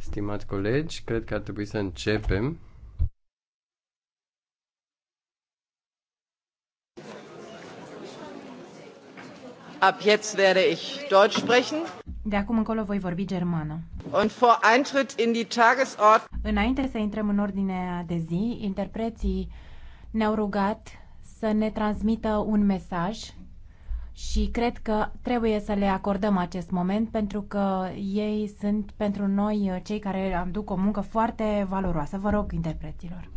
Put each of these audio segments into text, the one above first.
Stimați colegi, cred că ar trebui să începem. Ab jetzt werde ich Deutsch sprechen. De acum încolo voi vorbi germană. Und vor Eintritt in die Tagesordnung. Înainte să intrăm în ordinea de zi, interpreții ne-au rugat să ne transmită un mesaj și cred că trebuie să le acordăm acest moment pentru că ei sunt pentru noi uh, cei care am duc o muncă foarte valoroasă. Vă rog, interpreților.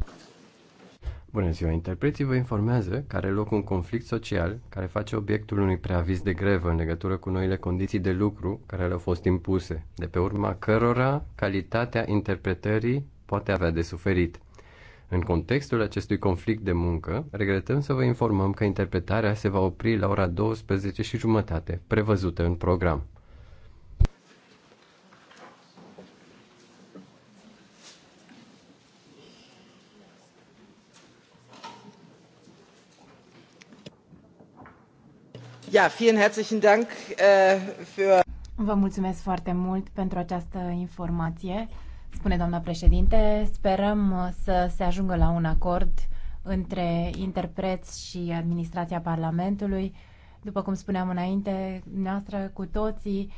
Bună ziua, interpreții vă informează că are loc un conflict social care face obiectul unui preaviz de grevă în legătură cu noile condiții de lucru care le-au fost impuse, de pe urma cărora calitatea interpretării poate avea de suferit. În contextul acestui conflict de muncă, regretăm să vă informăm că interpretarea se va opri la ora 12 și jumătate, prevăzută în program. Ja, vielen herzlichen Dank äh, für Vă mulțumesc foarte mult pentru această informație spune doamna președinte. Sperăm uh, să se ajungă la un acord între interpreți și administrația Parlamentului. După cum spuneam înainte, noastră cu toții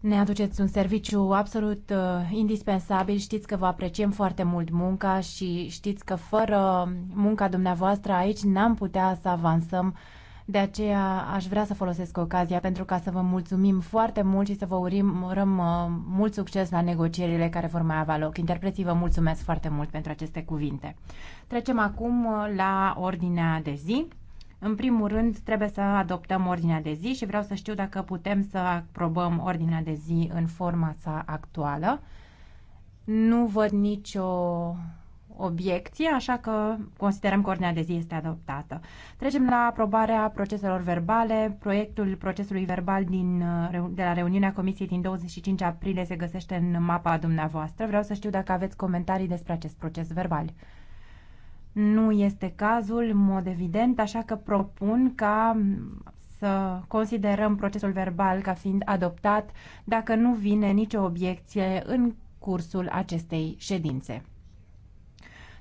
ne aduceți un serviciu absolut uh, indispensabil. Știți că vă apreciem foarte mult munca și știți că fără munca dumneavoastră aici n-am putea să avansăm uh, de aceea aș vrea să folosesc ocazia pentru ca să vă mulțumim foarte mult și să vă urim, urăm uh, mult succes la negocierile care vor mai avea loc. Interpreții vă mulțumesc foarte mult pentru aceste cuvinte. Trecem acum uh, la ordinea de zi. În primul rând, trebuie să adoptăm ordinea de zi și vreau să știu dacă putem să aprobăm ordinea de zi în forma sa actuală. Nu văd nicio obiecție, așa că considerăm că ordinea de zi este adoptată. Trecem la aprobarea proceselor verbale. Proiectul procesului verbal din, uh, de la reuniunea comisiei din 25 aprilie se găsește în mapa dumneavoastră. Vreau să știu dacă aveți comentarii despre acest proces verbal. Nu este cazul, în mod evident, așa că propun ca mm, să considerăm procesul verbal ca fiind adoptat dacă nu vine nicio obiecție în cursul acestei ședințe.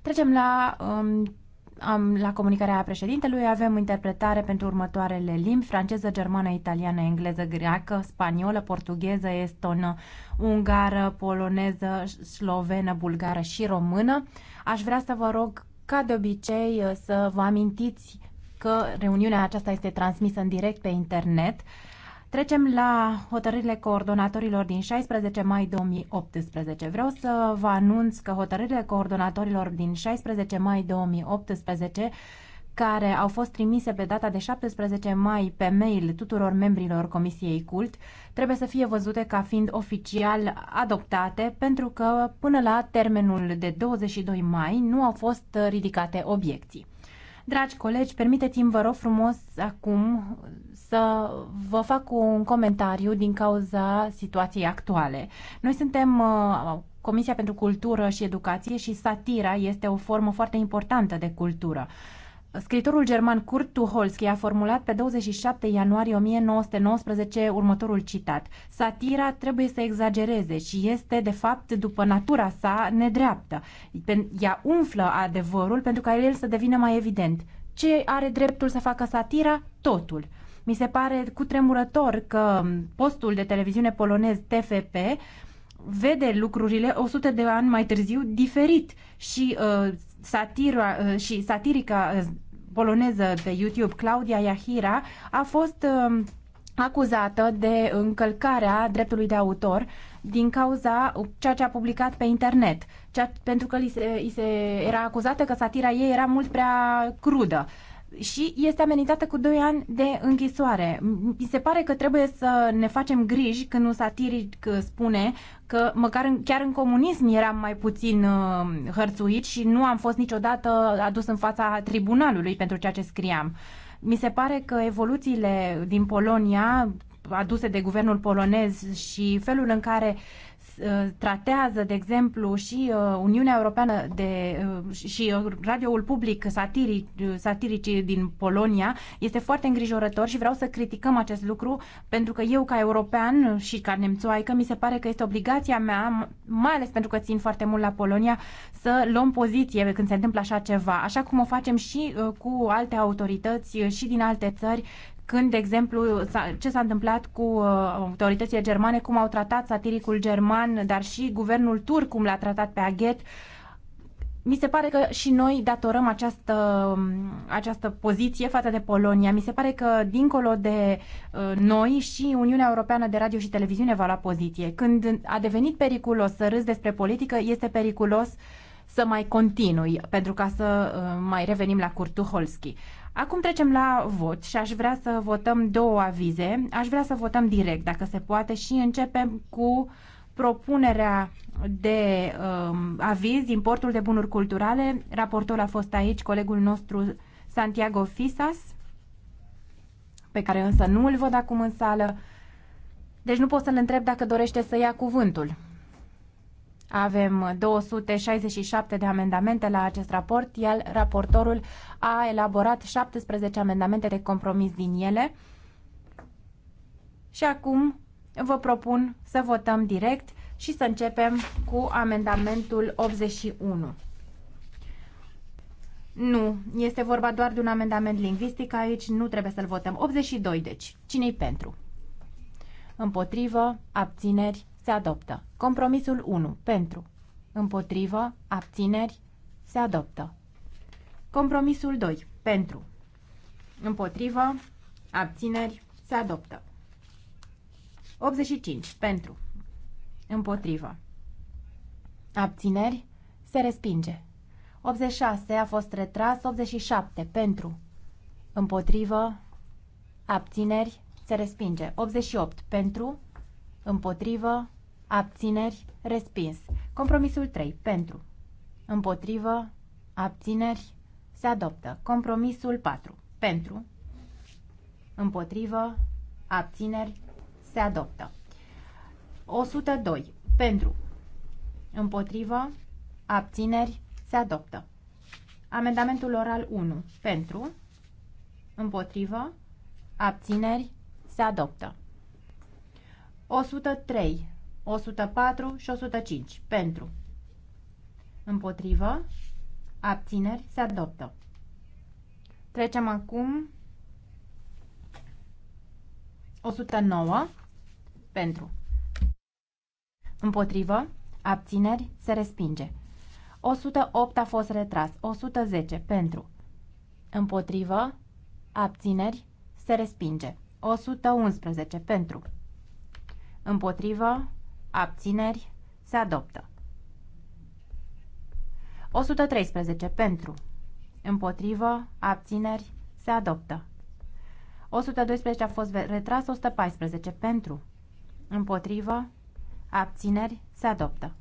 Trecem la, um, am, la comunicarea președintelui. Avem interpretare pentru următoarele limbi. Franceză, germană, italiană, engleză, greacă, spaniolă, portugheză, estonă, ungară, poloneză, slovenă, bulgară și română. Aș vrea să vă rog, ca de obicei, să vă amintiți că reuniunea aceasta este transmisă în direct pe internet. Trecem la hotărârile coordonatorilor din 16 mai 2018. Vreau să vă anunț că hotărârile coordonatorilor din 16 mai 2018 care au fost trimise pe data de 17 mai pe mail tuturor membrilor Comisiei Cult, trebuie să fie văzute ca fiind oficial adoptate, pentru că până la termenul de 22 mai nu au fost ridicate obiecții. Dragi colegi, permiteți-mi, vă rog frumos, acum să vă fac un comentariu din cauza situației actuale. Noi suntem uh, Comisia pentru Cultură și Educație și satira este o formă foarte importantă de cultură. Scritorul german Kurt Tucholsky a formulat pe 27 ianuarie 1919 următorul citat. Satira trebuie să exagereze și este, de fapt, după natura sa, nedreaptă. Ea umflă adevărul pentru ca el să devină mai evident. Ce are dreptul să facă satira? Totul. Mi se pare cutremurător că postul de televiziune polonez TFP vede lucrurile 100 de ani mai târziu diferit și uh, satira uh, și satirica uh, poloneză de YouTube Claudia Iahira a fost uh, acuzată de încălcarea dreptului de autor din cauza ceea ce a publicat pe internet, ceea, pentru că li se, li se era acuzată că satira ei era mult prea crudă. Uh, și este amenințată cu 2 ani de închisoare. Mi se pare că trebuie să ne facem griji când un satiric spune că măcar în, chiar în comunism eram mai puțin uh, hărțuit și nu am fost niciodată adus în fața tribunalului pentru ceea ce scriam. Mi se pare că evoluțiile din Polonia aduse de guvernul polonez și felul în care uh, Uh, tratează, de exemplu, și uh, Uniunea Europeană de, uh, și radioul public satiric, satiricii din Polonia, este foarte îngrijorător și vreau să criticăm acest lucru pentru că eu, ca european și ca nemțoaică, mi se pare că este obligația mea, mai ales pentru că țin foarte mult la Polonia, să luăm poziție când se întâmplă așa ceva, așa cum o facem și cu alte autorități și din alte țări când, de exemplu, ce s-a întâmplat cu uh, autoritățile germane, cum au tratat satiricul german, dar și guvernul turc cum l-a tratat pe Aghet. Mi se pare că și noi datorăm această, um, această poziție față de Polonia. Mi se pare că, dincolo de uh, noi, și Uniunea Europeană de Radio și Televiziune va lua poziție. Când a devenit periculos să râzi despre politică, este periculos să mai continui, pentru ca să uh, mai revenim la Kurtuholski. Acum trecem la vot și aș vrea să votăm două avize. Aș vrea să votăm direct, dacă se poate, și începem cu propunerea de um, aviz, portul de bunuri culturale. Raportul a fost aici colegul nostru Santiago Fisas, pe care însă nu îl văd acum în sală. Deci nu pot să-l întreb dacă dorește să ia cuvântul. Avem 267 de amendamente la acest raport, iar raportorul a elaborat 17 amendamente de compromis din ele. Și acum vă propun să votăm direct și să începem cu amendamentul 81. Nu, este vorba doar de un amendament lingvistic aici, nu trebuie să-l votăm. 82, deci. Cine-i pentru? Împotrivă, abțineri, se adoptă. Compromisul 1. Pentru. Împotrivă. Abțineri. Se adoptă. Compromisul 2. Pentru. Împotrivă. Abțineri. Se adoptă. 85. Pentru. Împotrivă. Abțineri. Se respinge. 86 a fost retras. 87. Pentru. Împotrivă. Abțineri. Se respinge. 88. Pentru. Împotrivă. Abțineri. Respins. Compromisul 3. Pentru. Împotrivă. Abțineri. Se adoptă. Compromisul 4. Pentru. Împotrivă. Abțineri. Se adoptă. 102. Pentru. Împotrivă. Abțineri. Se adoptă. Amendamentul oral 1. Pentru. Împotrivă. Abțineri. Se adoptă. 103. 104 și 105. Pentru. Împotrivă. Abțineri. Se adoptă. Trecem acum 109. Pentru. Împotrivă. Abțineri. Se respinge. 108 a fost retras. 110. Pentru. Împotrivă. Abțineri. Se respinge. 111. Pentru. Împotrivă. Abțineri. Se adoptă. 113. Pentru. Împotrivă. Abțineri. Se adoptă. 112 a fost retras. 114. Pentru. Împotrivă. Abțineri. Se adoptă.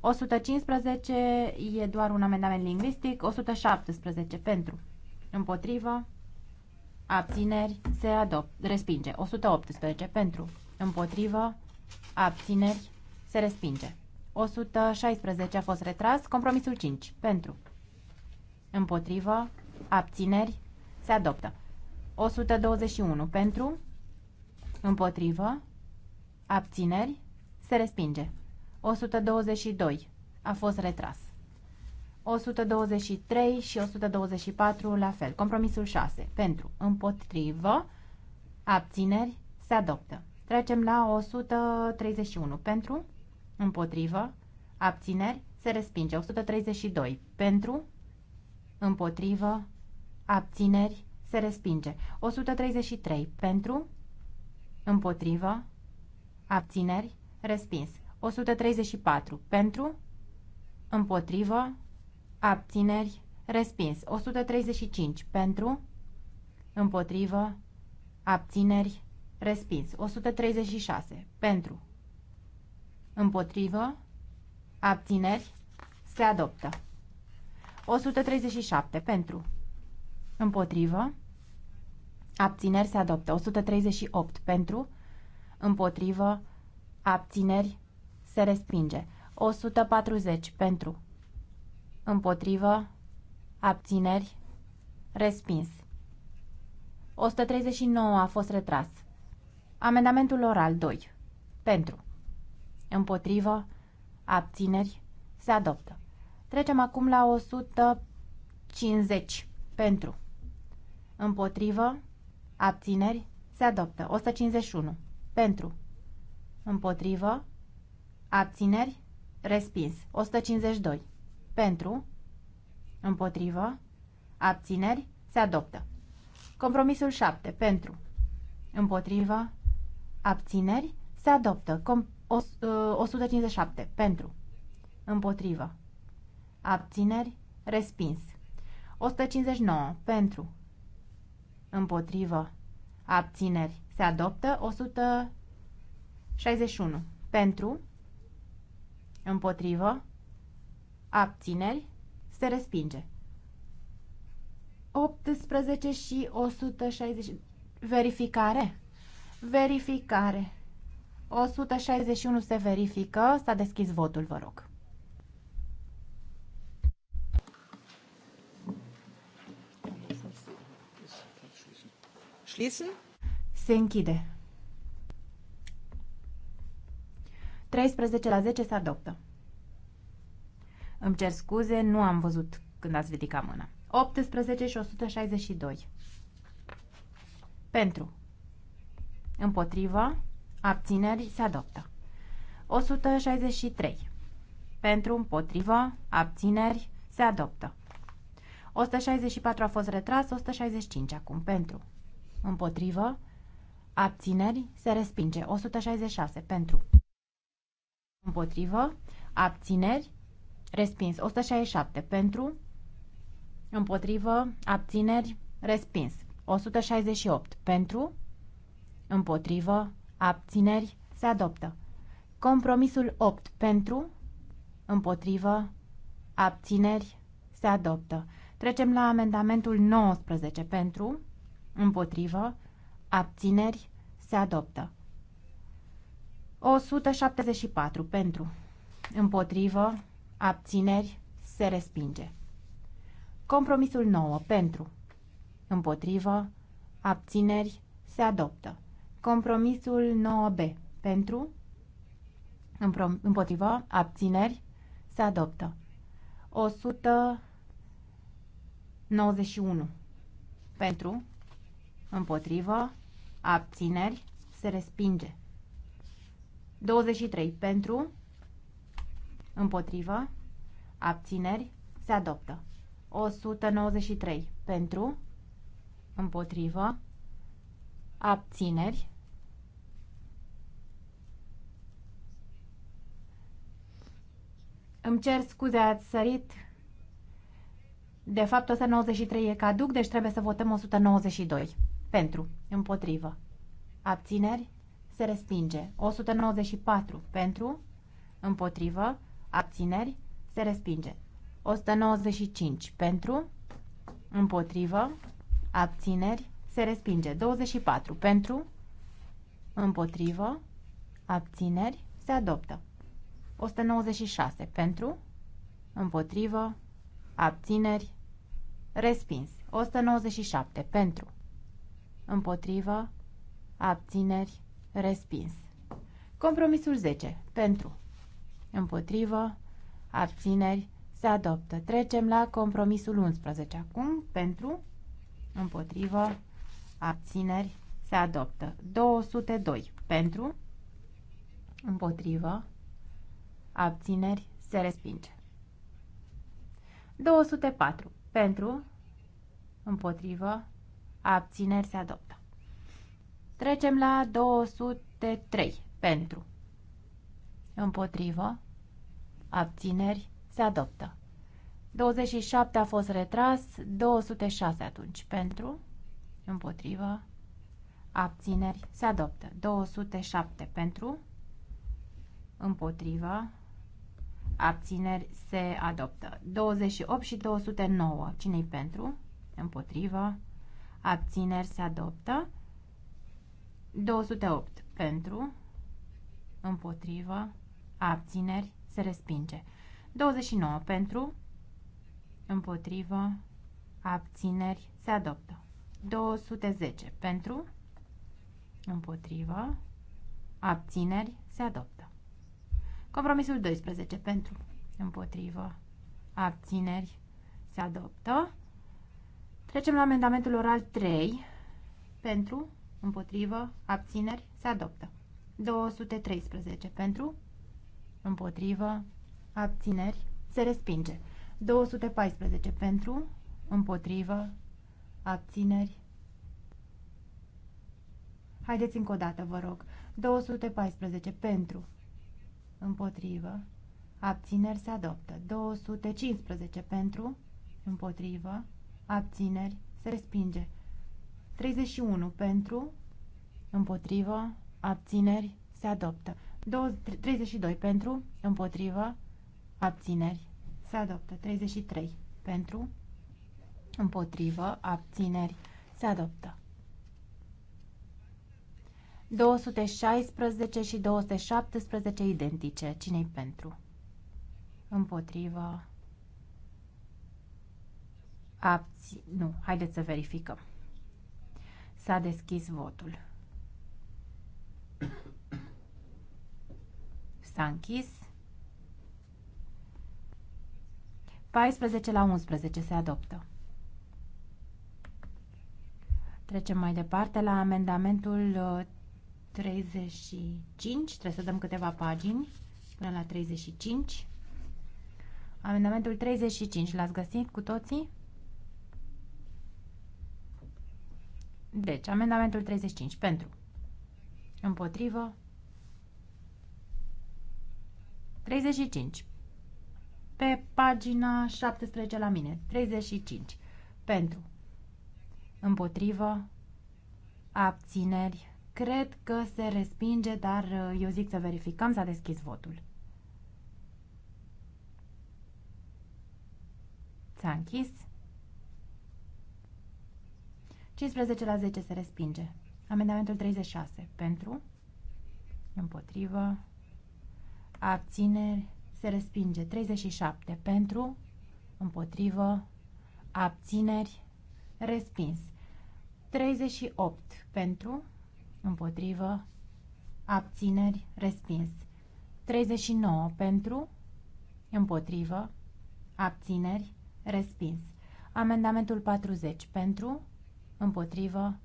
115 e doar un amendament lingvistic. 117. Pentru. Împotrivă. Abțineri. Se adoptă. Respinge. 118. Pentru. Împotrivă. Abțineri. Se respinge. 116 a fost retras. Compromisul 5. Pentru. Împotrivă. Abțineri. Se adoptă. 121. Pentru. Împotrivă. Abțineri. Se respinge. 122. A fost retras. 123 și 124 la fel. Compromisul 6. Pentru. Împotrivă. Abțineri. Se adoptă. Trecem la 131. Pentru, împotrivă, abțineri, se respinge. 132. Pentru, împotrivă, abțineri, se respinge. 133. Pentru, împotrivă, abțineri, respins. 134. Pentru, împotrivă, abțineri, respins. 135. Pentru, împotrivă, abțineri, Respins. 136. Pentru. Împotrivă. Abțineri. Se adoptă. 137. Pentru. Împotrivă. Abțineri se adoptă. 138. Pentru. Împotrivă. Abțineri se respinge. 140. Pentru. Împotrivă. Abțineri. Respins. 139 a fost retras. Amendamentul oral 2. Pentru. Împotrivă. Abțineri. Se adoptă. Trecem acum la 150. Pentru. Împotrivă. Abțineri. Se adoptă. 151. Pentru. Împotrivă. Abțineri. Respins. 152. Pentru. Împotrivă. Abțineri. Se adoptă. Compromisul 7. Pentru. Împotrivă. Abțineri? Se adoptă. Com o, 157. Ă, Pentru. Împotrivă. Abțineri? Respins. 159. Pentru. Împotrivă. Abțineri. Se adoptă. 161. Pentru. Împotrivă. Abțineri. Se respinge. 18 și 160. Verificare. Verificare. 161 se verifică. S-a deschis votul, vă rog. Schließen. Se închide. 13 la 10 se adoptă. Îmi cer scuze, nu am văzut când ați ridicat mâna. 18 și 162. Pentru. Împotrivă. Abțineri se adoptă. 163. Pentru, împotrivă, abțineri se adoptă. 164 a fost retras, 165 acum pentru. Împotrivă, abțineri se respinge. 166 pentru. Împotrivă, abțineri respins. 167 pentru. Împotrivă, abțineri respins. 168 pentru. Împotrivă. Abțineri. Se adoptă. Compromisul 8 pentru. Împotrivă. Abțineri. Se adoptă. Trecem la amendamentul 19 pentru. Împotrivă. Abțineri. Se adoptă. 174 pentru. Împotrivă. Abțineri. Se respinge. Compromisul 9 pentru. Împotrivă. Abțineri. Se adoptă. Compromisul 9B. Pentru, împotriva, abțineri, se adoptă. 191. Pentru, împotriva, abțineri, se respinge. 23. Pentru, împotriva, abțineri, se adoptă. 193. Pentru, împotriva, abțineri. Îmi cer scuze, ați sărit. De fapt, 193 e caduc, deci trebuie să votăm 192. Pentru, împotrivă. Abțineri, se respinge. 194 pentru, împotrivă, abțineri, se respinge. 195 pentru, împotrivă, abțineri, se respinge. 24 pentru, împotrivă, abțineri, se adoptă. 196 pentru, împotrivă, abțineri, respins. 197 pentru, împotrivă, abțineri, respins. Compromisul 10 pentru, împotrivă, abțineri, se adoptă. Trecem la compromisul 11 acum, pentru, împotrivă, abțineri, se adoptă. 202 pentru, împotrivă, abțineri, se respinge. 204 pentru, împotrivă, abțineri, se adoptă. Trecem la 203 pentru, împotrivă, abțineri, se adoptă. 27 a fost retras, 206 atunci pentru, împotrivă, abțineri, se adoptă. 207 pentru, împotrivă, abțineri, se adoptă. 28 și 209, cine-i pentru, împotrivă, abțineri, se adoptă. 208 pentru, împotrivă, abțineri, se respinge. 29 pentru, împotrivă, abțineri, se adoptă. 210 pentru, împotrivă, abțineri, se adoptă. Compromisul 12 pentru, împotrivă, abțineri, se adoptă. Trecem la amendamentul oral 3 pentru, împotrivă, abțineri, se adoptă. 213 pentru, împotrivă, abțineri, se respinge. 214 pentru, împotrivă, Abțineri. Haideți încă o dată, vă rog. 214 pentru. Împotrivă. Abțineri se adoptă. 215 pentru. Împotrivă. Abțineri se respinge. 31 pentru. Împotrivă. Abțineri se adoptă. 32 pentru. Împotrivă. Abțineri se adoptă. 33 pentru. Împotrivă. Abțineri. Se adoptă. 216 și 217 identice. Cine-i pentru? Împotrivă. Abți... Nu, haideți să verificăm. S-a deschis votul. S-a închis. 14 la 11 se adoptă. Trecem mai departe la amendamentul 35. Uh, Trebuie să dăm câteva pagini până la 35. Amendamentul 35 l-ați găsit cu toții? Deci, amendamentul 35 pentru împotrivă 35 pe pagina 17 la mine 35 pentru împotrivă, abțineri. Cred că se respinge, dar uh, eu zic să verificăm, s-a deschis votul. S-a închis. 15 la 10 se respinge. Amendamentul 36. Pentru, împotrivă, abțineri, se respinge. 37. Pentru, împotrivă, abțineri, Respins. 38 pentru, împotrivă, abțineri, respins. 39 pentru, împotrivă, abțineri, respins. Amendamentul 40 pentru, împotrivă,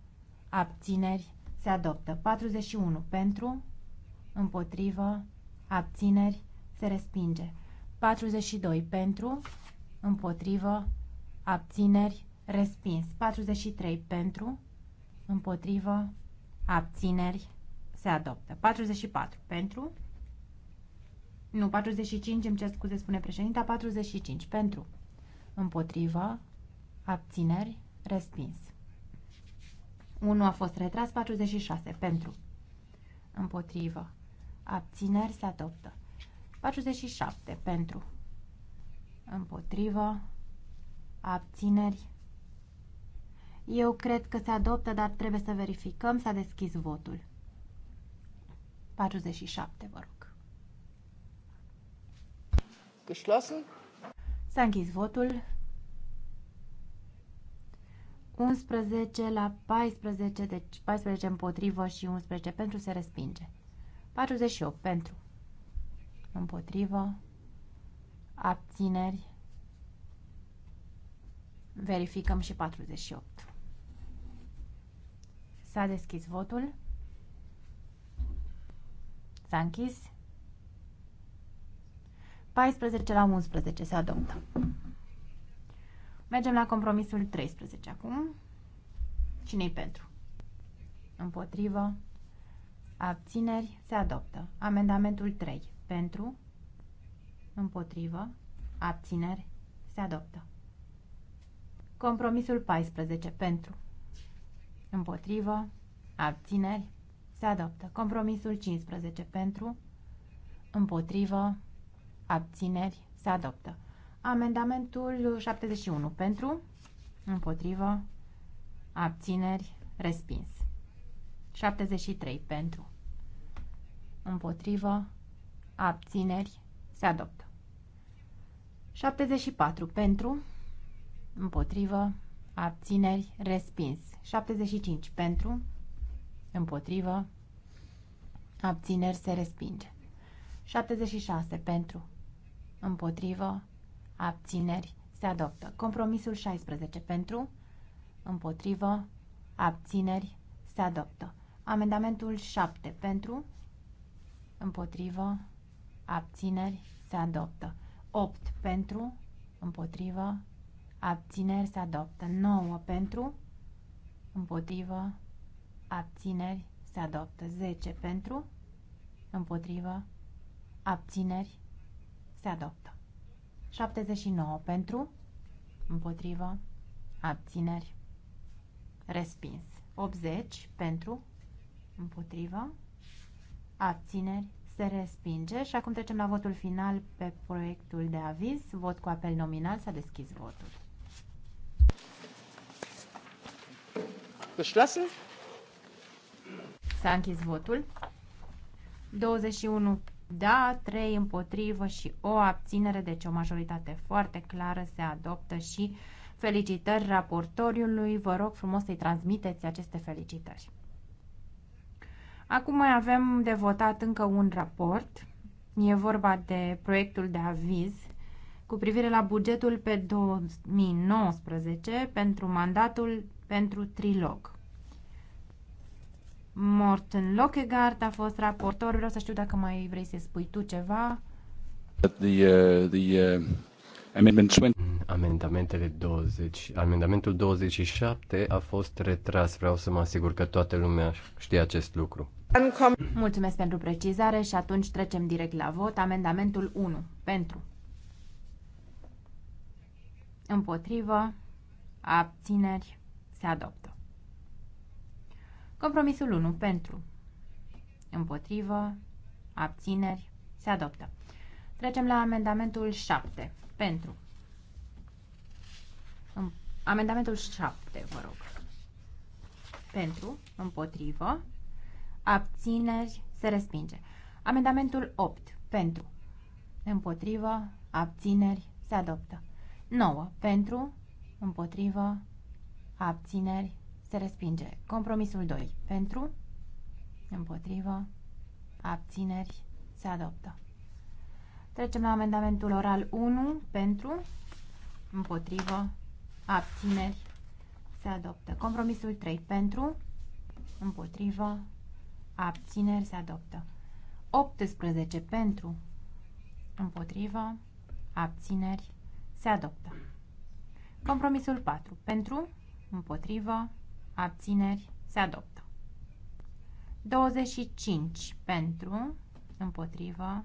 abțineri, se adoptă. 41 pentru, împotrivă, abțineri, se respinge. 42 pentru, împotrivă, abțineri, Respins. 43 pentru, împotrivă, abțineri, se adoptă. 44 pentru, nu, 45, îmi cer scuze, spune președinta, 45 pentru, împotrivă, abțineri, respins. 1 a fost retras, 46 pentru, împotrivă, abțineri, se adoptă. 47 pentru, împotrivă, abțineri, eu cred că se adoptă, dar trebuie să verificăm. S-a deschis votul. 47, vă rog. Geschlossen. S-a închis votul. 11 la 14, deci 14 împotrivă și 11 pentru se respinge. 48 pentru. Împotrivă. Abțineri. Verificăm și 48. S-a deschis votul. S-a închis. 14 la 11 se adoptă. Mergem la compromisul 13 acum. Cine-i pentru? Împotrivă. Abțineri. Se adoptă. Amendamentul 3. Pentru. Împotrivă. Abțineri. Se adoptă. Compromisul 14. Pentru. Împotrivă. Abțineri. Se adoptă. Compromisul 15 pentru. Împotrivă. Abțineri. Se adoptă. Amendamentul 71 pentru. Împotrivă. Abțineri. Respins. 73 pentru. Împotrivă. Abțineri. Se adoptă. 74 pentru. Împotrivă abțineri, respins. 75 pentru, împotrivă, abțineri, se respinge. 76 pentru, împotrivă, abțineri, se adoptă. Compromisul 16 pentru, împotrivă, abțineri, se adoptă. Amendamentul 7 pentru, împotrivă, abțineri, se adoptă. 8 pentru, împotrivă, abțineri se adoptă. 9 pentru, împotrivă, abțineri se adoptă. 10 pentru, împotrivă, abțineri se adoptă. 79 pentru, împotrivă, abțineri, respins. 80 pentru, împotrivă, abțineri, se respinge și acum trecem la votul final pe proiectul de aviz. Vot cu apel nominal, s-a deschis votul. Geschlossen. S-a închis votul. 21 da, 3 împotrivă și o abținere, deci o majoritate foarte clară se adoptă și felicitări raportoriului. Vă rog frumos să-i transmiteți aceste felicitări. Acum mai avem de votat încă un raport. E vorba de proiectul de aviz cu privire la bugetul pe 2019 pentru mandatul pentru trilog. Morten Lockegaard a fost raportor. Vreau să știu dacă mai vrei să spui tu ceva. The, uh, the, uh, amendment 20. Amendamentele 20, amendamentul 27 a fost retras. Vreau să mă asigur că toată lumea știe acest lucru. Mulțumesc pentru precizare și atunci trecem direct la vot. Amendamentul 1. Pentru. Împotrivă. Abțineri. Se adoptă. Compromisul 1 pentru. Împotrivă. Abțineri. Se adoptă. Trecem la amendamentul 7. Pentru. Amendamentul 7, vă rog. Pentru, împotrivă, abțineri, se respinge. Amendamentul 8, pentru, împotrivă, abțineri, se adoptă. 9, pentru, împotrivă, abțineri, se respinge. Compromisul 2. Pentru, împotrivă, abțineri, se adoptă. Trecem la amendamentul oral 1. Pentru, împotrivă, abțineri, se adoptă. Compromisul 3. Pentru, împotrivă, abțineri, se adoptă. 18. Pentru, împotrivă, abțineri, se adoptă. Compromisul 4. Pentru, împotrivă, abțineri, se adoptă. 25 pentru, împotrivă,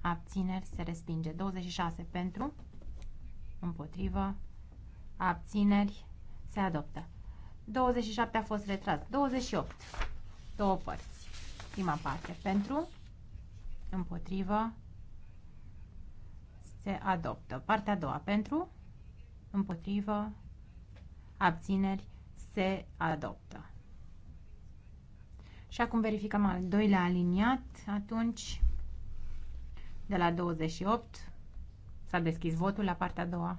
abțineri, se respinge. 26 pentru, împotrivă, abțineri, se adoptă. 27 a fost retras. 28, două părți. Prima parte pentru, împotrivă, se adoptă. Partea a doua pentru, împotrivă, abțineri, se adoptă. Și acum verificăm al doilea aliniat, atunci de la 28 s-a deschis votul la partea a doua.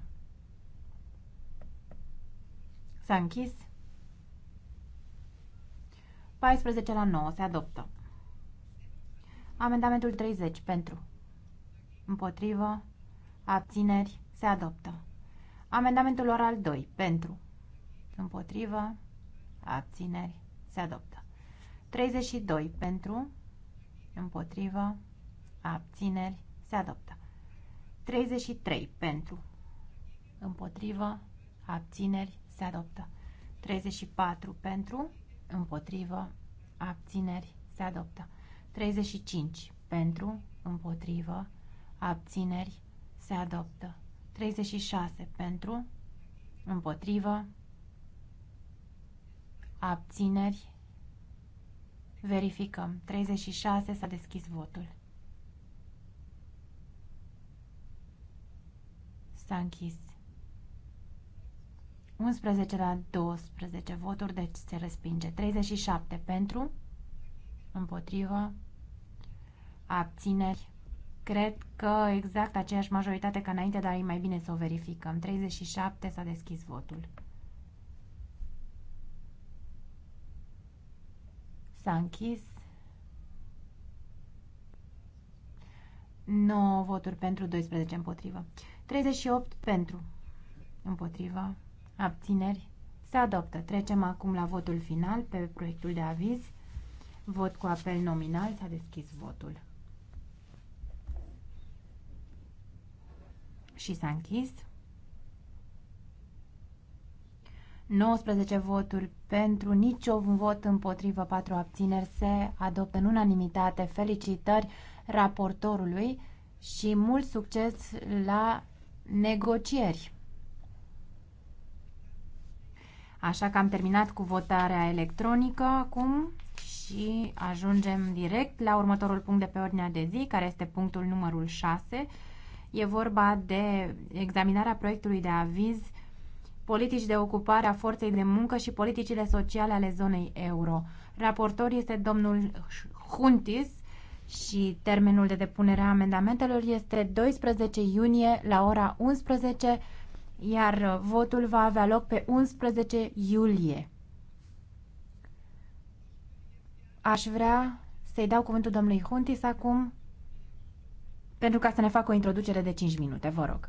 S-a închis. 14 la 9 se adoptă. Amendamentul 30 pentru. Împotrivă. Abțineri. Se adoptă. Amendamentul oral 2 pentru. Împotrivă. Abțineri. Se adoptă. 32 pentru. Împotrivă. Abțineri. Se adoptă. 33 pentru. Împotrivă. Abțineri. Se adoptă. 34 pentru. Împotrivă. Abțineri. Se adoptă. 35 pentru. Împotrivă. Abțineri. Se adoptă. 36 pentru. Împotrivă abțineri, verificăm. 36 s-a deschis votul. S-a închis. 11 la 12 voturi, deci se respinge. 37 pentru, împotrivă, abțineri. Cred că exact aceeași majoritate ca înainte, dar e mai bine să o verificăm. 37 s-a deschis votul. S-a închis. 9 voturi pentru, 12 împotrivă. 38 pentru, împotrivă, abțineri. Se adoptă. Trecem acum la votul final pe proiectul de aviz. Vot cu apel nominal. S-a deschis votul. Și s-a închis. 19 voturi pentru, niciun vot împotrivă, 4 abțineri. Se adoptă în unanimitate. Felicitări raportorului și mult succes la negocieri. Așa că am terminat cu votarea electronică acum și ajungem direct la următorul punct de pe ordinea de zi, care este punctul numărul 6. E vorba de examinarea proiectului de aviz politici de ocupare a forței de muncă și politicile sociale ale zonei euro. Raportor este domnul Huntis și termenul de depunere a amendamentelor este 12 iunie la ora 11, iar votul va avea loc pe 11 iulie. Aș vrea să-i dau cuvântul domnului Huntis acum pentru ca să ne facă o introducere de 5 minute. Vă rog.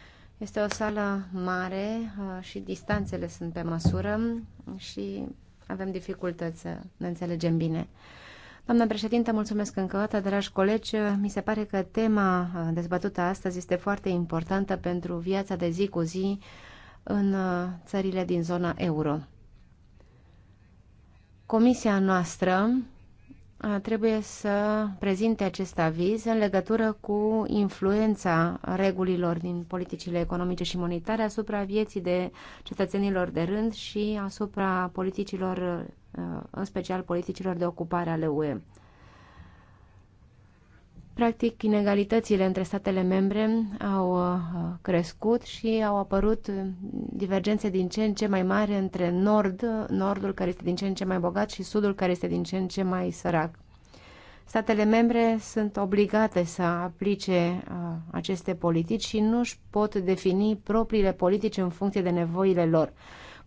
Este o sală mare uh, și distanțele sunt pe măsură și avem dificultăți să ne înțelegem bine. Doamna președintă, mulțumesc încă o dată, dragi colegi. Mi se pare că tema uh, dezbătută astăzi este foarte importantă pentru viața de zi cu zi în uh, țările din zona euro. Comisia noastră trebuie să prezinte acest aviz în legătură cu influența regulilor din politicile economice și monetare asupra vieții de cetățenilor de rând și asupra politicilor, în special politicilor de ocupare ale UE. Practic, inegalitățile între statele membre au uh, crescut și au apărut uh, divergențe din ce în ce mai mari între nord, nordul care este din ce în ce mai bogat și sudul care este din ce în ce mai sărac. Statele membre sunt obligate să aplice uh, aceste politici și nu își pot defini propriile politici în funcție de nevoile lor.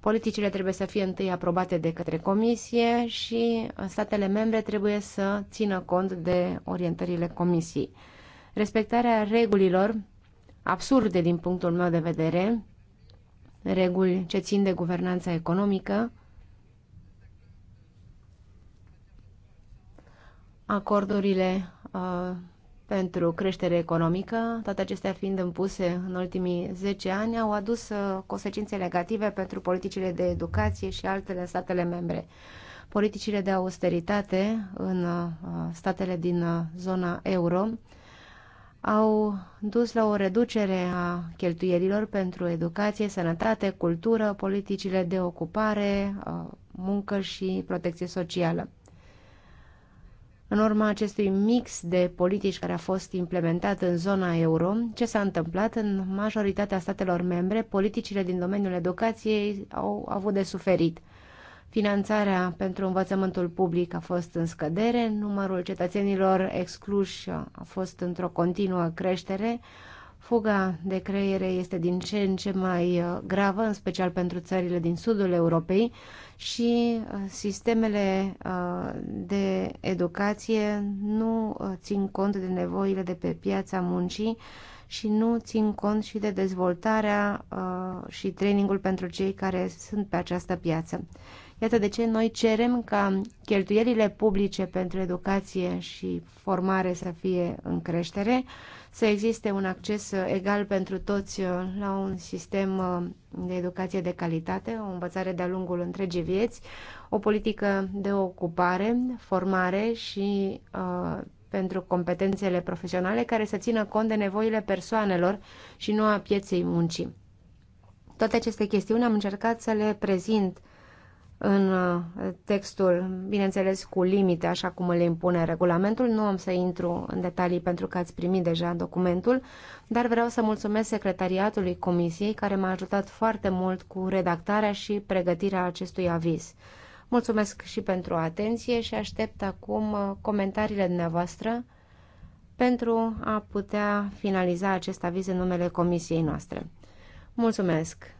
Politicile trebuie să fie întâi aprobate de către Comisie și statele membre trebuie să țină cont de orientările Comisiei. Respectarea regulilor, absurde din punctul meu de vedere, reguli ce țin de guvernanța economică, acordurile uh, pentru creștere economică, toate acestea fiind împuse în ultimii 10 ani, au adus uh, consecințe negative pentru politicile de educație și altele în statele membre. Politicile de austeritate în uh, statele din uh, zona euro au dus la o reducere a cheltuielilor pentru educație, sănătate, cultură, politicile de ocupare, muncă și protecție socială. În urma acestui mix de politici care a fost implementat în zona euro, ce s-a întâmplat? În majoritatea statelor membre, politicile din domeniul educației au avut de suferit. Finanțarea pentru învățământul public a fost în scădere, numărul cetățenilor excluși a fost într-o continuă creștere, Fuga de creiere este din ce în ce mai uh, gravă, în special pentru țările din sudul Europei și uh, sistemele uh, de educație nu țin cont de nevoile de pe piața muncii și nu țin cont și de dezvoltarea și trainingul pentru cei care sunt pe această piață. Iată de ce noi cerem ca cheltuielile publice pentru educație și formare să fie în creștere, să existe un acces uh, egal pentru toți uh, la un sistem uh, de educație de calitate, o învățare de-a lungul întregii vieți, o politică de ocupare, formare și uh, pentru competențele profesionale care să țină cont de nevoile persoanelor și nu a pieței muncii. Toate aceste chestiuni am încercat să le prezint uh, în uh, textul, bineînțeles cu limite, așa cum le impune regulamentul. Nu am să intru în detalii pentru că ați primit deja documentul, dar vreau să mulțumesc secretariatului comisiei care m-a ajutat foarte mult cu redactarea și pregătirea acestui aviz. Mulțumesc și pentru atenție și aștept acum uh, comentariile dumneavoastră pentru a putea finaliza acest aviz în numele comisiei noastre. Mulțumesc!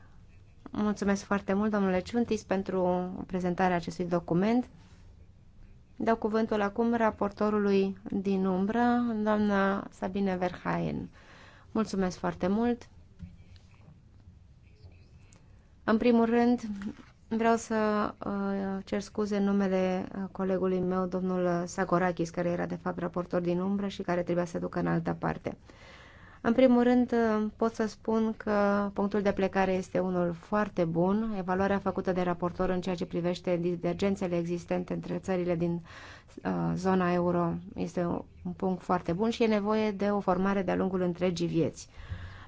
Mulțumesc foarte mult, domnule Ciuntis, pentru prezentarea acestui document. Dau cuvântul acum raportorului din umbră, doamna Sabine Verhaen. Mulțumesc foarte mult. În primul rând, vreau să uh, cer scuze în numele uh, colegului meu, domnul Sagorakis, care era de fapt raportor din umbră și care trebuia să ducă în altă parte. În primul rând, uh, pot să spun că punctul de plecare este unul foarte bun. Evaluarea făcută de raportor în ceea ce privește divergențele existente între țările din uh, zona euro este un punct foarte bun și e nevoie de o formare de-a lungul întregii vieți.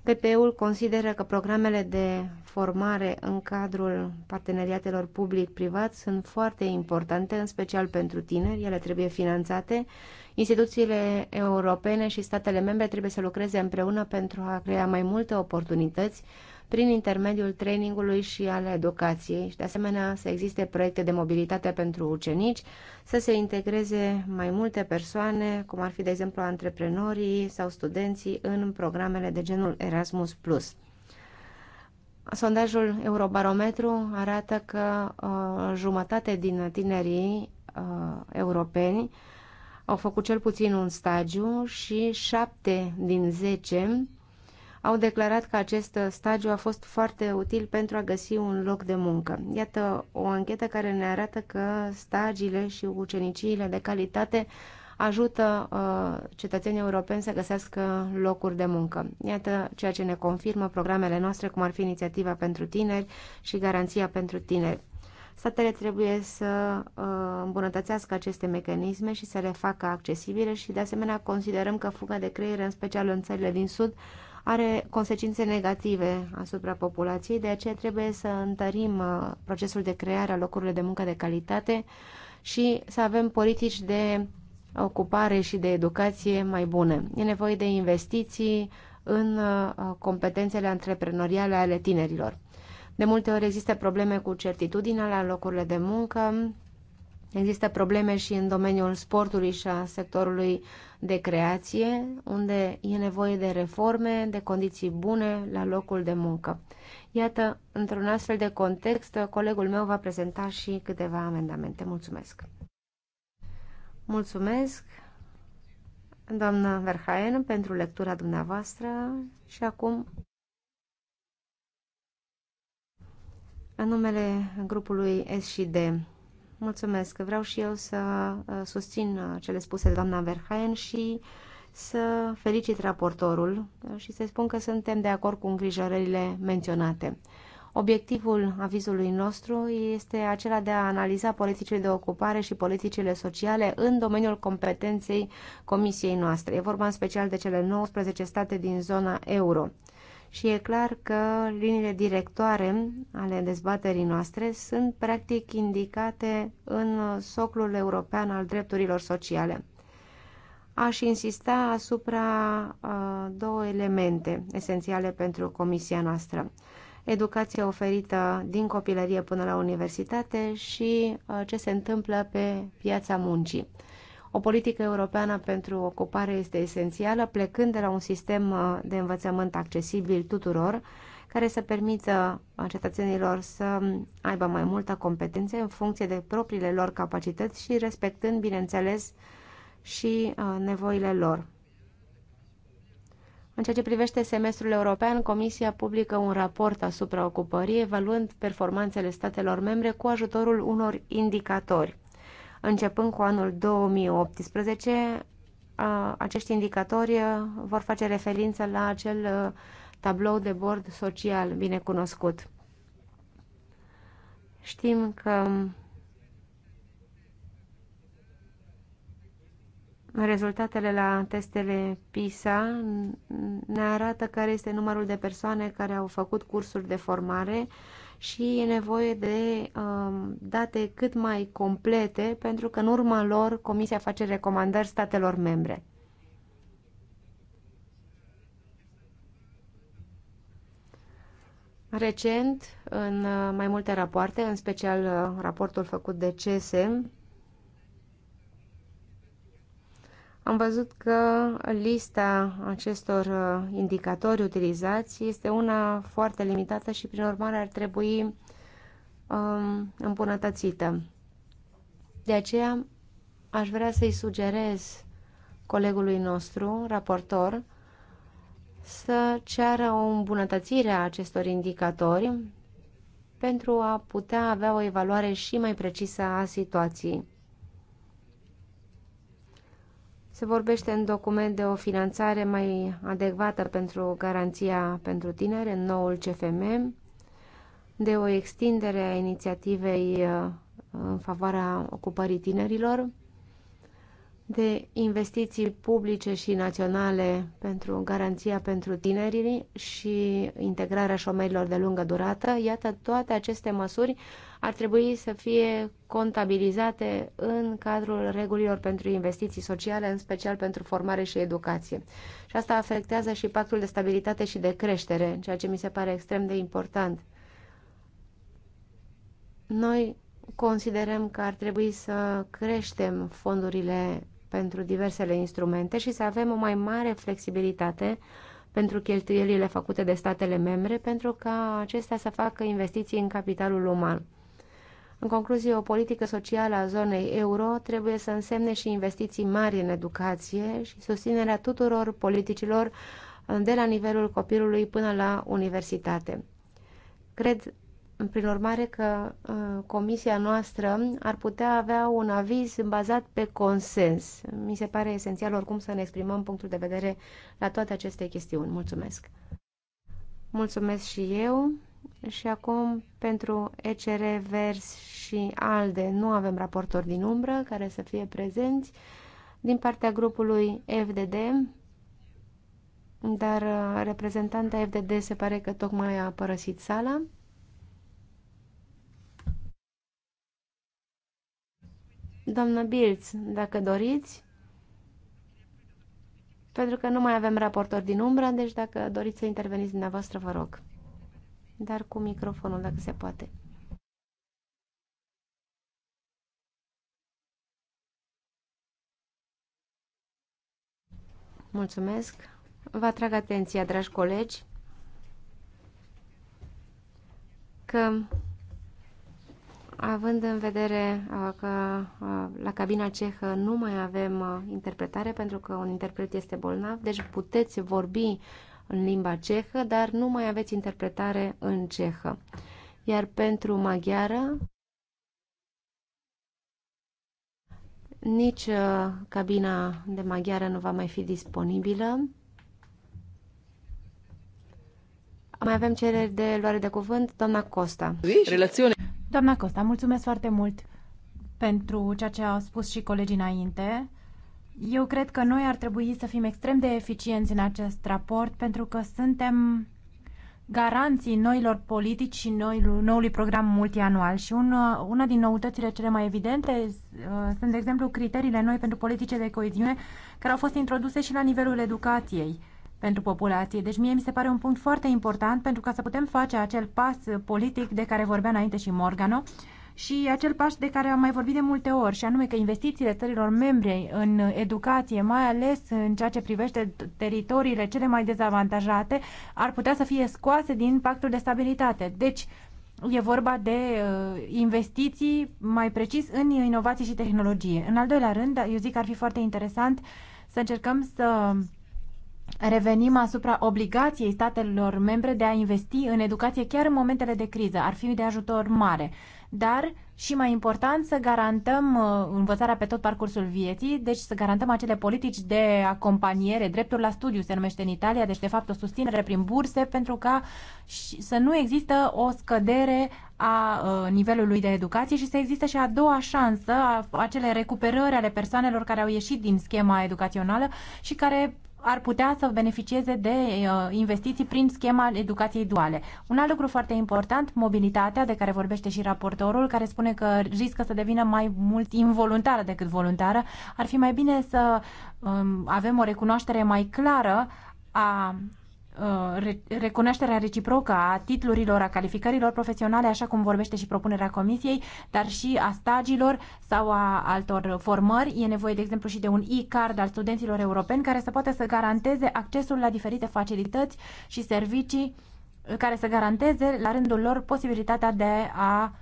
PPE-ul consideră că programele de formare în cadrul parteneriatelor public-privat sunt foarte importante, în special pentru tineri. Ele trebuie finanțate Instituțiile europene și statele membre trebuie să lucreze împreună pentru a crea mai multe oportunități prin intermediul trainingului și al educației și de asemenea să existe proiecte de mobilitate pentru ucenici, să se integreze mai multe persoane, cum ar fi de exemplu antreprenorii sau studenții în programele de genul Erasmus+. Sondajul Eurobarometru arată că uh, jumătate din tinerii uh, europeni uh, au făcut cel puțin un stagiu și șapte din zece au declarat că acest stagiu a fost foarte util pentru a găsi un loc de muncă. Iată o anchetă care ne arată că stagiile și uceniciile de calitate ajută uh, cetățenii europeni să găsească locuri de muncă. Iată ceea ce ne confirmă programele noastre, cum ar fi inițiativa pentru tineri și garanția pentru tineri. Statele trebuie să uh, îmbunătățească aceste mecanisme și să le facă accesibile și, de asemenea, considerăm că fuga de creier, în special în țările din Sud, are consecințe negative asupra populației, de aceea trebuie să întărim uh, procesul de creare a locurilor de muncă de calitate și să avem politici de ocupare și de educație mai bune. E nevoie de investiții în uh, competențele antreprenoriale ale tinerilor. De multe ori există probleme cu certitudinea la locurile de muncă, există probleme și în domeniul sportului și a sectorului de creație, unde e nevoie de reforme, de condiții bune la locul de muncă. Iată, într-un astfel de context, colegul meu va prezenta și câteva amendamente. Mulțumesc! Mulțumesc, doamnă Verhaen, pentru lectura dumneavoastră și acum În numele grupului S&D. mulțumesc. Vreau și eu să uh, susțin uh, cele spuse de doamna Verhaen și să felicit raportorul uh, și să spun că suntem de acord cu îngrijorările menționate. Obiectivul avizului nostru este acela de a analiza politicile de ocupare și politicile sociale în domeniul competenței comisiei noastre. E vorba în special de cele 19 state din zona euro și e clar că liniile directoare ale dezbaterii noastre sunt practic indicate în soclul european al drepturilor sociale. Aș insista asupra uh, două elemente esențiale pentru comisia noastră. Educația oferită din copilărie până la universitate și uh, ce se întâmplă pe piața muncii. O politică europeană pentru ocupare este esențială, plecând de la un sistem uh, de învățământ accesibil tuturor, care să permită uh, cetățenilor să aibă mai multă competență în funcție de propriile lor capacități și respectând, bineînțeles, și uh, nevoile lor. În ceea ce privește semestrul european, Comisia publică un raport asupra ocupării, evaluând performanțele statelor membre cu ajutorul unor indicatori. Începând cu anul 2018, acești indicatori vor face referință la acel tablou de bord social binecunoscut. Știm că rezultatele la testele PISA ne arată care este numărul de persoane care au făcut cursuri de formare și e nevoie de um, date cât mai complete, pentru că în urma lor Comisia face recomandări statelor membre. Recent, în uh, mai multe rapoarte, în special uh, raportul făcut de CSM, Am văzut că lista acestor uh, indicatori utilizați este una foarte limitată și, prin urmare, ar trebui um, îmbunătățită. De aceea, aș vrea să-i sugerez colegului nostru, raportor, să ceară o îmbunătățire a acestor indicatori pentru a putea avea o evaluare și mai precisă a situației. Se vorbește în document de o finanțare mai adecvată pentru garanția pentru tineri în noul CFM, de o extindere a inițiativei uh, în favoarea ocupării tinerilor de investiții publice și naționale pentru garanția pentru tinerii și integrarea șomerilor de lungă durată, iată, toate aceste măsuri ar trebui să fie contabilizate în cadrul regulilor pentru investiții sociale, în special pentru formare și educație. Și asta afectează și pactul de stabilitate și de creștere, ceea ce mi se pare extrem de important. Noi considerăm că ar trebui să creștem fondurile pentru diversele instrumente și să avem o mai mare flexibilitate pentru cheltuielile făcute de statele membre pentru ca acestea să facă investiții în capitalul uman. În concluzie, o politică socială a zonei euro trebuie să însemne și investiții mari în educație și susținerea tuturor politicilor de la nivelul copilului până la universitate. Cred prin urmare că uh, comisia noastră ar putea avea un aviz bazat pe consens. Mi se pare esențial oricum să ne exprimăm punctul de vedere la toate aceste chestiuni. Mulțumesc! Mulțumesc și eu și acum pentru ECR, Vers și ALDE nu avem raportori din umbră care să fie prezenți din partea grupului FDD, dar uh, reprezentanta FDD se pare că tocmai a părăsit sala. Doamnă Bilț, dacă doriți, pentru că nu mai avem raportori din umbră, deci dacă doriți să interveniți dumneavoastră, vă rog. Dar cu microfonul, dacă se poate. Mulțumesc. Vă atrag atenția, dragi colegi, că având în vedere uh, că uh, la cabina cehă nu mai avem uh, interpretare pentru că un interpret este bolnav, deci puteți vorbi în limba cehă, dar nu mai aveți interpretare în cehă. Iar pentru maghiară, nici cabina de maghiară nu va mai fi disponibilă. Mai avem cereri de luare de cuvânt, doamna Costa. Relațiune. Doamna Costa, mulțumesc foarte mult pentru ceea ce au spus și colegii înainte. Eu cred că noi ar trebui să fim extrem de eficienți în acest raport pentru că suntem garanții noilor politici și noului, program multianual. Și una, una din noutățile cele mai evidente uh, sunt, de exemplu, criteriile noi pentru politice de coeziune care au fost introduse și la nivelul educației. Uh, pentru populație. Deci mie mi se pare un punct foarte important pentru ca să putem face acel pas politic de care vorbea înainte și Morgano și acel pas de care am mai vorbit de multe ori, și anume că investițiile țărilor membre în educație, mai ales în ceea ce privește teritoriile cele mai dezavantajate, ar putea să fie scoase din pactul de stabilitate. Deci, E vorba de uh, investiții, mai precis, în inovații și tehnologie. În al doilea rând, eu zic că ar fi foarte interesant să încercăm să revenim asupra obligației statelor membre de a investi în educație chiar în momentele de criză. Ar fi de ajutor mare. Dar și mai important să garantăm uh, învățarea pe tot parcursul vieții, deci să garantăm acele politici de acompaniere, dreptul la studiu se numește în Italia, deci de fapt o susținere prin burse pentru ca să nu există o scădere a uh, nivelului de educație și să există și a doua șansă, a acele recuperări ale persoanelor care au ieșit din schema educațională și care ar putea să beneficieze de uh, investiții prin schema educației duale. Un alt lucru foarte important, mobilitatea, de care vorbește și raportorul, care spune că riscă să devină mai mult involuntară decât voluntară, ar fi mai bine să um, avem o recunoaștere mai clară a Uh, recunoașterea reciprocă a titlurilor, a calificărilor profesionale, așa cum vorbește și propunerea comisiei, dar și a stagiilor sau a altor formări. E nevoie, de exemplu, și de un e-card al studenților europeni care să poată să garanteze accesul la diferite facilități și servicii uh, care să garanteze, la rândul lor, posibilitatea de a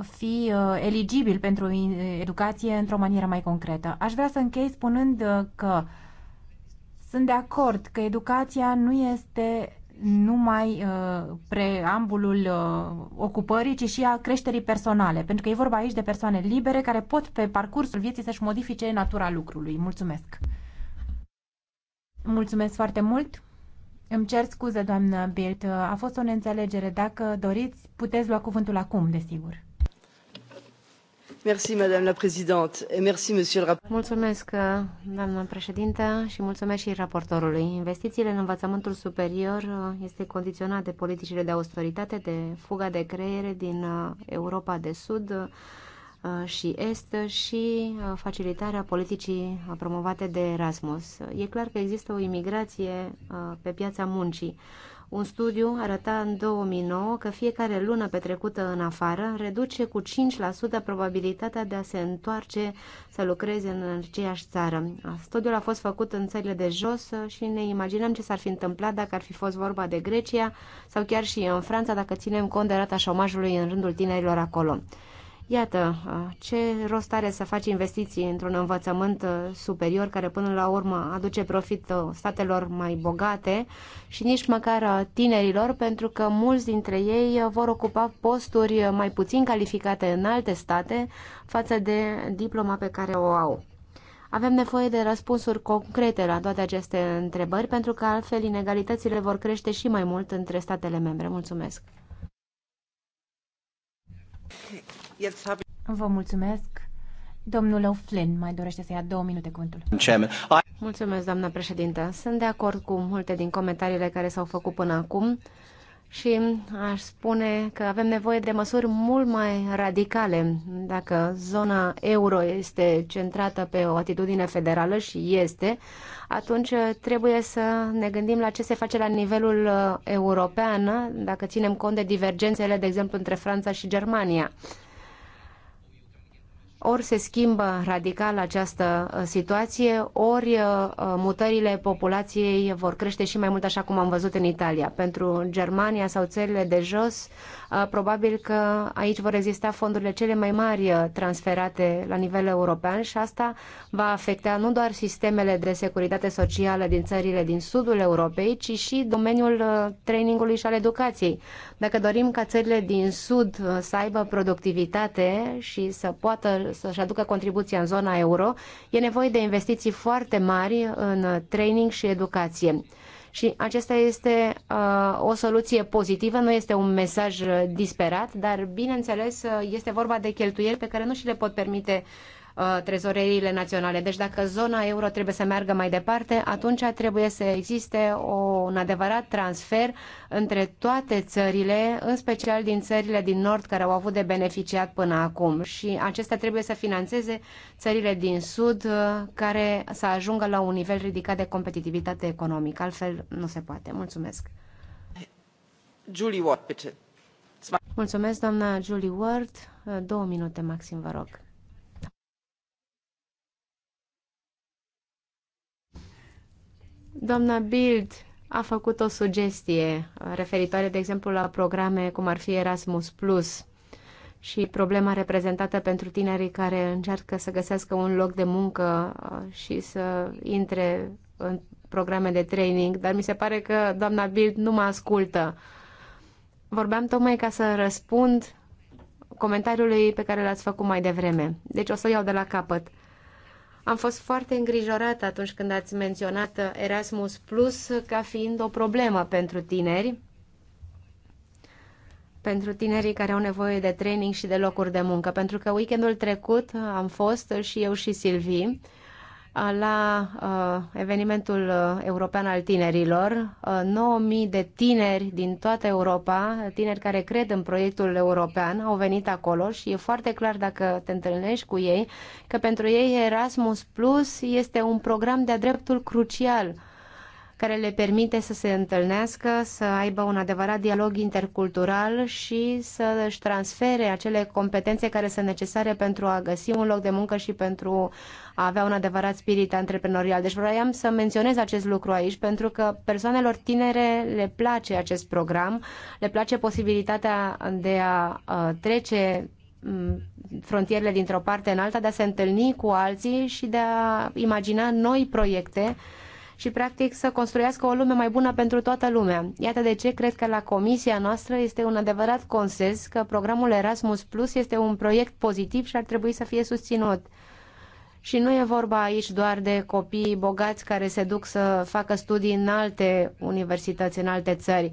fi uh, eligibil pentru educație într-o manieră mai concretă. Aș vrea să închei spunând că sunt de acord că educația nu este numai uh, preambulul uh, ocupării, ci și a creșterii personale, pentru că e vorba aici de persoane libere care pot pe parcursul vieții să-și modifice natura lucrului. Mulțumesc! Mulțumesc foarte mult! Îmi cer scuze, doamnă Bilt, a fost o neînțelegere. Dacă doriți, puteți lua cuvântul acum, desigur. Mulțumesc, uh, doamnă președintă, și mulțumesc și raportorului. Investițiile în învățământul superior uh, este condiționat de politicile de austeritate, de fuga de creiere din uh, Europa de Sud, și Est și facilitarea politicii promovate de Erasmus. E clar că există o imigrație pe piața muncii un studiu arăta în 2009 că fiecare lună petrecută în afară reduce cu 5% probabilitatea de a se întoarce să lucreze în aceeași țară. Studiul a fost făcut în țările de jos și ne imaginăm ce s-ar fi întâmplat dacă ar fi fost vorba de Grecia sau chiar și în Franța, dacă ținem cont de rata șomajului în rândul tinerilor acolo. Iată, uh, ce rost are să faci investiții într-un învățământ uh, superior care până la urmă aduce profit uh, statelor mai bogate și nici măcar tinerilor, pentru că mulți dintre ei vor ocupa posturi mai puțin calificate în alte state față de diploma pe care o au. Avem nevoie de răspunsuri concrete la toate aceste întrebări, pentru că altfel inegalitățile vor crește și mai mult între statele membre. Mulțumesc! Vă mulțumesc. Domnul Flynn mai dorește să ia două minute cuvântul. Mulțumesc, doamna președintă. Sunt de acord cu multe din comentariile care s-au făcut până acum și aș spune că avem nevoie de măsuri mult mai radicale. Dacă zona euro este centrată pe o atitudine federală și este, atunci trebuie să ne gândim la ce se face la nivelul uh, european, dacă ținem cont de divergențele, de exemplu, între Franța și Germania ori se schimbă radical această uh, situație, ori uh, uh, mutările populației vor crește și mai mult, așa cum am văzut în Italia. Pentru Germania sau țările de jos, probabil că aici vor exista fondurile cele mai mari transferate la nivel european și asta va afecta nu doar sistemele de securitate socială din țările din sudul Europei, ci și domeniul trainingului și al educației. Dacă dorim ca țările din sud să aibă productivitate și să poată să-și aducă contribuția în zona euro, e nevoie de investiții foarte mari în training și educație. Și acesta este uh, o soluție pozitivă, nu este un mesaj disperat, dar bineînțeles uh, este vorba de cheltuieli pe care nu și le pot permite Uh, trezoreriile naționale. Deci dacă zona euro trebuie să meargă mai departe, atunci trebuie să existe o, un adevărat transfer între toate țările, în special din țările din nord care au avut de beneficiat până acum. Și acestea trebuie să financeze țările din sud uh, care să ajungă la un nivel ridicat de competitivitate economică. Altfel nu se poate. Mulțumesc. Julie Ward, bitte. Mulțumesc, doamna Julie Ward. Uh, două minute maxim, vă rog. Doamna Bild a făcut o sugestie referitoare, de exemplu, la programe cum ar fi Erasmus Plus și problema reprezentată pentru tinerii care încearcă să găsească un loc de muncă uh, și să intre în programe de training, dar mi se pare că doamna Bild nu mă ascultă. Vorbeam tocmai ca să răspund comentariului pe care l-ați făcut mai devreme. Deci o să iau de la capăt. Am fost foarte îngrijorat atunci când ați menționat Erasmus Plus ca fiind o problemă pentru tineri, pentru tinerii care au nevoie de training și de locuri de muncă, pentru că weekendul trecut am fost și eu și Silvii la uh, evenimentul uh, european al tinerilor. 9.000 uh, de tineri din toată Europa, tineri care cred în proiectul european, au venit acolo și e foarte clar dacă te întâlnești cu ei că pentru ei Erasmus Plus este un program de-a dreptul crucial care le permite să se întâlnească, să aibă un adevărat dialog intercultural și să își transfere acele competențe care sunt necesare pentru a găsi un loc de muncă și pentru a avea un adevărat spirit antreprenorial. Deci vroiam să menționez acest lucru aici pentru că persoanelor tinere le place acest program, le place posibilitatea de a trece frontierele dintr-o parte în alta, de a se întâlni cu alții și de a imagina noi proiecte uh, și practic să construiască o lume mai bună pentru toată lumea. Iată de ce cred că la comisia noastră este un adevărat consens că programul Erasmus Plus este un proiect pozitiv și ar trebui să fie susținut. Și nu e vorba aici doar de copii bogați care se duc să facă studii în alte universități, în alte țări.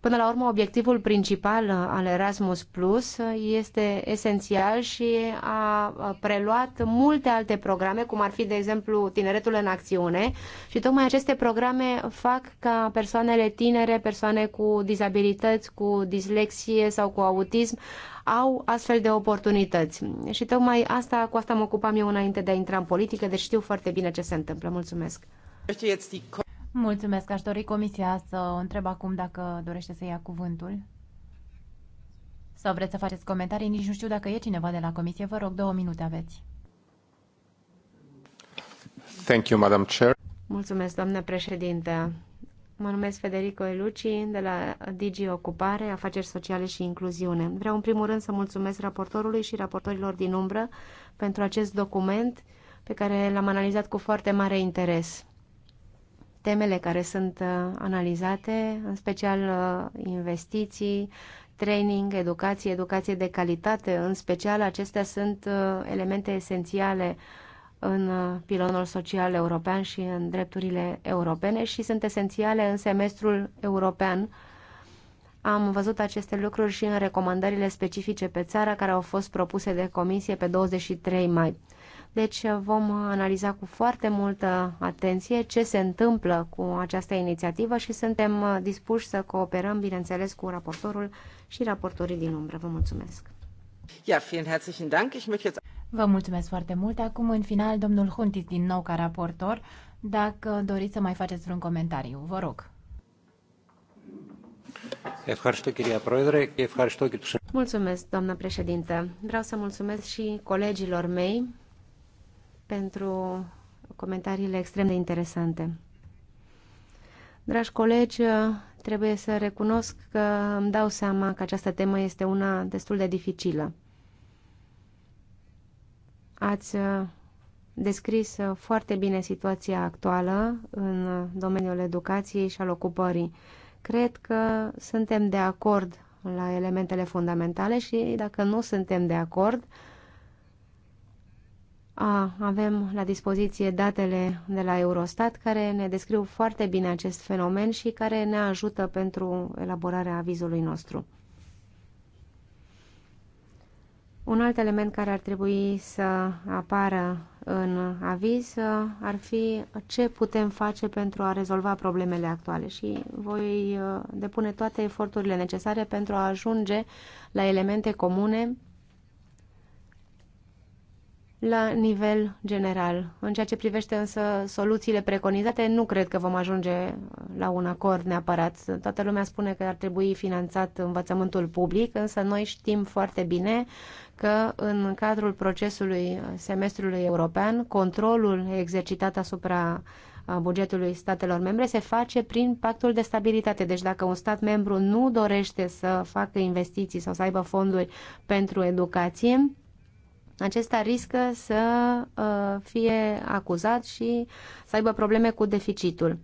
Până la urmă, obiectivul principal uh, al Erasmus Plus uh, este esențial și a uh, preluat multe alte programe, cum ar fi, de exemplu, Tineretul în Acțiune și tocmai aceste programe fac ca persoanele tinere, persoane cu dizabilități, cu dislexie sau cu autism, au astfel de oportunități. Și tocmai asta, cu asta mă ocupam eu înainte de a intra în politică, deci știu foarte bine ce se întâmplă. Mulțumesc! Mulțumesc. Aș dori comisia să o întreb acum dacă dorește să ia cuvântul. Sau vreți să faceți comentarii? Nici nu știu dacă e cineva de la comisie. Vă rog, două minute aveți. Thank you, Madam Chair. Mulțumesc, doamnă președinte. Mă numesc Federico Eluci, de la Digi Ocupare, Afaceri Sociale și Incluziune. Vreau în primul rând să mulțumesc raportorului și raportorilor din umbră pentru acest document pe care l-am analizat cu foarte mare interes temele care sunt uh, analizate, în special uh, investiții, training, educație, educație de calitate, în special acestea sunt uh, elemente esențiale în pilonul social european și în drepturile europene și sunt esențiale în semestrul european. Am văzut aceste lucruri și în recomandările specifice pe țara care au fost propuse de comisie pe 23 mai. Deci uh, vom uh, analiza cu foarte multă atenție ce se întâmplă cu această inițiativă și suntem uh, dispuși să cooperăm, bineînțeles, cu raportorul și raportorii din umbră. Vă mulțumesc! Ja, vielen herzlichen Dank. Ich möchte jetzt... Vă mulțumesc foarte mult. Acum, în final, domnul Huntis, din nou ca raportor, dacă doriți să mai faceți vreun comentariu, vă rog. Mulțumesc, doamnă președintă. Vreau să mulțumesc și colegilor mei pentru comentariile extrem de interesante. Dragi colegi, trebuie să recunosc că îmi dau seama că această temă este una destul de dificilă. Ați uh, descris uh, foarte bine situația actuală în domeniul educației și al ocupării. Cred că suntem de acord la elementele fundamentale și dacă nu suntem de acord, a, avem la dispoziție datele de la Eurostat care ne descriu foarte bine acest fenomen și care ne ajută pentru elaborarea avizului nostru. Un alt element care ar trebui să apară în aviz uh, ar fi ce putem face pentru a rezolva problemele actuale și voi uh, depune toate eforturile necesare pentru a ajunge la elemente comune la nivel general. În ceea ce privește însă soluțiile preconizate, nu cred că vom ajunge la un acord neapărat. Toată lumea spune că ar trebui finanțat învățământul public, însă noi știm foarte bine că în cadrul procesului semestrului european, controlul exercitat asupra bugetului statelor membre se face prin pactul de stabilitate. Deci dacă un stat membru nu dorește să facă investiții sau să aibă fonduri pentru educație, acesta riscă să uh, fie acuzat și să aibă probleme cu deficitul.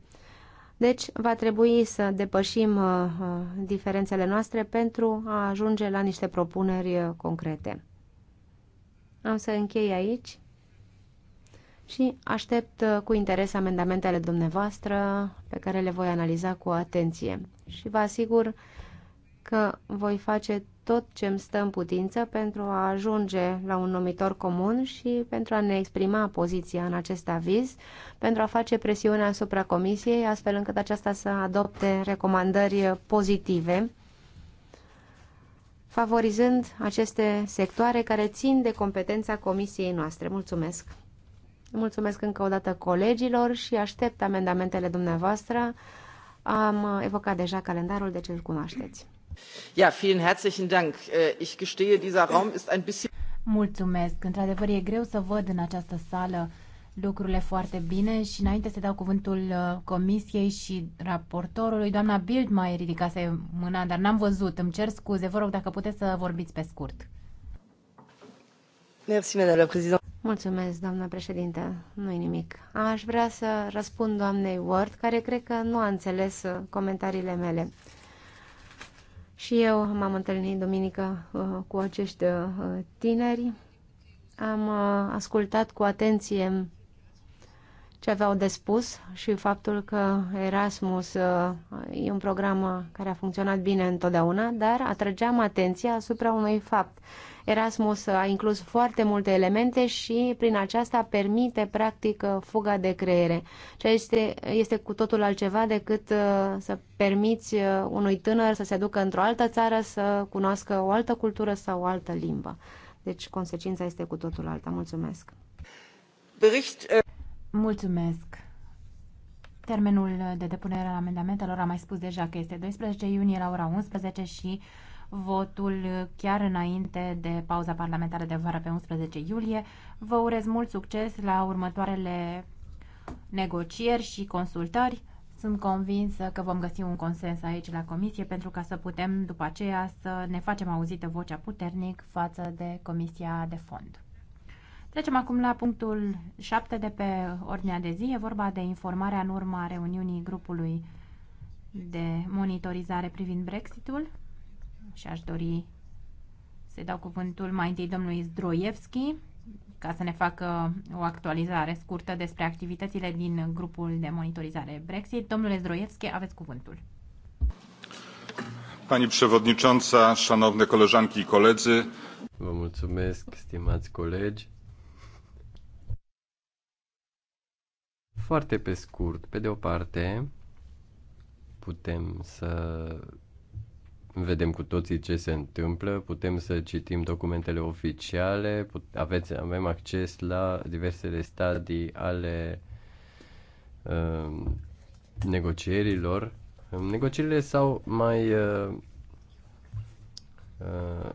Deci va trebui să depășim uh, uh, diferențele noastre pentru a ajunge la niște propuneri concrete. Am să închei aici și aștept cu interes amendamentele dumneavoastră pe care le voi analiza cu atenție și vă asigur că voi face tot ce îmi stă în putință pentru a ajunge la un numitor comun și pentru a ne exprima poziția în acest aviz, pentru a face presiune asupra Comisiei, astfel încât aceasta să adopte recomandări pozitive, favorizând aceste sectoare care țin de competența Comisiei noastre. Mulțumesc! Mulțumesc încă o dată colegilor și aștept amendamentele dumneavoastră. Am evocat deja calendarul, deci îl cunoașteți. Ja, vielen herzlichen Dank. Äh, ich gestehe, dieser Raum ist ein bisschen... Mulțumesc. Într-adevăr, e greu să văd în această sală lucrurile foarte bine și înainte să dau cuvântul uh, comisiei și raportorului, doamna Bild mai ridicase mâna, dar n-am văzut. Îmi cer scuze. Vă rog dacă puteți să vorbiți pe scurt. Merci, madame la Mulțumesc, doamna președintă. nu e nimic. Aș vrea să răspund doamnei Ward, care cred că nu a înțeles uh, comentariile mele. Și eu m-am întâlnit duminică uh, cu acești uh, tineri. Am uh, ascultat cu atenție ce aveau de spus și faptul că Erasmus e un program care a funcționat bine întotdeauna, dar atrăgeam atenția asupra unui fapt Erasmus a inclus foarte multe elemente și prin aceasta permite practic uh, fuga de creiere. Ceea ce este, este cu totul altceva decât uh, să permiți uh, unui tânăr să se ducă într-o altă țară, să cunoască o altă cultură sau o altă limbă. Deci consecința este cu totul alta. Mulțumesc! Bericht, uh... Mulțumesc! Termenul de depunere al amendamentelor a mai spus deja că este 12 iunie la ora 11 și votul chiar înainte de pauza parlamentară de vară pe 11 iulie. Vă urez mult succes la următoarele negocieri și consultări. Sunt convinsă că vom găsi un consens aici la comisie pentru ca să putem după aceea să ne facem auzită vocea puternic față de comisia de fond. Trecem acum la punctul 7 de pe ordinea de zi. E vorba de informarea în urma reuniunii grupului de monitorizare privind Brexitul și aș dori să-i dau cuvântul mai întâi domnului Zdroievski ca să ne facă o actualizare scurtă despre activitățile din grupul de monitorizare Brexit. Domnule Zdroievski, aveți cuvântul. Pani przewodnicząca, szanowne koleżanki i koledzy. Vă mulțumesc, stimați colegi. Foarte pe scurt, pe de o parte, putem să Vedem cu toții ce se întâmplă, putem să citim documentele oficiale, aveți, avem acces la diversele stadii ale uh, negocierilor. Um, negocierile s-au mai uh, uh,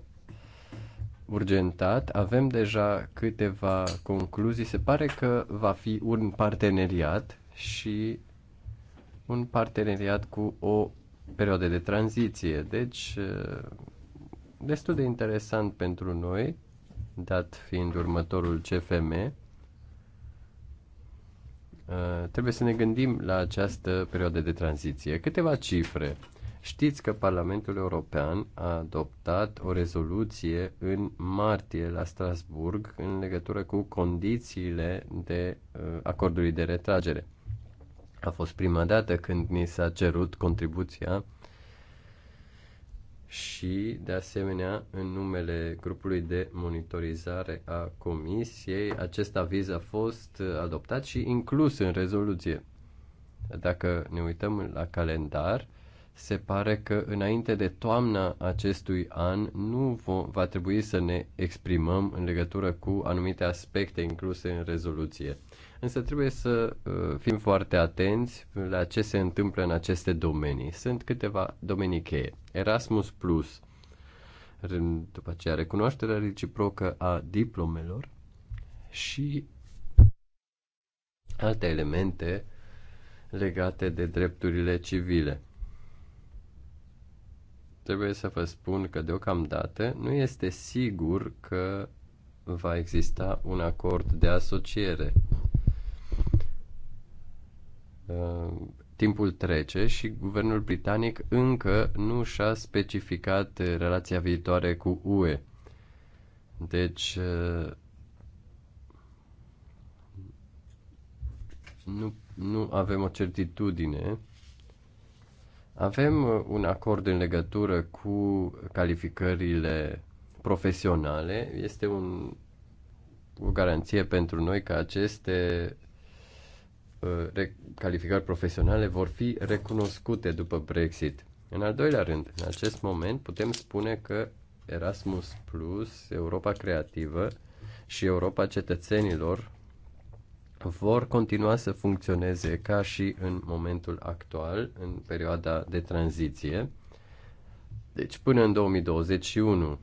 urgentat, avem deja câteva concluzii. Se pare că va fi un parteneriat și un parteneriat cu o perioade de tranziție. Deci, destul de interesant pentru noi, dat fiind următorul CFM. Trebuie să ne gândim la această perioadă de tranziție. Câteva cifre. Știți că Parlamentul European a adoptat o rezoluție în martie la Strasburg în legătură cu condițiile de acordului de retragere a fost prima dată când ni s-a cerut contribuția și, de asemenea, în numele grupului de monitorizare a comisiei, acest aviz a fost adoptat și inclus în rezoluție. Dacă ne uităm la calendar, se pare că înainte de toamna acestui an nu va trebui să ne exprimăm în legătură cu anumite aspecte incluse în rezoluție. Însă trebuie să uh, fim foarte atenți la ce se întâmplă în aceste domenii. Sunt câteva domenii cheie. Erasmus Plus, după aceea recunoașterea reciprocă a diplomelor și alte elemente legate de drepturile civile. Trebuie să vă spun că deocamdată nu este sigur că va exista un acord de asociere Uh, timpul trece și guvernul britanic încă nu și-a specificat uh, relația viitoare cu UE. Deci, uh, nu, nu avem o certitudine. Avem un acord în legătură cu calificările profesionale. Este un, o garanție pentru noi că aceste Uh, calificări profesionale vor fi recunoscute după Brexit. În al doilea rând, în acest moment putem spune că Erasmus Plus, Europa Creativă și Europa Cetățenilor vor continua să funcționeze ca și în momentul actual, în perioada de tranziție, deci până în 2021.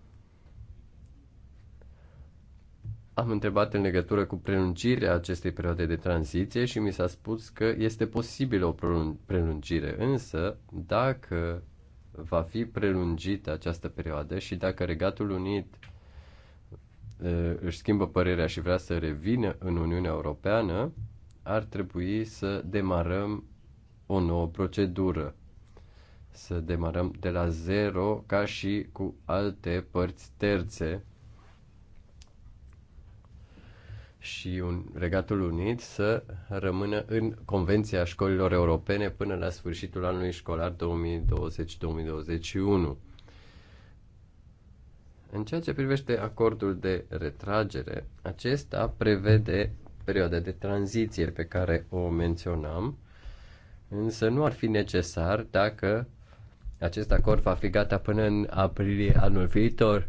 Am întrebat în legătură cu prelungirea acestei perioade de tranziție și mi s-a spus că este posibilă o prelungire, însă dacă va fi prelungită această perioadă și dacă Regatul Unit își schimbă părerea și vrea să revină în Uniunea Europeană, ar trebui să demarăm o nouă procedură. Să demarăm de la zero ca și cu alte părți terțe și un, Regatul Unit să rămână în Convenția Școlilor Europene până la sfârșitul anului școlar 2020-2021. În ceea ce privește acordul de retragere, acesta prevede perioada de tranziție pe care o menționam, însă nu ar fi necesar dacă acest acord va fi gata până în aprilie anul viitor.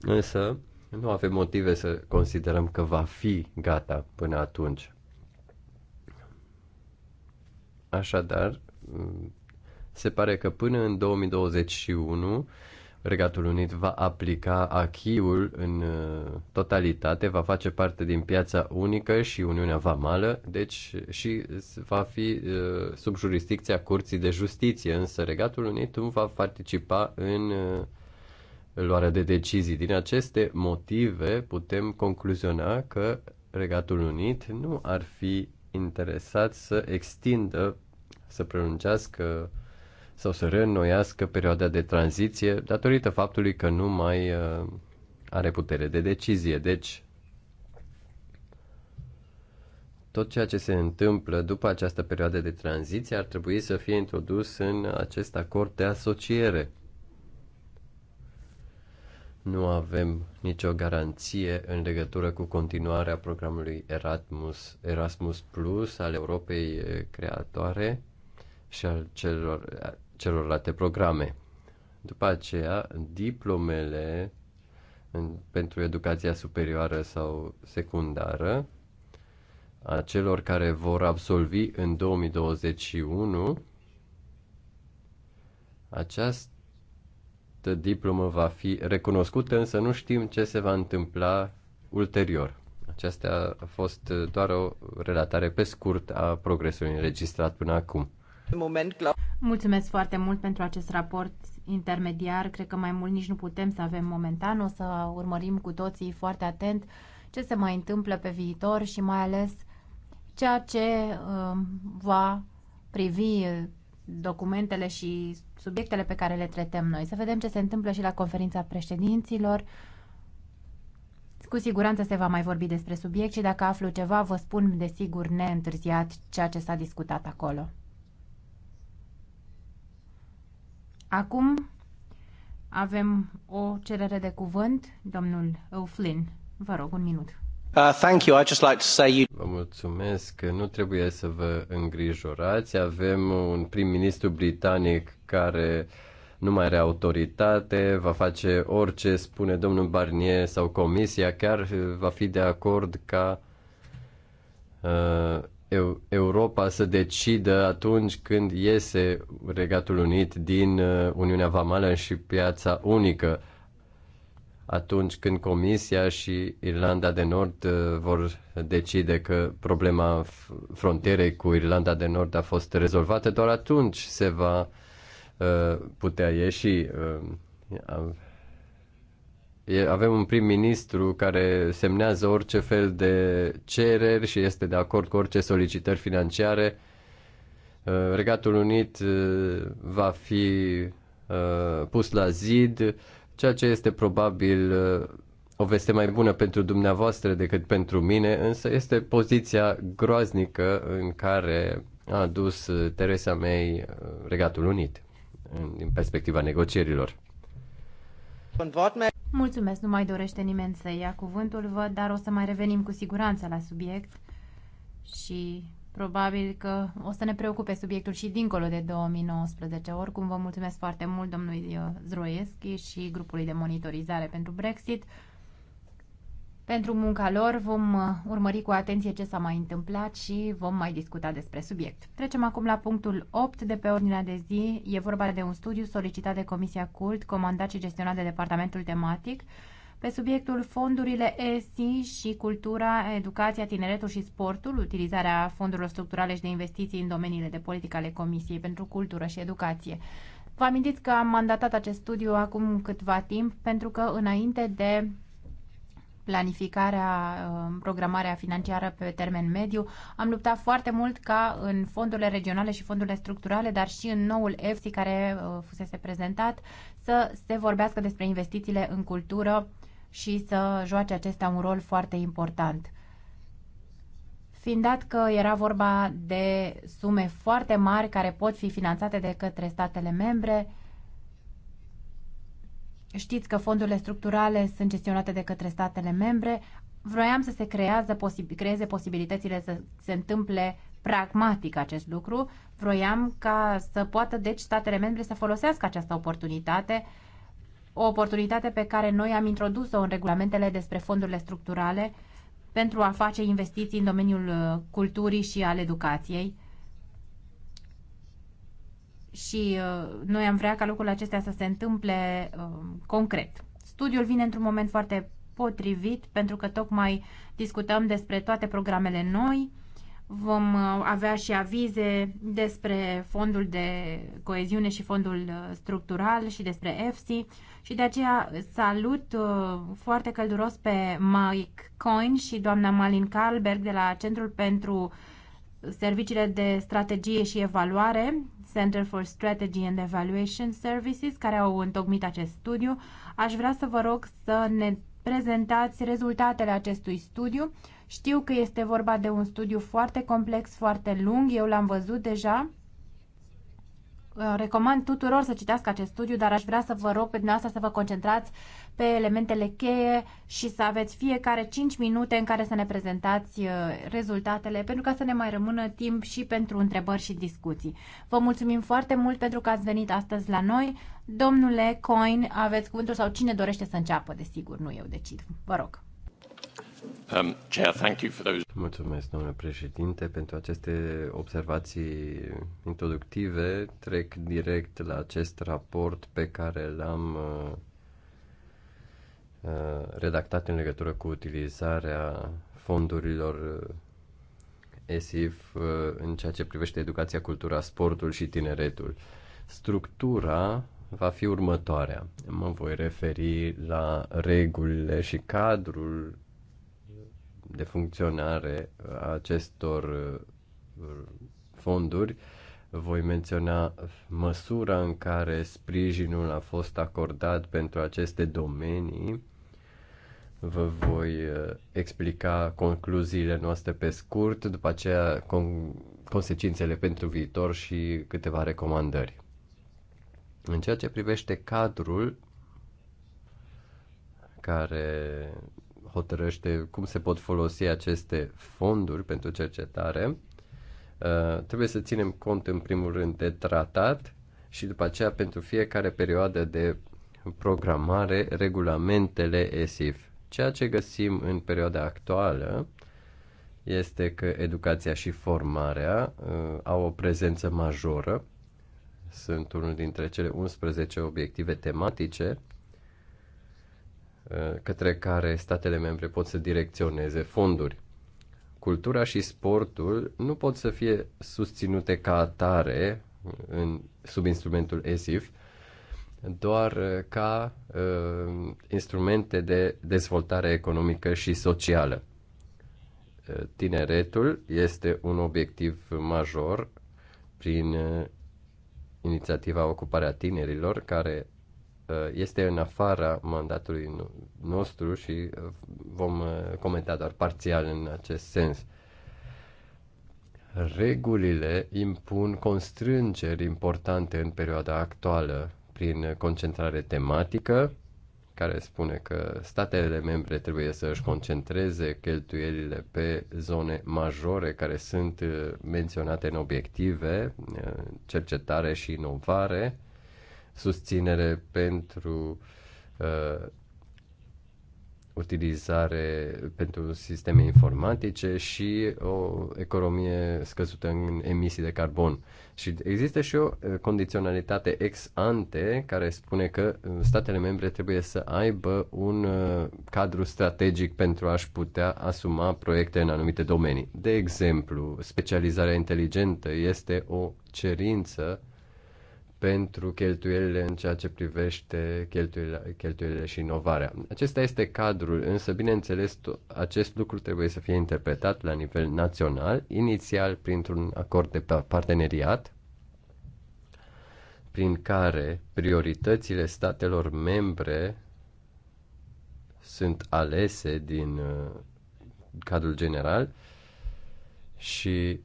Însă, nu avem motive să considerăm că va fi gata până atunci. Așadar, se pare că până în 2021 Regatul Unit va aplica achiul în uh, totalitate, va face parte din piața unică și Uniunea Vamală, deci și va fi uh, sub jurisdicția Curții de Justiție, însă Regatul Unit nu va participa în uh, luarea de decizii. Din aceste motive putem concluziona că Regatul Unit nu ar fi interesat să extindă, să prelungească sau să reînnoiască perioada de tranziție datorită faptului că nu mai uh, are putere de decizie. Deci, tot ceea ce se întâmplă după această perioadă de tranziție ar trebui să fie introdus în acest acord de asociere nu avem nicio garanție în legătură cu continuarea programului Erasmus, Erasmus Plus al Europei eh, Creatoare și al celor, eh, celorlalte programe. După aceea, diplomele în, pentru educația superioară sau secundară a celor care vor absolvi în 2021 această această diplomă va fi recunoscută, însă nu știm ce se va întâmpla ulterior. Aceasta a fost uh, doar o relatare pe scurt a progresului înregistrat până acum. Moment. Mulțumesc foarte mult pentru acest raport intermediar. Cred că mai mult nici nu putem să avem momentan. O să urmărim cu toții foarte atent ce se mai întâmplă pe viitor și mai ales ceea ce uh, va privi documentele și subiectele pe care le tratăm noi. Să vedem ce se întâmplă și la conferința președinților. Cu siguranță se va mai vorbi despre subiect și dacă aflu ceva, vă spun desigur neîntârziat ceea ce s-a discutat acolo. Acum avem o cerere de cuvânt, domnul O'Flynn. Vă rog, un minut. Uh, thank you. I'd just like to say you... Vă mulțumesc. Nu trebuie să vă îngrijorați. Avem un prim-ministru britanic care nu mai are autoritate, va face orice spune domnul Barnier sau comisia, chiar va fi de acord ca uh, Europa să decidă atunci când iese Regatul Unit din uh, Uniunea Vamală și piața unică atunci când Comisia și Irlanda de Nord uh, vor decide că problema frontierei cu Irlanda de Nord a fost rezolvată, doar atunci se va uh, putea ieși. Uh, avem un prim-ministru care semnează orice fel de cereri și este de acord cu orice solicitări financiare. Regatul Unit va fi pus la zid ceea ce este probabil uh, o veste mai bună pentru dumneavoastră decât pentru mine, însă este poziția groaznică în care a dus uh, Teresa May uh, Regatul Unit din perspectiva negocierilor. Mulțumesc, nu mai dorește nimeni să ia cuvântul, văd, dar o să mai revenim cu siguranță la subiect și Probabil că o să ne preocupe subiectul și dincolo de 2019. Oricum, vă mulțumesc foarte mult domnului uh, Zroieschi și grupului de monitorizare pentru Brexit. Pentru munca lor vom uh, urmări cu atenție ce s-a mai întâmplat și vom mai discuta despre subiect. Trecem acum la punctul 8 de pe ordinea de zi. E vorba de un studiu solicitat de Comisia Cult, comandat și gestionat de Departamentul Tematic pe subiectul fondurile ESI și cultura, educația, tineretul și sportul, utilizarea fondurilor structurale și de investiții în domeniile de politică ale Comisiei pentru Cultură și Educație. Vă amintiți că am mandatat acest studiu acum câtva timp pentru că înainte de planificarea, uh, programarea financiară pe termen mediu. Am luptat foarte mult ca în fondurile regionale și fondurile structurale, dar și în noul EFSI care uh, fusese prezentat, să se vorbească despre investițiile în cultură și să joace acesta un rol foarte important. Fiind dat că era vorba de sume foarte mari care pot fi finanțate de către statele membre, știți că fondurile structurale sunt gestionate de către statele membre, vroiam să se creează, creeze posibilitățile să se întâmple pragmatic acest lucru. Vroiam ca să poată, deci, statele membre să folosească această oportunitate o oportunitate pe care noi am introdus-o în regulamentele despre fondurile structurale pentru a face investiții în domeniul uh, culturii și al educației. Și uh, noi am vrea ca lucrurile acestea să se întâmple uh, concret. Studiul vine într-un moment foarte potrivit pentru că tocmai discutăm despre toate programele noi, Vom uh, avea și avize despre fondul de coeziune și fondul uh, structural și despre EFSI și de aceea salut uh, foarte călduros pe Mike Coin și doamna Malin Carlberg de la Centrul pentru Serviciile de Strategie și Evaluare, Center for Strategy and Evaluation Services, care au întocmit acest studiu. Aș vrea să vă rog să ne prezentați rezultatele acestui studiu știu că este vorba de un studiu foarte complex, foarte lung, eu l-am văzut deja. Uh, recomand tuturor să citească acest studiu, dar aș vrea să vă rog pe dumneavoastră să vă concentrați pe elementele cheie și să aveți fiecare 5 minute în care să ne prezentați uh, rezultatele, pentru ca să ne mai rămână timp și pentru întrebări și discuții. Vă mulțumim foarte mult pentru că ați venit astăzi la noi. Domnule Coin, aveți cuvântul sau cine dorește să înceapă, desigur, nu eu decid. Vă rog. Um, Mulțumesc, domnule președinte, pentru aceste observații introductive. Trec direct la acest raport pe care l-am uh, uh, redactat în legătură cu utilizarea fondurilor ESIF uh, în ceea ce privește educația, cultura, sportul și tineretul. Structura va fi următoarea. Mă voi referi la regulile și cadrul de funcționare a acestor uh, fonduri, voi menționa măsura în care sprijinul a fost acordat pentru aceste domenii. Vă voi uh, explica concluziile noastre pe scurt, după aceea con- consecințele pentru viitor și câteva recomandări. În ceea ce privește cadrul care hotărăște cum se pot folosi aceste fonduri pentru cercetare, uh, trebuie să ținem cont în primul rând de tratat și după aceea pentru fiecare perioadă de programare regulamentele ESIF. Ceea ce găsim în perioada actuală este că educația și formarea uh, au o prezență majoră. Sunt unul dintre cele 11 obiective tematice Eh, către care statele membre pot să direcționeze fonduri. Cultura și sportul nu pot să fie susținute ca atare eh, în, sub instrumentul ESIF, doar eh, ca uh, instrumente de dezvoltare economică și socială. Tineretul este un obiectiv major prin inițiativa Ocuparea Tinerilor, care Uh, este în afara mandatului nostru și uh, vom uh, comenta doar parțial în acest sens. Regulile impun constrângeri importante în perioada actuală prin concentrare tematică, care spune că statele membre trebuie să își concentreze cheltuielile pe zone majore care sunt menționate în obiective, cercetare și inovare, susținere pentru uh, utilizare pentru sisteme informatice și o economie scăzută în emisii de carbon. Și există și o uh, condiționalitate ex ante care spune că uh, statele membre trebuie să aibă un uh, cadru strategic pentru a-și putea asuma proiecte în anumite domenii. De exemplu, specializarea inteligentă este o cerință uh, pentru cheltuielile în ceea ce privește cheltuielile, cheltuielile și inovarea. Acesta este cadrul, însă, bineînțeles, acest lucru trebuie să fie interpretat la nivel național, inițial printr-un acord de parteneriat, prin care prioritățile statelor membre sunt alese din uh, cadrul general și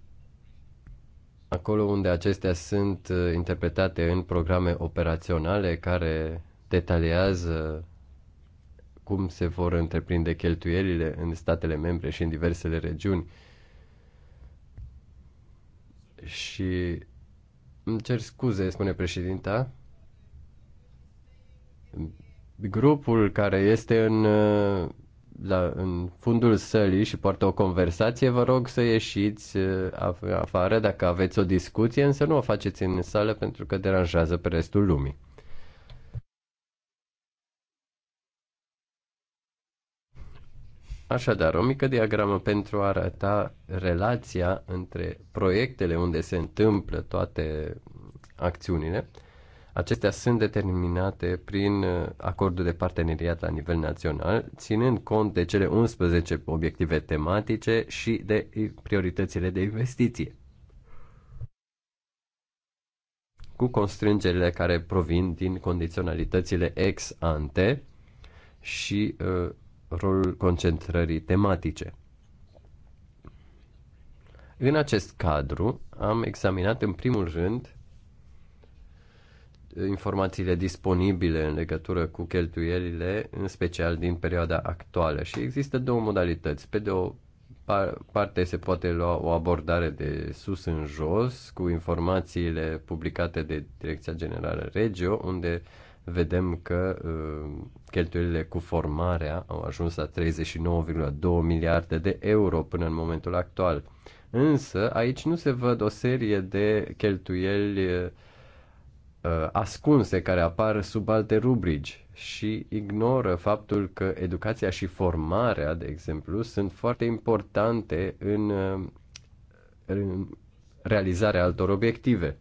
acolo unde acestea sunt uh, interpretate în programe operaționale care detaliază cum se vor întreprinde cheltuielile în statele membre și în diversele regiuni. Și îmi cer scuze, spune președinta. Grupul care este în uh, la, în fundul sălii și poartă o conversație, vă rog să ieșiți uh, afară dacă aveți o discuție, însă nu o faceți în sală pentru că deranjează pe restul lumii. Așadar, o mică diagramă pentru a arăta relația între proiectele unde se întâmplă toate acțiunile Acestea sunt determinate prin uh, acordul de parteneriat la nivel național, ținând cont de cele 11 obiective tematice și de prioritățile de investiție. cu constrângerile care provin din condiționalitățile ex ante și uh, rolul concentrării tematice. În acest cadru am examinat în primul rând informațiile disponibile în legătură cu cheltuielile, în special din perioada actuală. Și există două modalități. Pe de o parte se poate lua o abordare de sus în jos cu informațiile publicate de Direcția Generală Regio, unde vedem că uh, cheltuielile cu formarea au ajuns la 39,2 miliarde de euro până în momentul actual. Însă aici nu se văd o serie de cheltuieli uh, Uh, ascunse care apar sub alte rubrici și ignoră faptul că educația și formarea, de exemplu, sunt foarte importante în, uh, în realizarea altor obiective.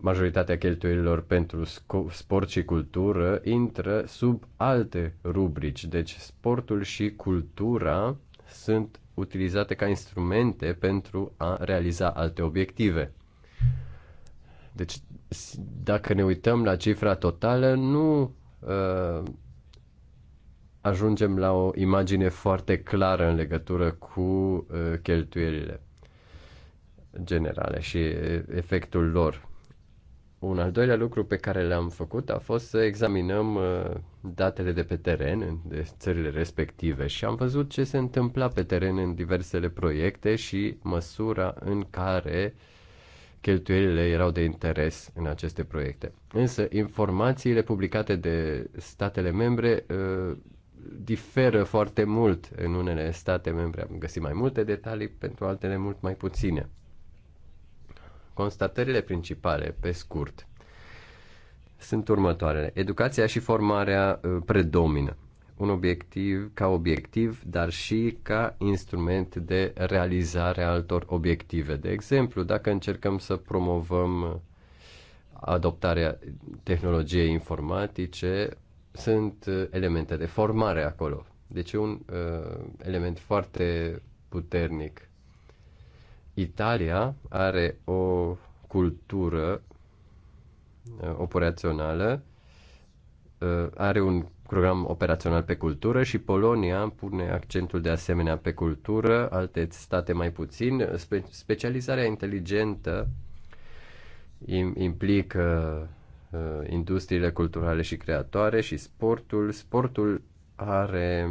Majoritatea cheltuielilor pentru sport și cultură intră sub alte rubrici, deci sportul și cultura sunt utilizate ca instrumente pentru a realiza alte obiective deci, dacă ne uităm la cifra totală, nu uh, ajungem la o imagine foarte clară în legătură cu uh, cheltuielile generale și uh, efectul lor. Un al doilea lucru pe care l-am făcut a fost să examinăm uh, datele de pe teren de țările respective și am văzut ce se întâmpla pe teren în diversele proiecte și măsura în care uh, cheltuielile erau de interes în aceste proiecte. Însă informațiile publicate de statele membre uh, diferă foarte mult în unele state membre. Am găsit mai multe detalii, pentru altele mult mai puține. Constatările principale, pe scurt, sunt următoarele. Educația și formarea uh, predomină un obiectiv, ca obiectiv, dar și ca instrument de realizare a altor obiective. De exemplu, dacă încercăm să promovăm adoptarea tehnologiei informatice, sunt uh, elemente de formare acolo. Deci e un uh, element foarte puternic. Italia are o cultură uh, operațională, uh, are un program operațional pe cultură și Polonia pune accentul de asemenea pe cultură, alte state mai puțin. Spe- specializarea inteligentă implică uh, industriile culturale și creatoare și sportul. Sportul are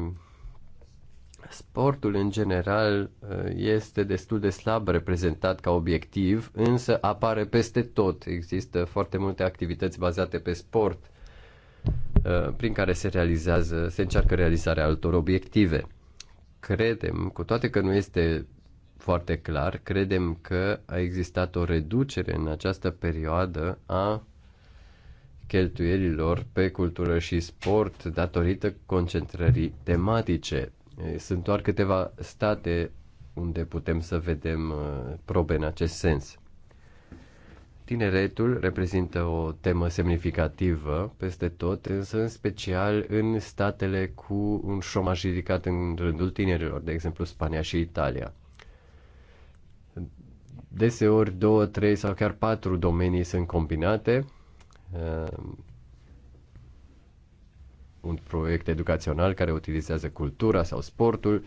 sportul în general uh, este destul de slab reprezentat ca obiectiv, însă apare peste tot. Există foarte multe activități bazate pe sport Uh, prin care se realizează, se încearcă realizarea altor obiective. Credem, cu toate că nu este foarte clar, credem că a existat o reducere în această perioadă a cheltuielilor pe cultură și sport datorită concentrării tematice. Eh, sunt doar câteva state unde putem să vedem uh, probe în acest sens. Tineretul reprezintă o temă semnificativă peste tot, însă în special în statele cu un șomaj ridicat în rândul tinerilor, de exemplu Spania și Italia. Deseori două, trei sau chiar patru domenii sunt combinate. Um, un proiect educațional care utilizează cultura sau sportul,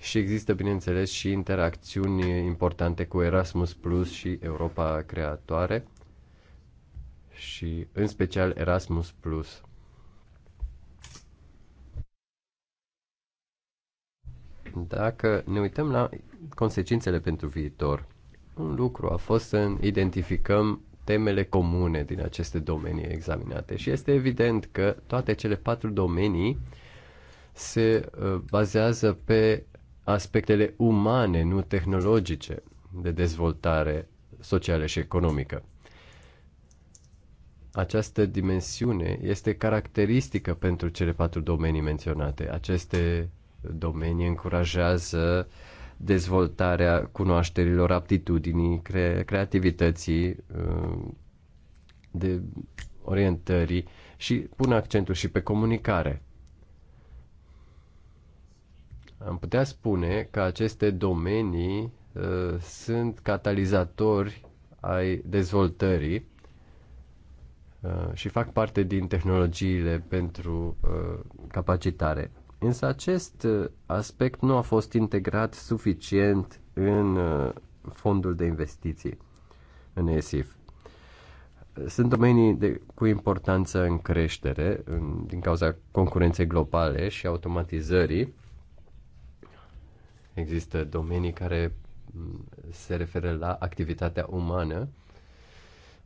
și există, bineînțeles, și interacțiuni importante cu Erasmus Plus și Europa Creatoare și, în special, Erasmus Plus. Dacă ne uităm la consecințele pentru viitor, un lucru a fost să identificăm temele comune din aceste domenii examinate și este evident că toate cele patru domenii se uh, bazează pe aspectele umane, nu tehnologice, de dezvoltare socială și economică. Această dimensiune este caracteristică pentru cele patru domenii menționate. Aceste domenii încurajează dezvoltarea cunoașterilor, aptitudinii, cre- creativității, uh, de orientării și pun accentul și pe comunicare. Am putea spune că aceste domenii uh, sunt catalizatori ai dezvoltării uh, și fac parte din tehnologiile pentru uh, capacitare. Însă acest uh, aspect nu a fost integrat suficient în uh, fondul de investiții, în ESIF. Sunt domenii de, cu importanță în creștere în, din cauza concurenței globale și automatizării Există domenii care mm, se referă la activitatea umană,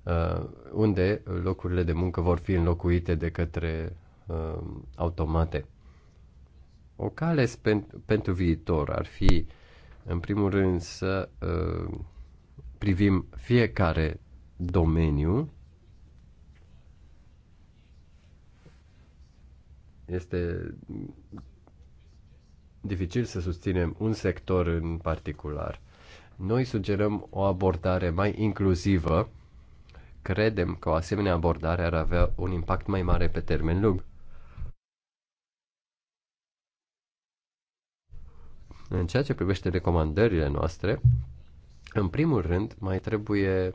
uh, unde locurile de muncă vor fi înlocuite de către uh, automate. O cale pentru viitor ar fi, în primul rând, să uh, privim fiecare domeniu este dificil să susținem un sector în particular. Noi sugerăm o abordare mai inclusivă. Credem că o asemenea abordare ar avea un impact mai mare pe termen lung. În ceea ce privește recomandările noastre, în primul rând mai trebuie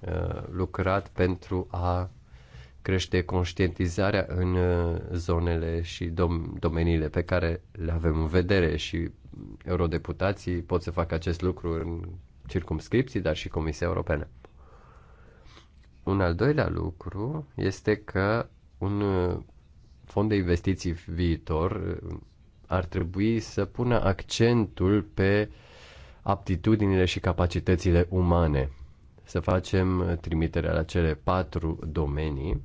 uh, lucrat pentru a crește conștientizarea în uh, zonele și dom- domeniile pe care le avem în vedere și eurodeputații pot să facă acest lucru în circumscripții, dar și Comisia Europeană. Un al doilea lucru este că un uh, fond de investiții viitor uh, ar trebui să pună accentul pe aptitudinile și capacitățile umane. Să facem trimiterea la cele patru domenii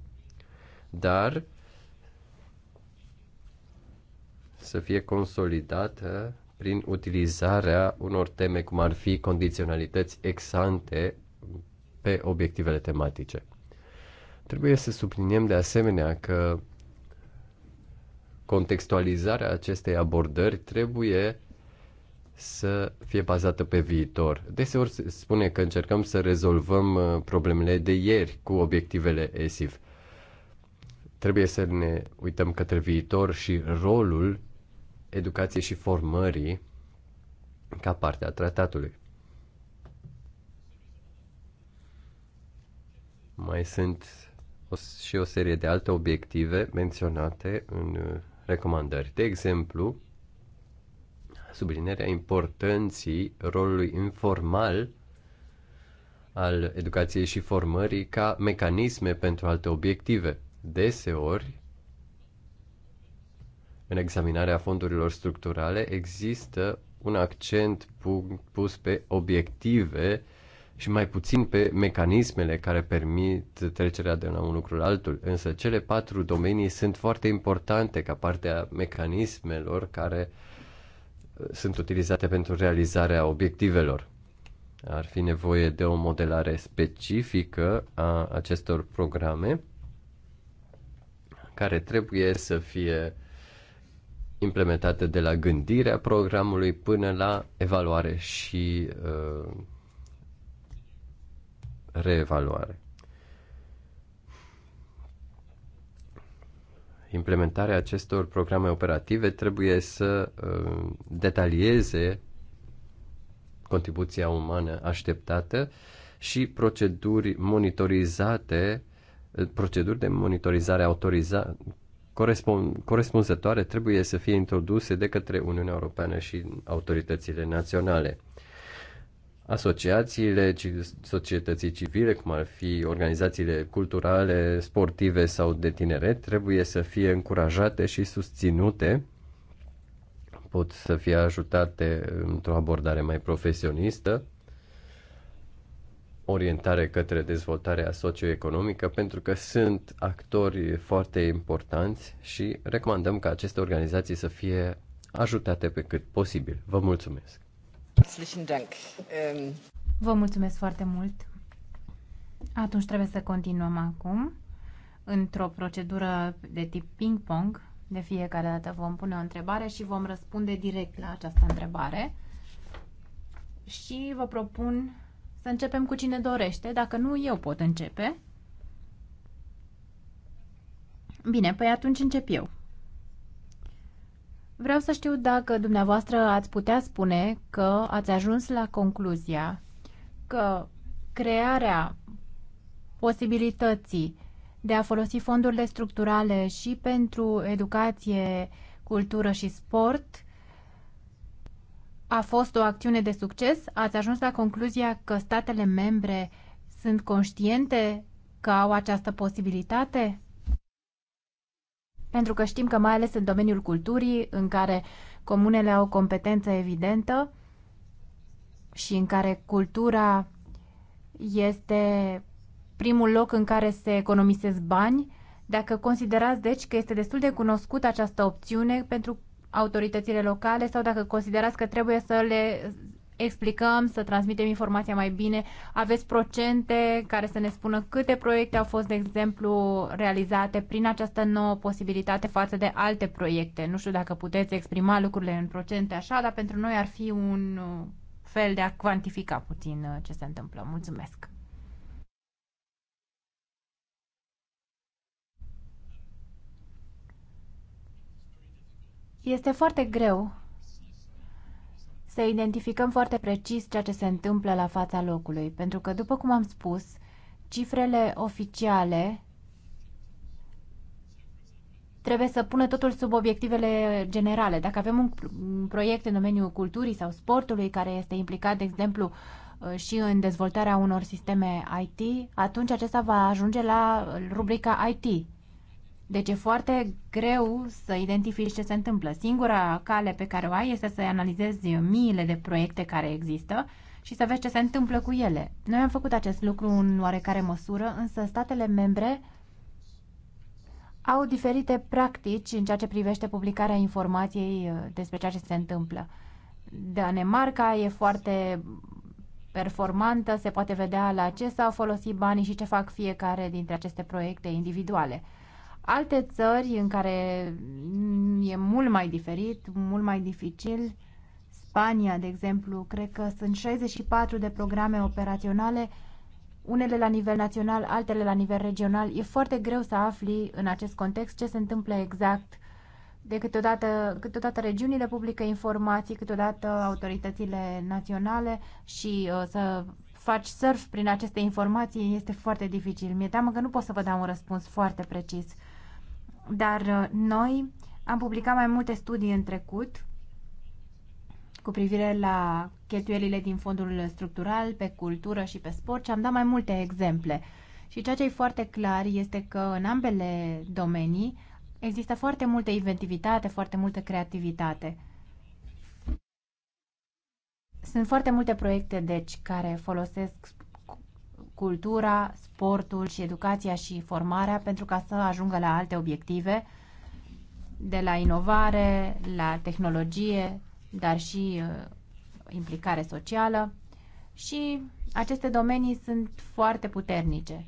dar să fie consolidată prin utilizarea unor teme cum ar fi condiționalități exante pe obiectivele tematice. Trebuie să subliniem de asemenea că contextualizarea acestei abordări trebuie să fie bazată pe viitor. Deseori se spune că încercăm să rezolvăm uh, problemele de ieri cu obiectivele ESIF. Trebuie să ne uităm către viitor și rolul educației și formării ca parte a tratatului. Mai sunt o, și o serie de alte obiective menționate în uh, recomandări. De exemplu, sublinierea importanții rolului informal al educației și formării ca mecanisme pentru alte obiective – Deseori, în examinarea fondurilor structurale, există un accent pus pe obiective și mai puțin pe mecanismele care permit trecerea de la un lucru la altul. Însă cele patru domenii sunt foarte importante ca parte a mecanismelor care uh, sunt utilizate pentru realizarea obiectivelor. Ar fi nevoie de o modelare specifică a acestor programe care trebuie să fie implementate de la gândirea programului până la evaluare și uh, reevaluare. Implementarea acestor programe operative trebuie să uh, detalieze contribuția umană așteptată și proceduri monitorizate proceduri de monitorizare autoriza, corespunzătoare trebuie să fie introduse de către Uniunea Europeană și autoritățile naționale. Asociațiile societății civile, cum ar fi organizațiile culturale, sportive sau de tineret, trebuie să fie încurajate și susținute, pot să fie ajutate într-o abordare mai profesionistă orientare către dezvoltarea socioeconomică pentru că sunt actori foarte importanți și recomandăm ca aceste organizații să fie ajutate pe cât posibil. Vă mulțumesc! Ähm, vă mulțumesc foarte mult! Atunci trebuie să continuăm acum într-o procedură de tip ping-pong. De fiecare dată vom pune o întrebare și vom răspunde direct la această întrebare. Și vă propun să începem cu cine dorește. Dacă nu, eu pot începe. Bine, păi atunci încep eu. Vreau să știu dacă dumneavoastră ați putea spune că ați ajuns la concluzia că crearea posibilității de a folosi fondurile structurale și pentru educație, cultură și sport a fost o acțiune de succes? Ați ajuns la concluzia că statele membre sunt conștiente că au această posibilitate? Pentru că știm că mai ales în domeniul culturii, în care comunele au o competență evidentă și în care cultura este primul loc în care se economisesc bani, dacă considerați deci că este destul de cunoscută această opțiune pentru autoritățile locale sau dacă considerați că trebuie să le explicăm, să transmitem informația mai bine. Aveți procente care să ne spună câte proiecte au fost, de exemplu, realizate prin această nouă posibilitate față de alte proiecte. Nu știu dacă puteți exprima lucrurile în procente așa, dar pentru noi ar fi un fel de a cuantifica puțin uh, ce se întâmplă. Mulțumesc! Este foarte greu să identificăm foarte precis ceea ce se întâmplă la fața locului, pentru că, după cum am spus, cifrele oficiale trebuie să pună totul sub obiectivele generale. Dacă avem un proiect în domeniul culturii sau sportului care este implicat, de exemplu, uh, și în dezvoltarea unor sisteme IT, atunci acesta va ajunge la rubrica IT. Deci e foarte greu să identifici ce se întâmplă. Singura cale pe care o ai este să analizezi miile de proiecte care există și să vezi ce se întâmplă cu ele. Noi am făcut acest lucru în oarecare măsură, însă statele membre au diferite practici în ceea ce privește publicarea informației uh, despre ceea ce se întâmplă. Danemarca e foarte performantă, se poate vedea la ce s-au folosit banii și ce fac fiecare dintre aceste proiecte individuale. Alte țări în care e mult mai diferit, mult mai dificil, Spania, de exemplu, cred că sunt 64 de programe operaționale, unele la nivel național, altele la nivel regional. E foarte greu să afli în acest context ce se întâmplă exact. De câteodată, câteodată regiunile publică informații, câteodată autoritățile naționale și uh, să faci surf prin aceste informații este foarte dificil. Mi-e teamă că nu pot să vă dau un răspuns foarte precis. Dar uh, noi am publicat mai multe studii în trecut cu privire la cheltuielile din fondul structural, pe cultură și pe sport și am dat mai multe exemple. Și ceea ce e foarte clar este că în ambele domenii există foarte multă inventivitate, foarte multă creativitate. Sunt foarte multe proiecte, deci, care folosesc cultura, sportul și educația și formarea pentru ca să ajungă la alte obiective, de la inovare, la tehnologie, dar și uh, implicare socială. Și aceste domenii sunt foarte puternice.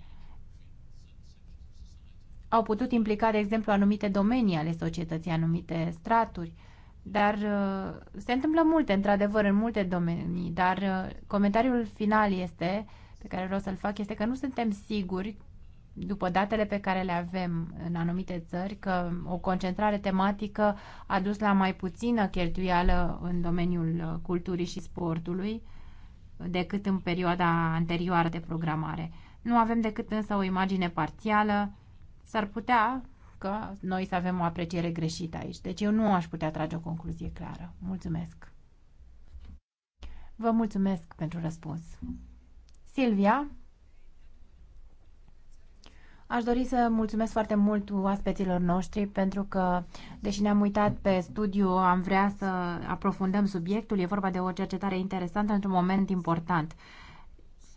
Au putut implica, de exemplu, anumite domenii ale societății, anumite straturi, dar uh, se întâmplă multe, într-adevăr, în multe domenii, dar uh, comentariul final este pe care vreau să-l fac este că nu suntem siguri, după datele pe care le avem în anumite țări, că o concentrare tematică a dus la mai puțină cheltuială în domeniul culturii și sportului decât în perioada anterioară de programare. Nu avem decât însă o imagine parțială. S-ar putea că noi să avem o apreciere greșită aici. Deci eu nu aș putea trage o concluzie clară. Mulțumesc! Vă mulțumesc pentru răspuns. Silvia, Aș dori să mulțumesc foarte mult oaspeților noștri pentru că, deși ne-am uitat pe studiu, am vrea să aprofundăm subiectul. E vorba de o cercetare interesantă într-un moment important.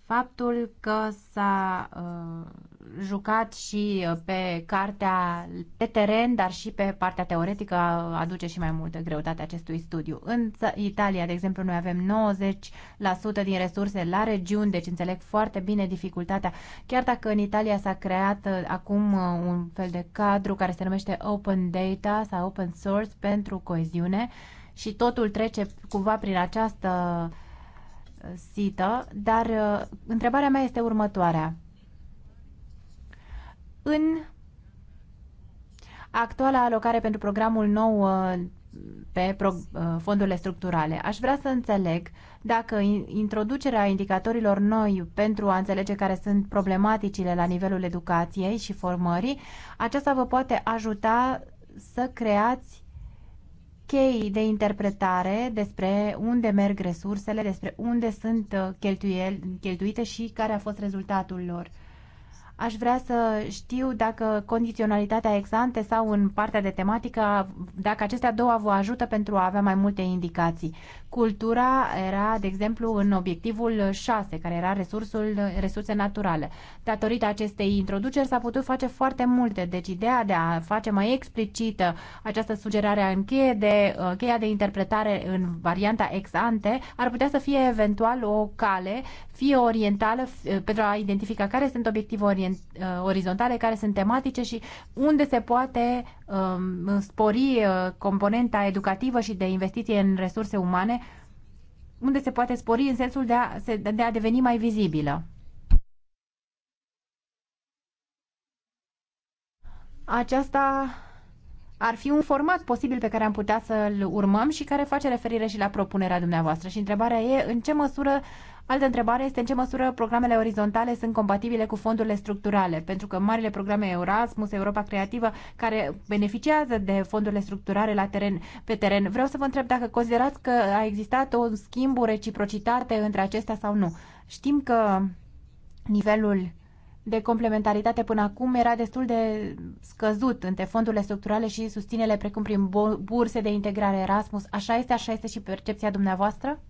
Faptul că s-a uh, jucat și uh, pe cartea pe teren, dar și pe partea teoretică aduce și mai multă greutate acestui studiu. În Italia, de exemplu, noi avem 90% din resurse la regiuni, deci înțeleg foarte bine dificultatea. Chiar dacă în Italia s-a creat uh, acum uh, un fel de cadru care se numește Open Data sau Open Source pentru coeziune și totul trece cumva prin această sită, dar întrebarea mea este următoarea în actuala alocare pentru programul nou uh, pe uh, fondurile structurale. Aș vrea să înțeleg dacă introducerea indicatorilor noi pentru a înțelege care sunt problematicile la nivelul educației și formării, aceasta vă poate ajuta să creați chei de interpretare despre unde merg resursele, despre unde sunt uh, cheltuiel, cheltuite și care a fost rezultatul lor. Aș vrea să știu dacă condiționalitatea exante sau în partea de tematică, dacă acestea două vă ajută pentru a avea mai multe indicații. Cultura era, de exemplu, în obiectivul 6, care era resursul, resurse naturale. Datorită acestei introduceri s-a putut face foarte multe, deci ideea de a face mai explicită această sugerare în cheie de, uh, cheia de interpretare în varianta ex ante ar putea să fie eventual o cale, fie orientală, uh, pentru a identifica care sunt obiective orient, uh, orizontale, care sunt tematice și unde se poate um, spori componenta educativă și de investiție în resurse umane unde se poate spori în sensul de a, de a deveni mai vizibilă. Aceasta ar fi un format posibil pe care am putea să-l urmăm și care face referire și la propunerea dumneavoastră. Și întrebarea e în ce măsură, altă întrebare este în ce măsură programele orizontale sunt compatibile cu fondurile structurale, pentru că marile programe Erasmus, Europa Creativă, care beneficiază de fondurile structurale la teren, pe teren, vreau să vă întreb dacă considerați că a existat o schimb, o reciprocitate între acestea sau nu. Știm că nivelul de complementaritate până acum era destul de scăzut între fondurile structurale și susținele precum prin burse de integrare Erasmus. Așa este, așa este și percepția dumneavoastră?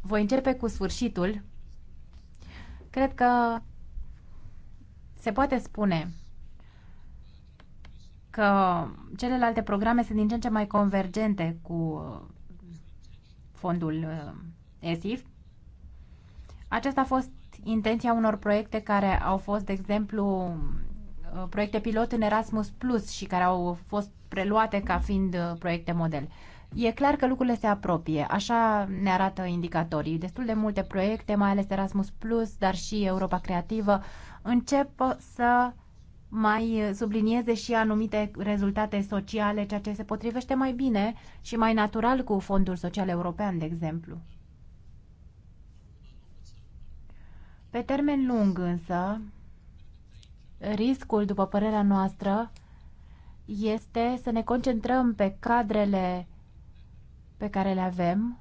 Voi începe cu sfârșitul. Cred că se poate spune că celelalte programe sunt din ce în ce mai convergente cu fondul uh, ESIF. Aceasta a fost intenția unor proiecte care au fost, de exemplu, uh, proiecte pilot în Erasmus Plus și care au fost preluate ca fiind uh, proiecte model. E clar că lucrurile se apropie, așa ne arată indicatorii. Destul de multe proiecte, mai ales Erasmus Plus, dar și Europa Creativă, încep să mai eh, sublinieze și anumite rezultate sociale, ceea ce se potrivește mai bine și mai natural cu Fondul Social European, de exemplu. Pe termen lung însă, riscul, după părerea noastră, este să ne concentrăm pe cadrele pe care le avem.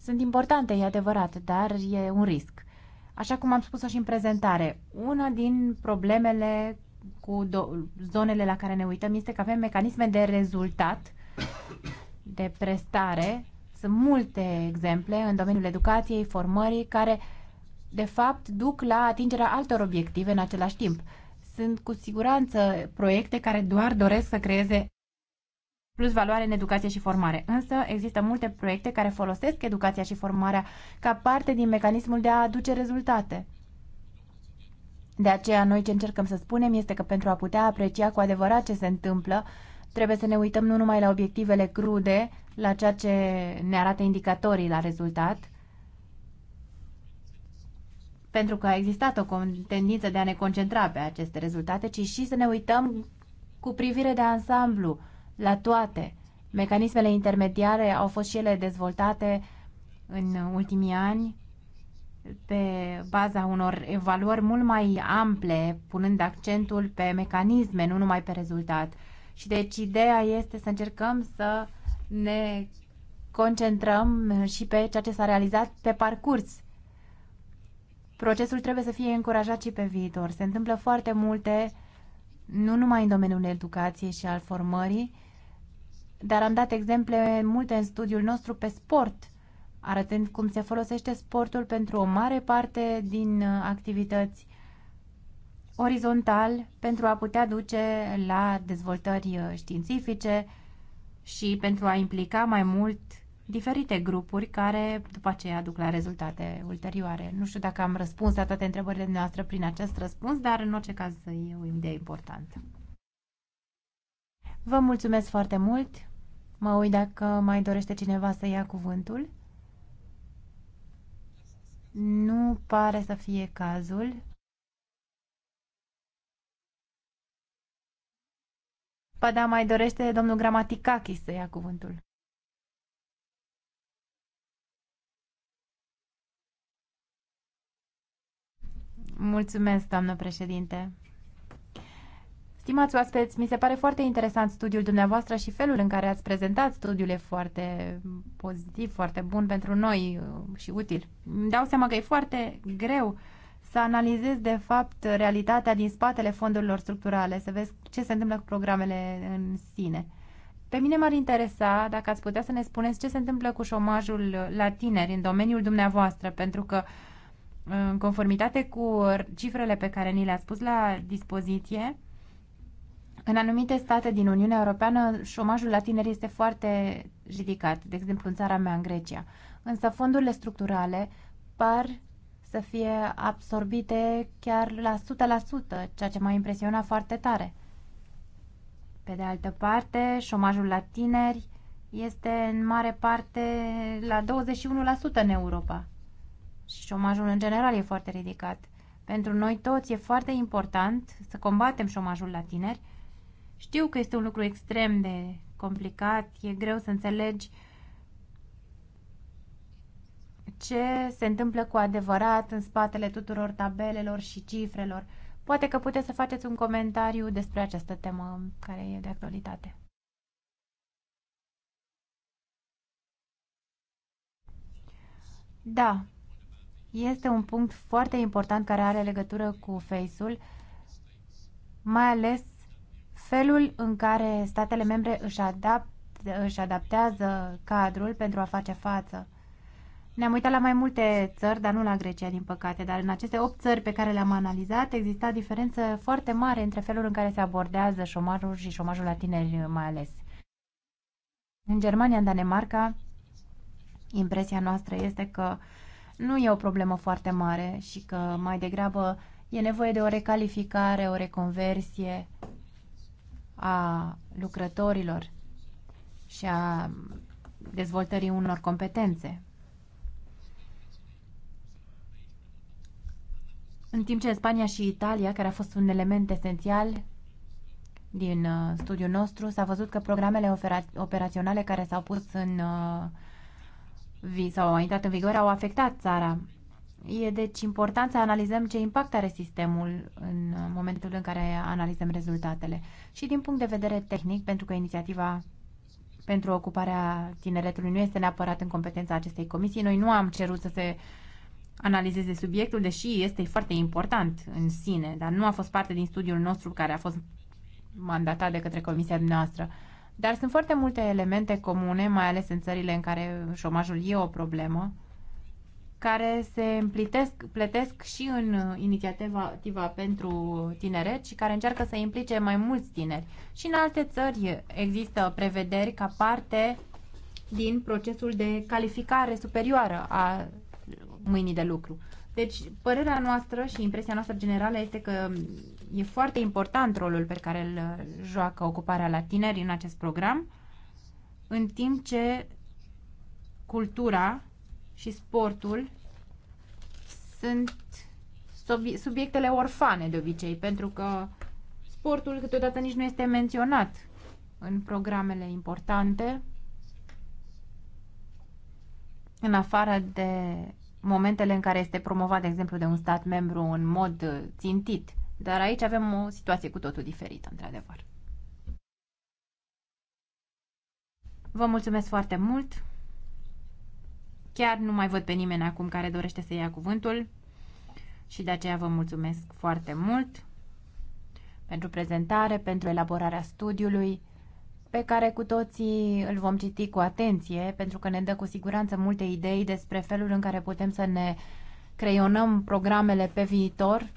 Sunt importante, e adevărat, dar e un risc. Așa cum am spus-o și în prezentare, una din problemele cu zonele la care ne uităm este că avem mecanisme de rezultat, de prestare. Sunt multe exemple în domeniul educației, formării, care de fapt duc la atingerea altor obiective în același timp. Sunt cu siguranță proiecte care doar doresc să creeze plus valoare în educație și formare. Însă există multe proiecte care folosesc educația și formarea ca parte din mecanismul de a aduce rezultate. De aceea noi ce încercăm să spunem este că pentru a putea aprecia cu adevărat ce se întâmplă, trebuie să ne uităm nu numai la obiectivele crude, la ceea ce ne arată indicatorii la rezultat, pentru că a existat o tendință de a ne concentra pe aceste rezultate, ci și să ne uităm cu privire de ansamblu la toate. Mecanismele intermediare au fost și ele dezvoltate în ultimii ani pe baza unor evaluări mult mai ample, punând accentul pe mecanisme, nu numai pe rezultat. Și deci ideea este să încercăm să ne concentrăm și pe ceea ce s-a realizat pe parcurs. Procesul trebuie să fie încurajat și pe viitor. Se întâmplă foarte multe, nu numai în domeniul educației și al formării, dar am dat exemple multe în studiul nostru pe sport, arătând cum se folosește sportul pentru o mare parte din uh, activități orizontal pentru a putea duce la dezvoltări uh, științifice și pentru a implica mai mult diferite grupuri care după aceea aduc la rezultate ulterioare. Nu știu dacă am răspuns la toate întrebările noastre prin acest răspuns, dar în orice caz e o idee importantă. Vă mulțumesc foarte mult! Mă uit dacă mai dorește cineva să ia cuvântul. Nu pare să fie cazul. Pa da, mai dorește domnul Gramaticakis să ia cuvântul. Mulțumesc, doamnă președinte. Stimați oaspeți, mi se pare foarte interesant studiul dumneavoastră și felul în care ați prezentat studiul e foarte pozitiv, foarte bun pentru noi uh, și util. Îmi dau seama că e foarte greu să analizezi de fapt realitatea din spatele fondurilor structurale, să vezi ce se întâmplă cu programele în sine. Pe mine m-ar interesa dacă ați putea să ne spuneți ce se întâmplă cu șomajul la tineri în domeniul dumneavoastră, pentru că uh, în conformitate cu cifrele pe care ni le-ați pus la dispoziție, în anumite state din Uniunea Europeană, șomajul la tineri este foarte ridicat, de exemplu în țara mea, în Grecia. Însă fondurile structurale par să fie absorbite chiar la 100%, ceea ce m-a impresionat foarte tare. Pe de altă parte, șomajul la tineri este în mare parte la 21% în Europa. Și șomajul în general e foarte ridicat. Pentru noi toți e foarte important să combatem șomajul la tineri știu că este un lucru extrem de complicat, e greu să înțelegi ce se întâmplă cu adevărat în spatele tuturor tabelelor și cifrelor. Poate că puteți să faceți un comentariu despre această temă care e de actualitate. Da, este un punct foarte important care are legătură cu Face-ul, mai ales Felul în care statele membre își, adapt, își adaptează cadrul pentru a face față. Ne-am uitat la mai multe țări, dar nu la Grecia, din păcate, dar în aceste 8 țări pe care le-am analizat exista diferență foarte mare între felul în care se abordează șomajul și șomajul la tineri mai ales. În Germania, în Danemarca, impresia noastră este că nu e o problemă foarte mare și că mai degrabă e nevoie de o recalificare, o reconversie a lucrătorilor și a dezvoltării unor competențe. În timp ce Spania și Italia, care a fost un element esențial din uh, studiul nostru, s-a văzut că programele operaționale care s-au pus în uh, sau au intrat în vigoare au afectat țara E deci important să analizăm ce impact are sistemul în momentul în care analizăm rezultatele. Și din punct de vedere tehnic, pentru că inițiativa pentru ocuparea tineretului nu este neapărat în competența acestei comisii, noi nu am cerut să se analizeze subiectul, deși este foarte important în sine, dar nu a fost parte din studiul nostru care a fost mandatat de către comisia noastră. Dar sunt foarte multe elemente comune, mai ales în țările în care șomajul e o problemă care se împlitesc, plătesc și în uh, inițiativa pentru tineret și care încearcă să implice mai mulți tineri. Și în alte țări există prevederi ca parte din procesul de calificare superioară a mâinii de lucru. Deci, părerea noastră și impresia noastră generală este că e foarte important rolul pe care îl uh, joacă ocuparea la tineri în acest program, în timp ce cultura și sportul sunt subiectele orfane de obicei, pentru că sportul câteodată nici nu este menționat în programele importante, în afară de momentele în care este promovat, de exemplu, de un stat membru în mod țintit. Dar aici avem o situație cu totul diferită, într-adevăr. Vă mulțumesc foarte mult! Chiar nu mai văd pe nimeni acum care dorește să ia cuvântul și de aceea vă mulțumesc foarte mult pentru prezentare, pentru elaborarea studiului pe care cu toții îl vom citi cu atenție, pentru că ne dă cu siguranță multe idei despre felul în care putem să ne creionăm programele pe viitor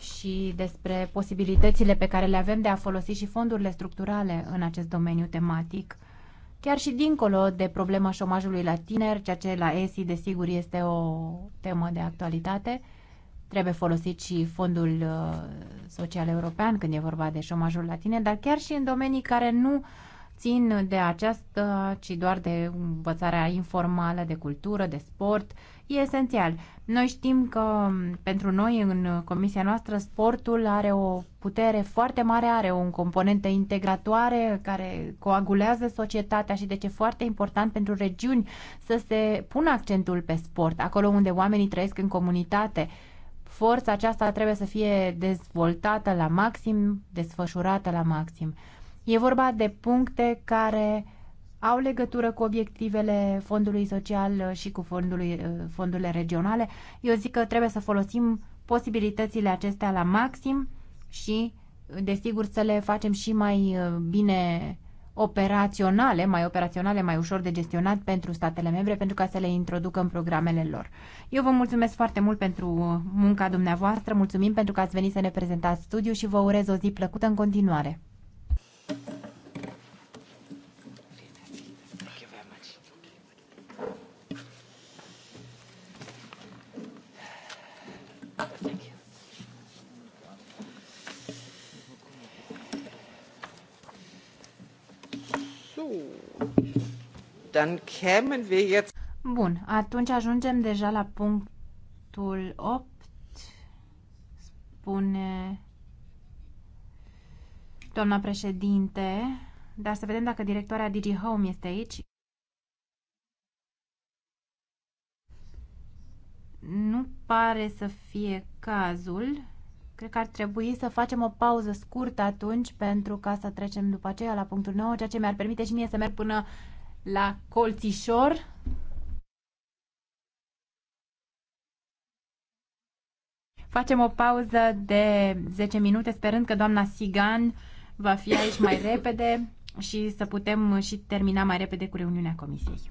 și despre posibilitățile pe care le avem de a folosi și fondurile structurale în acest domeniu tematic chiar și dincolo de problema șomajului la tineri, ceea ce la ESI, desigur, este o temă de actualitate. Trebuie folosit și Fondul uh, Social European când e vorba de șomajul la tineri, dar chiar și în domenii care nu țin de aceasta, ci doar de învățarea informală, de cultură, de sport, e esențial. Noi știm că mm, pentru noi în comisia noastră sportul are o putere foarte mare, are o componentă integratoare care coagulează societatea și deci e foarte important pentru regiuni să se pună accentul pe sport, acolo unde oamenii trăiesc în comunitate. Forța aceasta trebuie să fie dezvoltată la maxim, desfășurată la maxim. E vorba de puncte care au legătură cu obiectivele fondului social și cu fondului, eh, fondurile regionale. Eu zic că trebuie să folosim posibilitățile acestea la maxim și, desigur, să le facem și mai eh, bine operaționale, mai operaționale, mai ușor de gestionat pentru statele membre, pentru ca să le introducă în programele lor. Eu vă mulțumesc foarte mult pentru munca dumneavoastră, mulțumim pentru că ați venit să ne prezentați studiul și vă urez o zi plăcută în continuare. Bun, atunci ajungem deja la punctul 8. Spune doamna președinte, dar să vedem dacă directoarea Digi Home este aici. Nu pare să fie cazul. Cred că ar trebui să facem o pauză scurtă atunci pentru ca să trecem după aceea la punctul 9, ceea ce mi-ar permite și mie să merg până la colțișor. Facem o pauză de 10 minute, sperând că doamna Sigan va fi aici mai repede și să putem și termina mai repede cu reuniunea comisiei.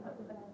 Mulțumesc.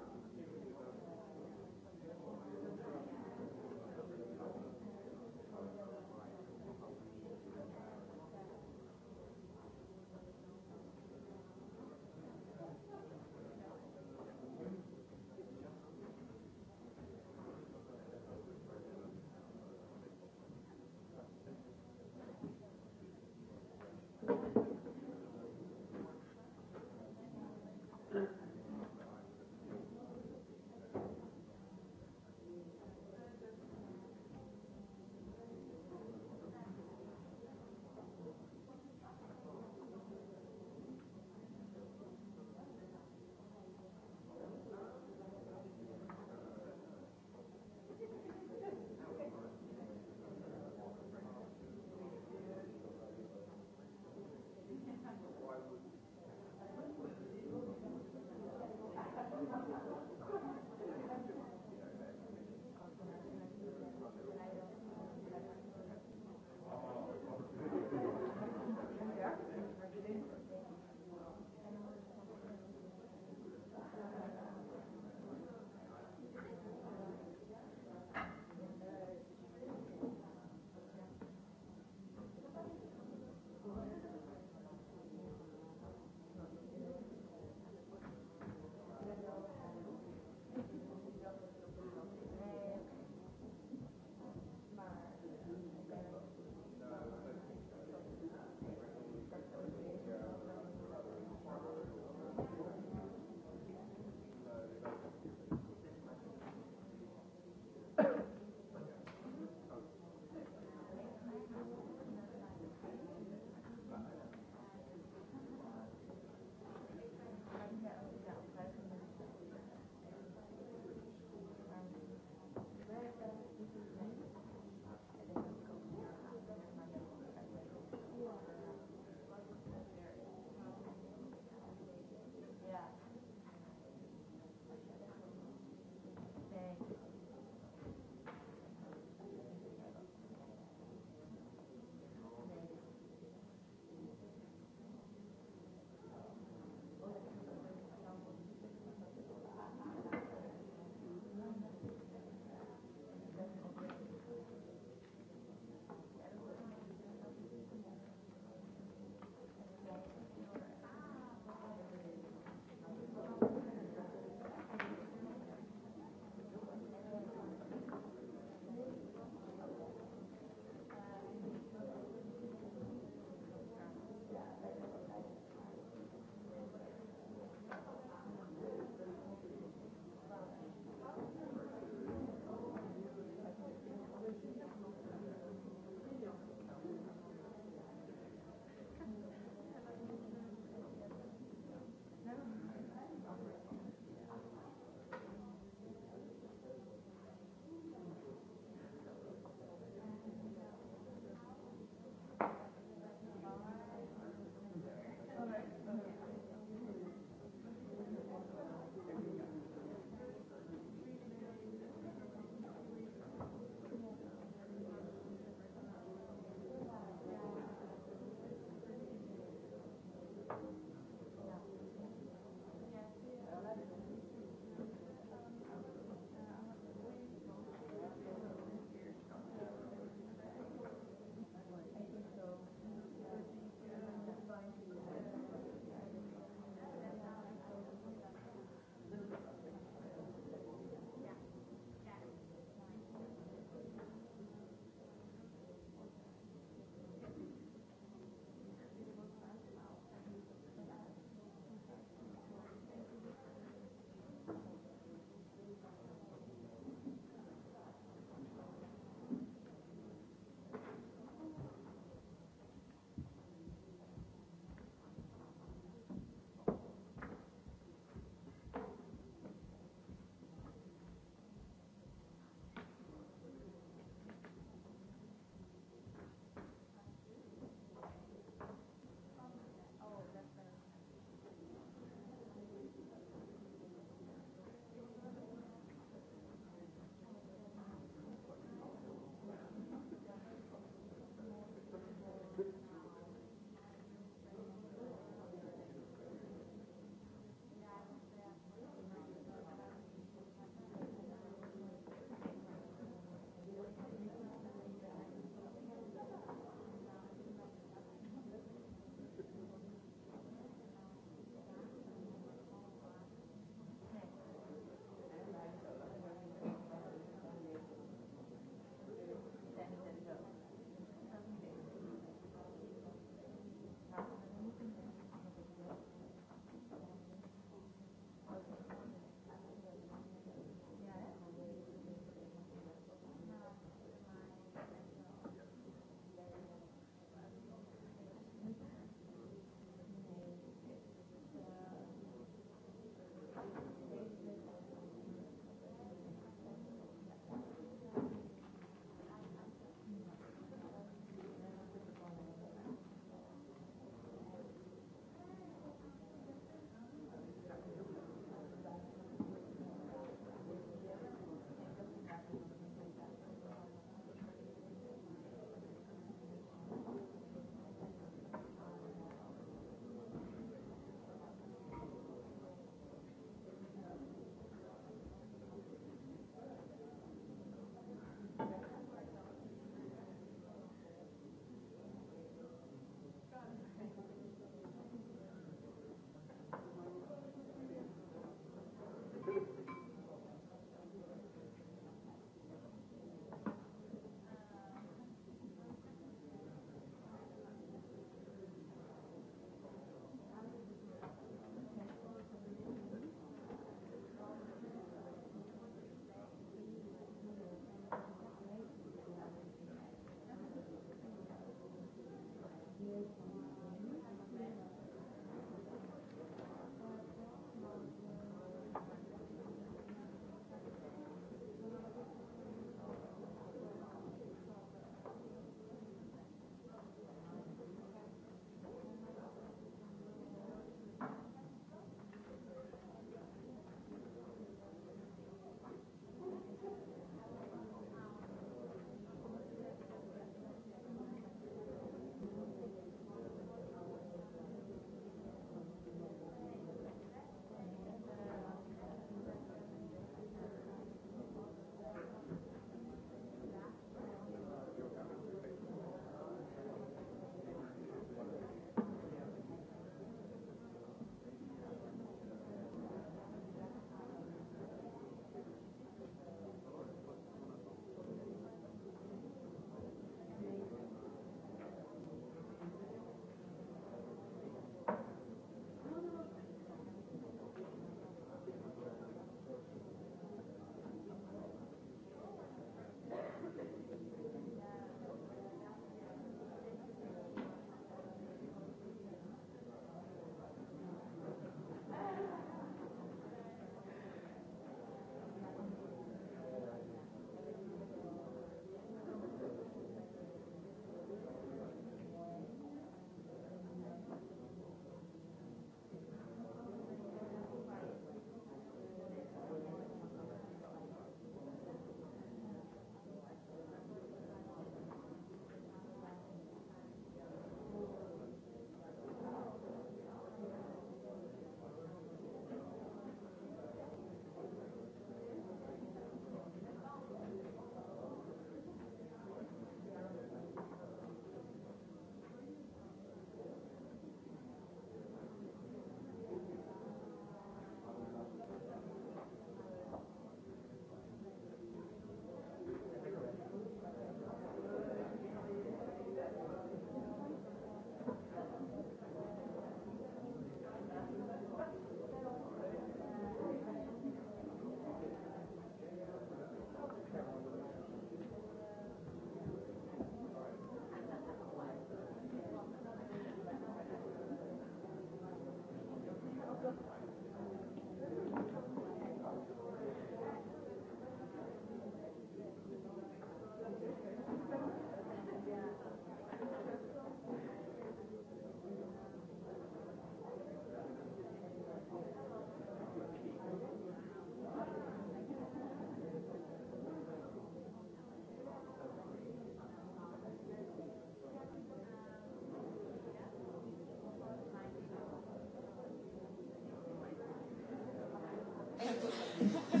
Tak.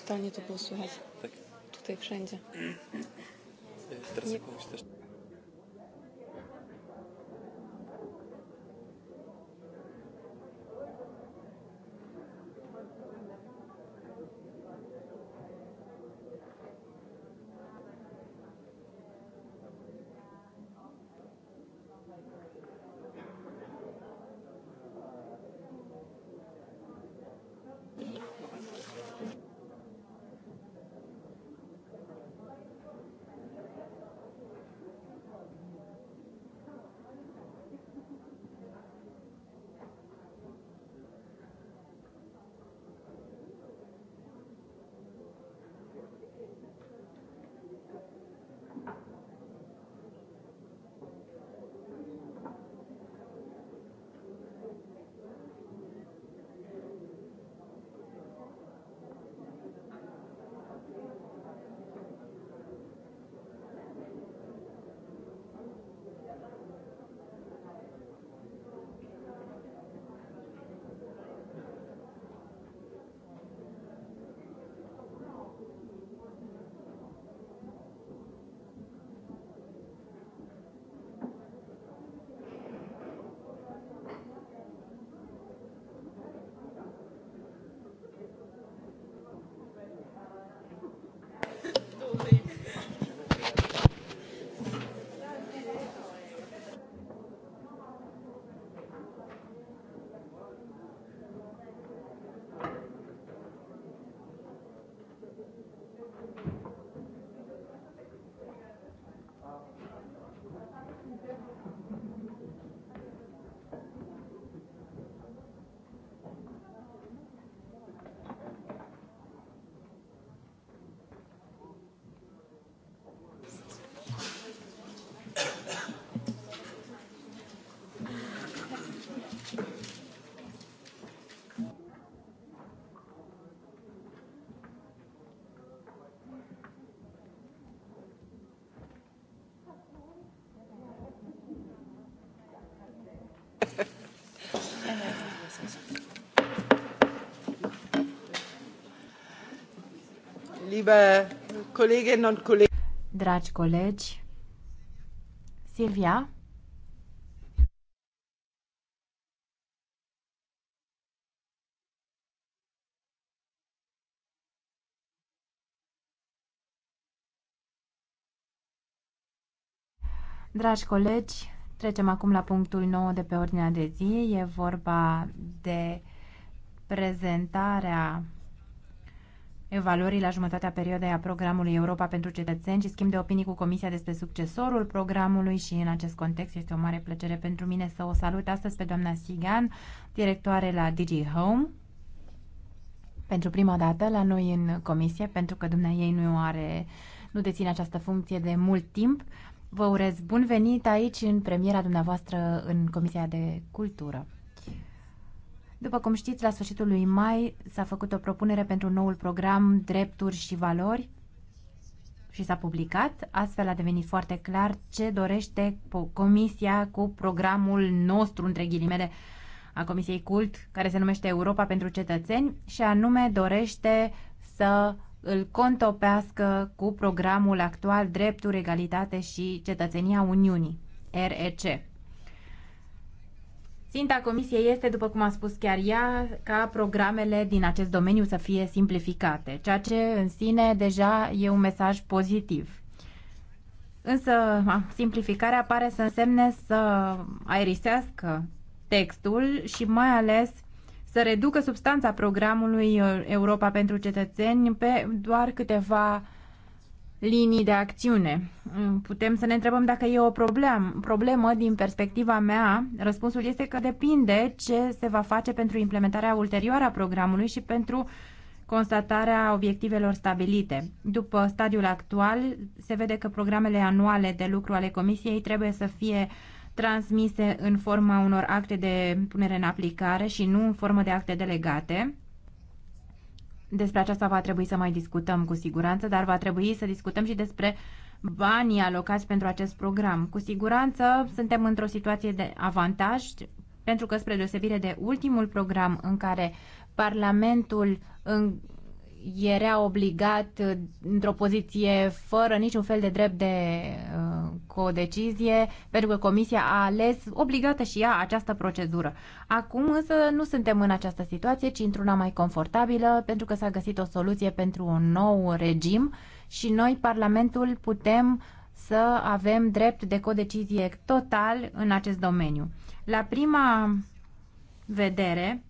Totalnie to było słychać. Tak. Tutaj wszędzie. Teraz jakąś też. liebe Kolleginnen und Kollegen. Dragi colegi, Silvia. Dragi colegi, trecem acum la punctul 9 de pe ordinea de zi. E vorba de prezentarea evaluării la jumătatea perioadei a programului Europa pentru cetățeni și schimb de opinii cu Comisia despre succesorul programului și în acest context este o mare plăcere pentru mine să o salut astăzi pe doamna Sigan, directoare la Digi Home. Pentru prima dată la noi în comisie, pentru că dumnea ei nu are, nu deține această funcție de mult timp. Vă urez bun venit aici în premiera dumneavoastră în Comisia de Cultură. După cum știți, la sfârșitul lui mai s-a făcut o propunere pentru noul program Drepturi și Valori și s-a publicat. Astfel a devenit foarte clar ce dorește Comisia cu programul nostru, între ghilimele, a Comisiei Cult, care se numește Europa pentru Cetățeni și anume dorește să îl contopească cu programul actual Drepturi, Egalitate și Cetățenia Uniunii, REC. Ținta Comisiei este, după cum a spus chiar ea, ca programele din acest domeniu să fie simplificate, ceea ce în sine deja e un mesaj pozitiv. Însă simplificarea pare să însemne să aerisească textul și mai ales să reducă substanța programului uh, Europa pentru cetățeni pe doar câteva linii de acțiune. Putem să ne întrebăm dacă e o problem, problemă din perspectiva mea. Răspunsul este că depinde ce se va face pentru implementarea ulterioară a programului și pentru constatarea obiectivelor stabilite. După stadiul actual, se vede că programele anuale de lucru ale Comisiei trebuie să fie transmise în forma unor acte de punere în aplicare și nu în formă de acte delegate. Despre aceasta va trebui să mai discutăm cu siguranță, dar va trebui să discutăm și despre banii alocați pentru acest program. Cu siguranță suntem într-o situație de avantaj, pentru că spre deosebire de ultimul program în care Parlamentul în era obligat uh, într-o poziție fără niciun fel de drept de uh, codecizie, pentru că Comisia a ales obligată și ea această procedură. Acum însă nu suntem în această situație, ci într-una mai confortabilă, pentru că s-a găsit o soluție pentru un nou regim și noi, Parlamentul, putem să avem drept de codecizie total în acest domeniu. La prima vedere,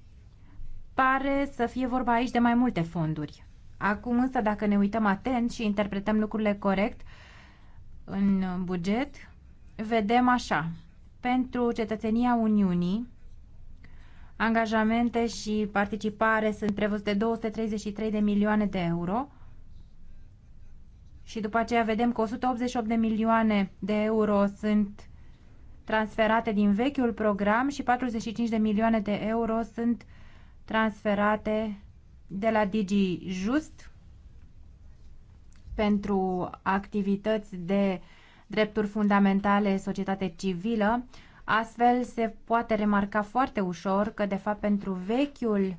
pare să fie vorba aici de mai multe fonduri. Acum însă, dacă ne uităm atent și interpretăm lucrurile corect în buget, vedem așa. Pentru cetățenia Uniunii, angajamente și participare sunt prevăzute 233 de milioane de euro și după aceea vedem că 188 de milioane de euro sunt transferate din vechiul program și 45 de milioane de euro sunt uh, transferate de la Digi Just pentru activități de drepturi fundamentale, societate civilă. Astfel se poate remarca foarte ușor că, de fapt, pentru vechiul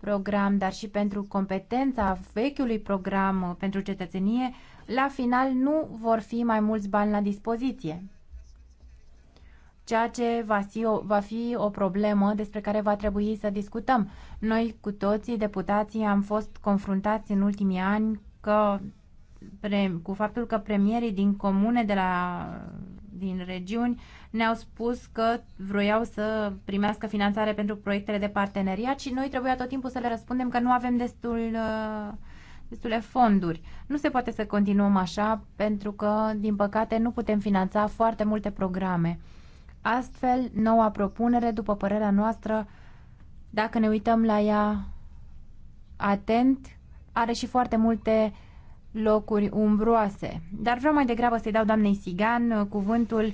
program, dar și pentru competența vechiului program uh, pentru cetățenie, la final nu vor fi mai mulți bani la dispoziție ceea ce va fi, o, va fi o problemă despre care va trebui să discutăm. Noi cu toții, deputații, am fost confruntați în ultimii ani că, pre, cu faptul că premierii din comune de la din regiuni ne-au spus că vroiau să primească finanțare pentru proiectele de parteneriat și noi trebuia tot timpul să le răspundem că nu avem destul uh, destule fonduri. Nu se poate să continuăm așa pentru că, din păcate, nu putem finanța foarte multe programe. Astfel, noua propunere, după părerea noastră, dacă ne uităm la ea atent, are și foarte multe locuri umbroase. Dar vreau mai degrabă să-i dau doamnei Sigan uh, cuvântul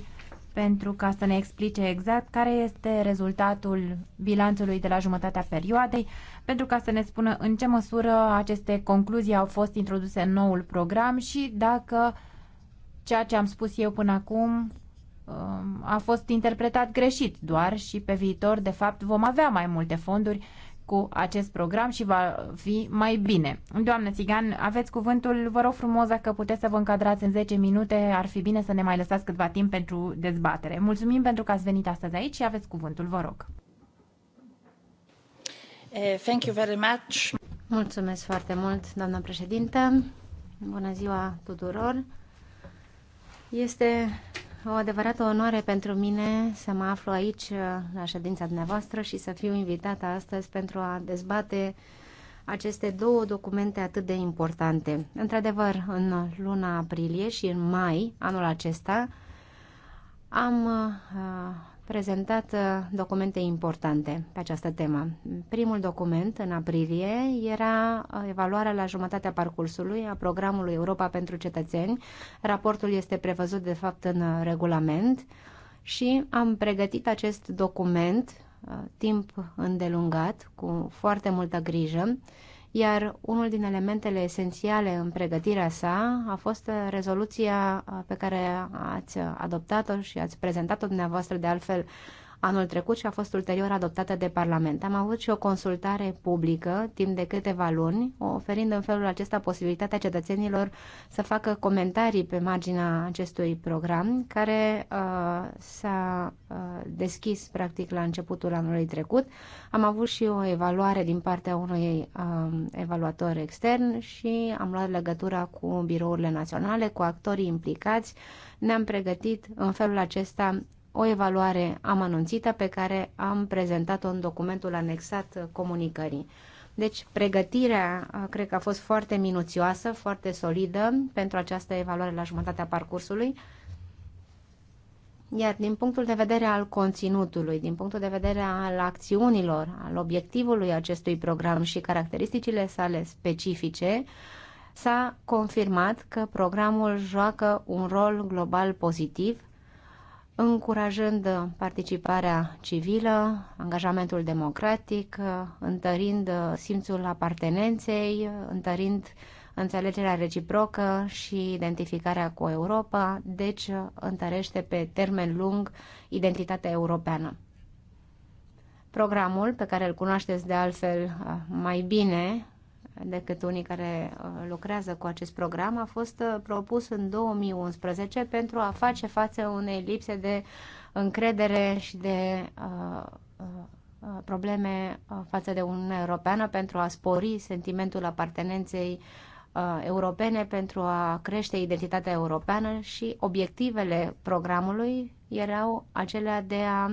pentru ca să ne explice exact care este rezultatul bilanțului de la jumătatea perioadei, pentru ca să ne spună în ce măsură aceste concluzii au fost introduse în noul program și dacă ceea ce am spus eu până acum Um, a fost interpretat greșit doar și pe viitor, de fapt, vom avea mai multe fonduri cu acest program și va fi mai bine. Doamnă Țigan, aveți cuvântul, vă rog frumos, dacă puteți să vă încadrați în 10 minute, ar fi bine să ne mai lăsați câtva timp pentru dezbatere. Mulțumim pentru că ați venit astăzi aici și aveți cuvântul, vă rog. Eh, thank you very much. Mulțumesc foarte mult, doamnă președintă. Bună ziua tuturor. Este o adevărată onoare pentru mine să mă aflu aici uh, la ședința dumneavoastră și să fiu invitată astăzi pentru a dezbate aceste două documente atât de importante. Într-adevăr, în luna aprilie și în mai anul acesta am uh, prezentat uh, documente importante pe această temă. Primul document, în aprilie, era uh, evaluarea la jumătatea parcursului a programului Europa pentru cetățeni. Raportul este prevăzut, de fapt, în uh, regulament și am pregătit acest document timp îndelungat, cu foarte multă grijă, iar unul din elementele esențiale în pregătirea sa a fost uh, rezoluția uh, pe care ați adoptat-o și ați prezentat-o dumneavoastră de altfel anul trecut și a fost ulterior adoptată de Parlament. Am avut și o consultare publică timp de câteva luni, oferind în felul acesta posibilitatea cetățenilor să facă comentarii pe marginea acestui program, care uh, s-a uh, deschis practic la începutul anului trecut. Am avut și o evaluare din partea unui uh, evaluator extern și am luat legătura cu birourile naționale, cu actorii implicați. Ne-am pregătit în felul acesta o evaluare amănunțită pe care am prezentat-o în documentul anexat comunicării. Deci, pregătirea cred că a fost foarte minuțioasă, foarte solidă pentru această evaluare la jumătatea parcursului. Iar din punctul de vedere al conținutului, din punctul de vedere al acțiunilor, al obiectivului acestui program și caracteristicile sale specifice, s-a confirmat că programul joacă un rol global pozitiv încurajând participarea civilă, angajamentul democratic, întărind simțul apartenenței, întărind înțelegerea reciprocă și identificarea cu Europa, deci întărește pe termen lung identitatea europeană. Programul, pe care îl cunoașteți de altfel mai bine, decât unii care uh, lucrează cu acest program, a fost uh, propus în 2011 pentru a face față unei lipse de încredere și de uh, probleme față de Uniunea Europeană pentru a spori sentimentul apartenenței europene, pentru a crește identitatea europeană și obiectivele programului erau acelea de a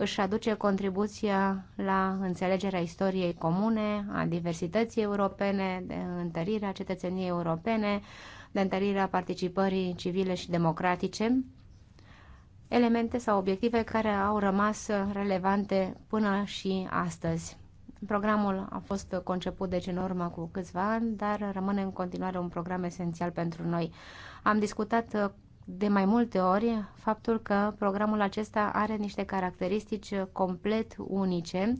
își aduce contribuția la înțelegerea istoriei comune, a diversității europene, de întărirea cetățeniei europene, de întărirea participării civile și democratice, elemente sau obiective care au rămas relevante până și astăzi. Programul a fost conceput deci în urmă cu câțiva ani, dar rămâne în continuare un program esențial pentru noi. Am discutat de mai multe ori faptul că programul acesta are niște caracteristici complet unice,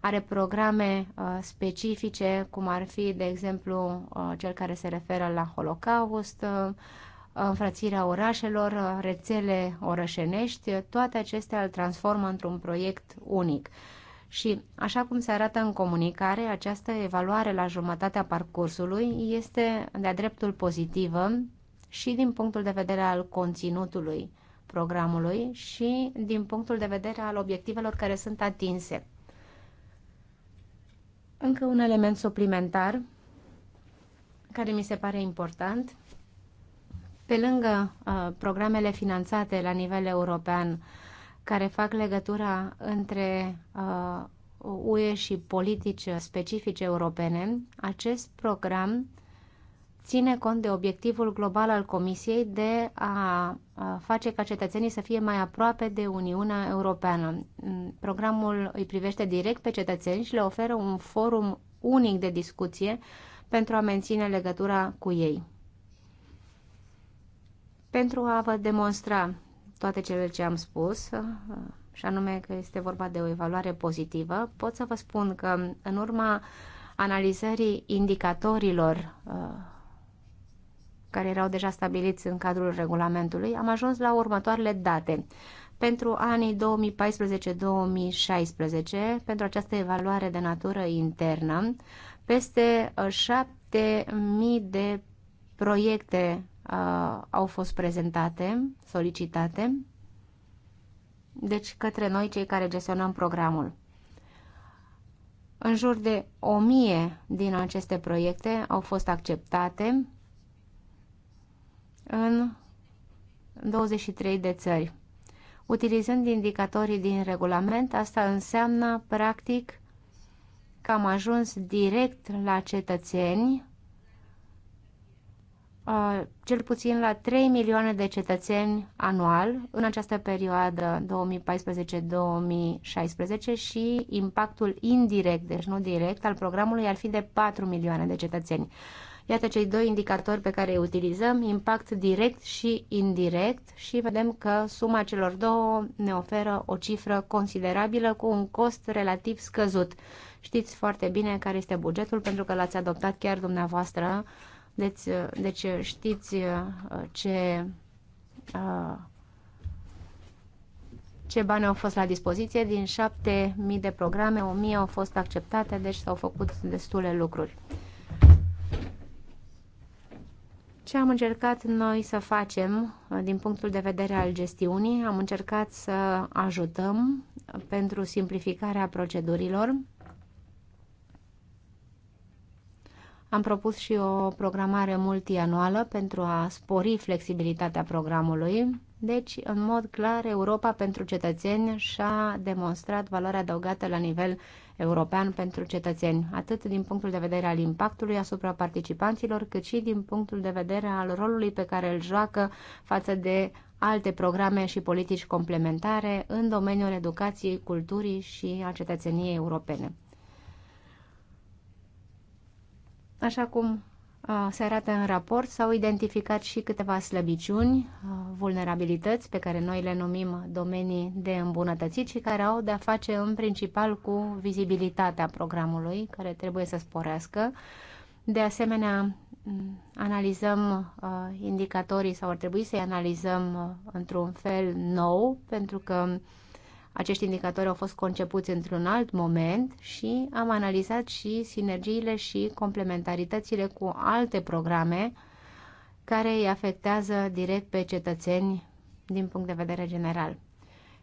are programe uh, specifice, cum ar fi, de exemplu, uh, cel care se referă la Holocaust, uh, înfrățirea orașelor, rețele orășenești, toate acestea îl transformă într-un proiect unic. Și, așa cum se arată în comunicare, această evaluare la jumătatea parcursului este de-a dreptul pozitivă, și din punctul de vedere al conținutului programului și din punctul de vedere al obiectivelor care sunt atinse. Încă un element suplimentar care mi se pare important. Pe lângă uh, programele finanțate la nivel european care fac legătura între uh, UE și politici specifice europene, acest program uh, ține cont de obiectivul global al Comisiei de a face ca cetățenii să fie mai aproape de Uniunea Europeană. Programul îi privește direct pe cetățeni și le oferă un forum unic de discuție pentru a menține legătura cu ei. Pentru a vă demonstra toate cele ce am spus, și anume că este vorba de o evaluare pozitivă, pot să vă spun că în urma analizării indicatorilor uh, care erau deja stabiliți în cadrul regulamentului, am ajuns la următoarele date. Pentru anii 2014-2016, pentru această evaluare de natură internă, peste 7.000 uh, de proiecte uh, au fost prezentate, solicitate, deci către noi, cei care gestionăm programul. În jur de 1000 din aceste proiecte au fost acceptate în 23 de țări. Utilizând indicatorii din regulament, asta înseamnă, practic, că am ajuns direct la cetățeni, uh, cel puțin la 3 milioane de cetățeni anual în această perioadă 2014-2016 și impactul indirect, deci nu direct, al programului ar fi de 4 milioane de cetățeni. Iată cei doi indicatori pe care îi utilizăm, impact direct și indirect și vedem că suma celor două ne oferă o cifră considerabilă cu un cost relativ scăzut. Știți foarte bine care este bugetul pentru că l-ați adoptat chiar dumneavoastră, deci, deci știți uh, ce uh, ce bani au fost la dispoziție. Din 7.000 de programe, 1.000 au fost acceptate, deci s-au făcut destule lucruri. Ce am încercat noi să facem uh, din punctul de vedere al gestiunii? Am încercat să ajutăm pentru simplificarea procedurilor. Am propus și o programare multianuală pentru a spori flexibilitatea programului. Deci, în mod clar, Europa pentru cetățeni și-a demonstrat valoarea adăugată la nivel european pentru cetățeni, atât din punctul de vedere al impactului asupra participanților, cât și din punctul de vedere al rolului pe care îl joacă față de alte programe și politici complementare în domeniul educației, culturii și al cetățeniei europene. Așa cum se arată în raport, s-au identificat și câteva slăbiciuni, vulnerabilități pe care noi le numim domenii de îmbunătățit și care au de-a face în principal cu vizibilitatea programului, care trebuie să sporească. De asemenea, analizăm indicatorii sau ar trebui să-i analizăm într-un fel nou, pentru că acești indicatori au fost concepuți într-un alt moment și am analizat și sinergiile și complementaritățile cu alte programe care îi afectează direct pe cetățeni din punct de vedere general.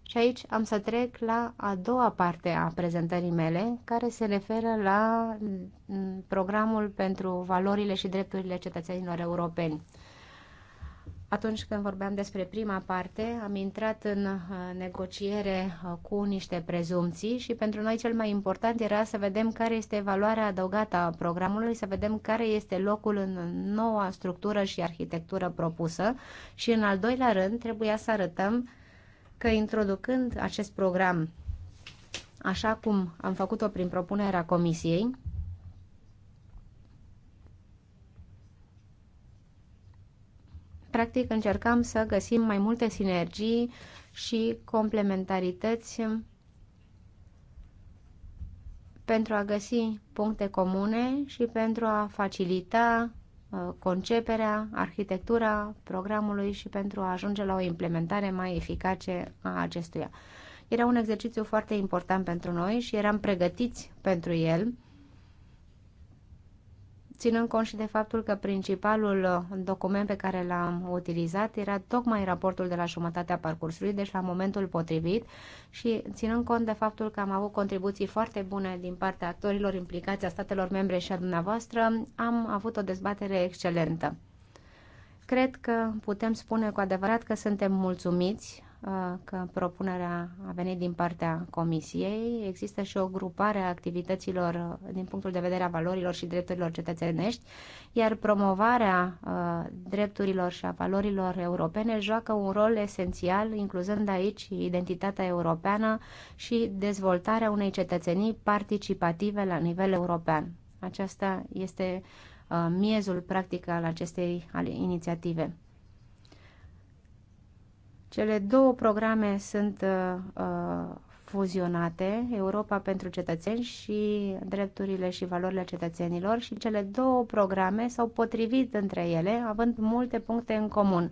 Și aici am să trec la a doua parte a prezentării mele, care se referă la mm, programul pentru valorile și drepturile cetățenilor europeni. Atunci când vorbeam despre prima parte, am intrat în uh, negociere uh, cu niște prezumții și pentru noi cel mai important era să vedem care este valoarea adăugată a programului, să vedem care este locul în noua structură și arhitectură propusă și în al doilea rând trebuia să arătăm că introducând acest program așa cum am făcut-o prin propunerea Comisiei, practic încercam să găsim mai multe sinergii și complementarități pentru a găsi puncte comune și pentru a facilita uh, conceperea, arhitectura programului și pentru a ajunge la o implementare mai eficace a acestuia. Era un exercițiu foarte important pentru noi și eram pregătiți pentru el ținând cont și de faptul că principalul document pe care l-am utilizat era tocmai raportul de la jumătatea parcursului, deci la momentul potrivit, și ținând cont de faptul că am avut contribuții foarte bune din partea actorilor implicați a statelor membre și a dumneavoastră, am avut o dezbatere excelentă. Cred că putem spune cu adevărat că suntem mulțumiți că propunerea a venit din partea Comisiei. Există și o grupare a activităților din punctul de vedere a valorilor și drepturilor cetățenești, iar promovarea drepturilor și a valorilor europene joacă un rol esențial, incluzând aici identitatea europeană și dezvoltarea unei cetățenii participative la nivel european. Aceasta este miezul practic al acestei inițiative. Cele două programe sunt uh, uh, fuzionate, Europa pentru cetățeni și drepturile și valorile cetățenilor și cele două programe s-au potrivit între ele, având multe puncte în comun.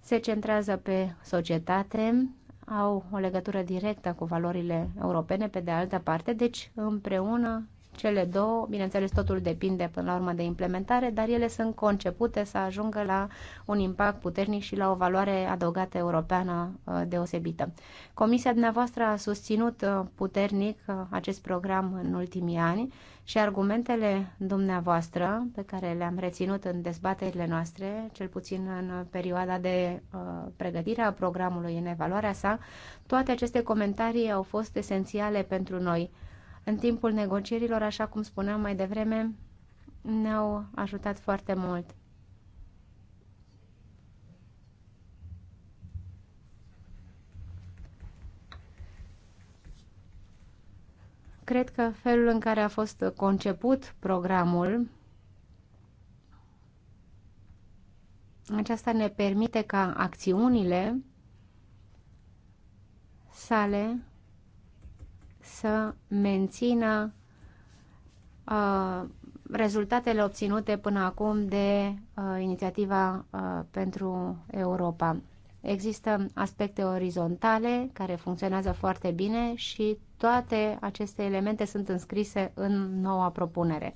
Se centrează pe societate, au o legătură directă cu valorile europene, pe de altă parte, deci împreună cele două. Bineînțeles, totul depinde până la urmă de implementare, dar ele sunt concepute să ajungă la un impact puternic și la o valoare adăugată europeană uh, deosebită. Comisia dumneavoastră a susținut uh, puternic uh, acest program în ultimii ani și argumentele dumneavoastră pe care le-am reținut în dezbaterile noastre, cel puțin în perioada de pregătire a programului în evaluarea sa, toate aceste comentarii au fost esențiale pentru noi în timpul negocierilor, așa cum spuneam mai devreme, ne-au ajutat foarte mult. Cred că felul în care a fost conceput programul aceasta ne permite ca acțiunile sale să mențină uh, rezultatele obținute până acum de uh, inițiativa uh, pentru Europa. Există aspecte orizontale care funcționează foarte bine și toate aceste elemente sunt înscrise în noua propunere.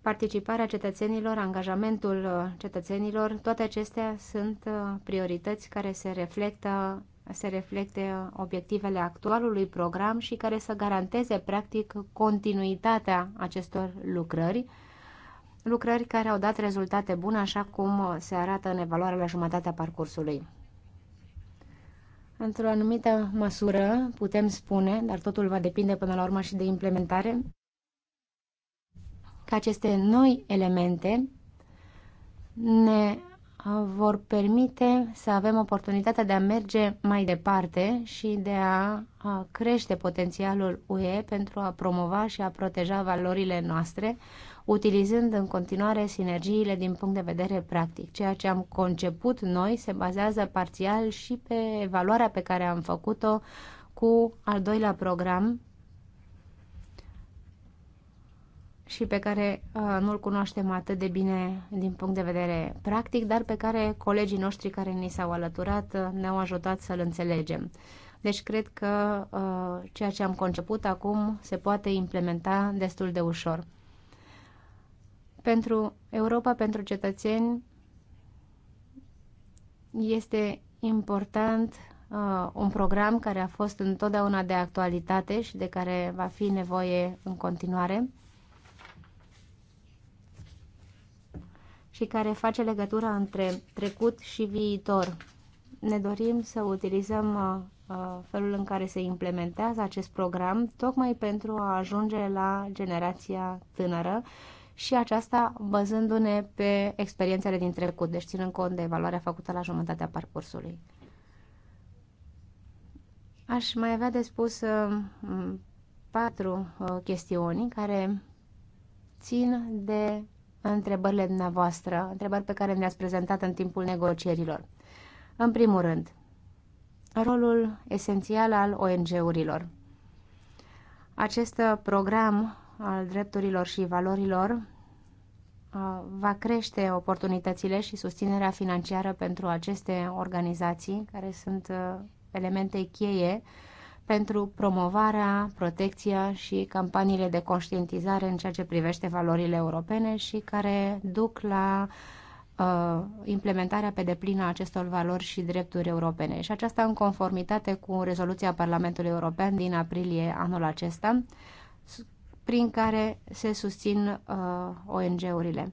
Participarea cetățenilor, angajamentul uh, cetățenilor, toate acestea sunt uh, priorități care se reflectă se reflecte uh, obiectivele actualului program și care să garanteze, practic, continuitatea acestor lucrări, lucrări care au dat rezultate bune, așa cum uh, se arată în evaluarea la jumătatea parcursului. Într-o anumită măsură, putem spune, dar totul va depinde până la urmă și de implementare, că aceste noi elemente ne vor permite să avem oportunitatea de a merge mai departe și de a crește potențialul UE pentru a promova și a proteja valorile noastre, utilizând în continuare sinergiile din punct de vedere practic. Ceea ce am conceput noi se bazează parțial și pe evaluarea pe care am făcut-o cu al doilea program și pe care uh, nu-l cunoaștem atât de bine din punct de vedere practic, dar pe care colegii noștri care ni s-au alăturat uh, ne-au ajutat să-l înțelegem. Deci cred că uh, ceea ce am conceput acum se poate implementa destul de ușor. Pentru Europa, pentru cetățeni, este important uh, un program care a fost întotdeauna de actualitate și de care va fi nevoie în continuare și care face legătura între trecut și viitor. Ne dorim să utilizăm uh, uh, felul în care se implementează acest program, tocmai pentru a ajunge la generația tânără și aceasta bazându-ne pe experiențele din trecut, deci ținând cont de evaluarea făcută la jumătatea parcursului. Aș mai avea de spus uh, patru chestiuni care țin de întrebările dumneavoastră, întrebări pe care le-ați prezentat în timpul negocierilor. În primul rând, rolul esențial al ONG-urilor. Acest program al drepturilor și valorilor uh, va crește oportunitățile și susținerea financiară pentru aceste organizații, care sunt uh, elemente cheie pentru promovarea, protecția și campaniile de conștientizare în ceea ce privește valorile europene și care duc la uh, implementarea pe deplină a acestor valori și drepturi europene. Și aceasta în conformitate cu rezoluția Parlamentului European din aprilie anul acesta, prin care se susțin uh, ONG-urile.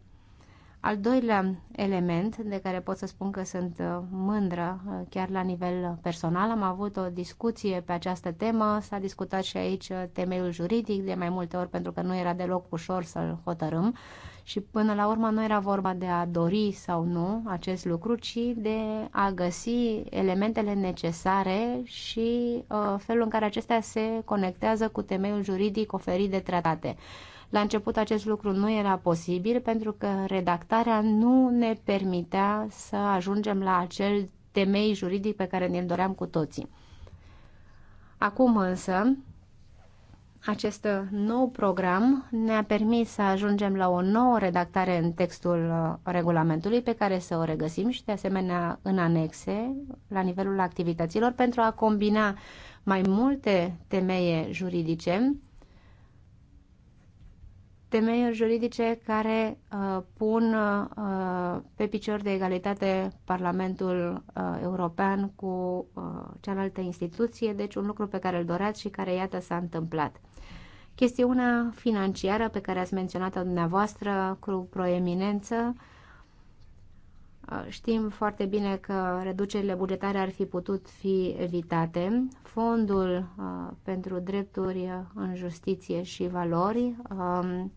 Al doilea element de care pot să spun că sunt uh, mândră uh, chiar la nivel personal, am avut o discuție pe această temă, s-a discutat și aici uh, temeiul juridic de mai multe ori pentru că nu era deloc ușor să-l hotărâm și până la urmă nu era vorba de a dori sau nu acest lucru, ci de a găsi elementele necesare și uh, felul în care acestea se conectează cu temeiul juridic oferit de tratate. Uh, la început acest lucru nu era posibil pentru că redactarea nu ne permitea să ajungem la acel temei juridic pe care ne-l doream cu toții. Acum însă, acest nou program ne-a permis să ajungem la o nouă redactare în textul uh, regulamentului pe care să o regăsim și de asemenea în anexe la nivelul activităților pentru a combina mai multe temeie juridice temeiuri juridice care uh, pun uh, pe picior de egalitate Parlamentul uh, European cu uh, cealaltă instituție, deci un lucru pe care îl doreați și care, iată, s-a întâmplat. Chestiunea financiară pe care ați menționat-o dumneavoastră cu proeminență, uh, Uh, știm foarte bine că reducerile bugetare ar fi putut fi evitate. Fondul uh, pentru drepturi în justiție și valori um,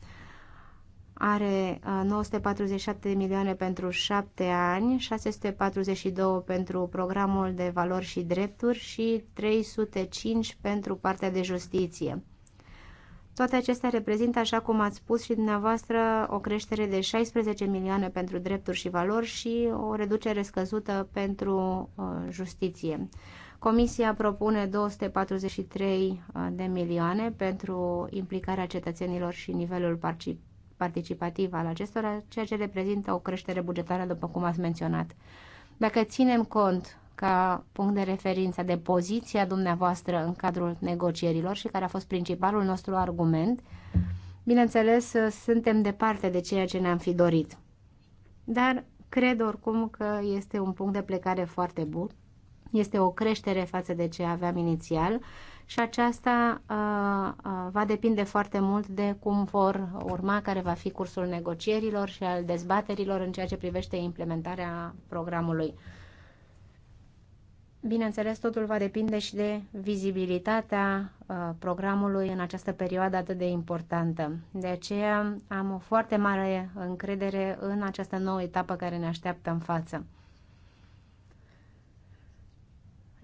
are 947 uh, milioane pentru 7 ani, 642 pentru programul de valori și drepturi și 305 pentru partea de justiție. Toate acestea reprezintă, așa cum ați spus și dumneavoastră, o creștere de 16 milioane pentru drepturi și valori și o reducere scăzută pentru uh, justiție. Comisia propune 243 uh, de milioane pentru implicarea cetățenilor și nivelul participativ al acestora, ceea ce reprezintă o creștere bugetară, după cum ați menționat. Dacă ținem cont ca punct de referință de poziția dumneavoastră în cadrul negocierilor și care a fost principalul nostru argument. Bineînțeles, suntem departe de ceea ce ne-am fi dorit. Dar cred oricum că este un punct de plecare foarte bun. Este o creștere față de ce aveam inițial și aceasta uh, uh, va depinde foarte mult de cum vor urma, care va fi cursul negocierilor și al dezbaterilor în ceea ce privește implementarea programului. Bineînțeles, totul va depinde și de vizibilitatea uh, programului în această perioadă atât de importantă. De aceea am o foarte mare încredere în această nouă etapă care ne așteaptă în față.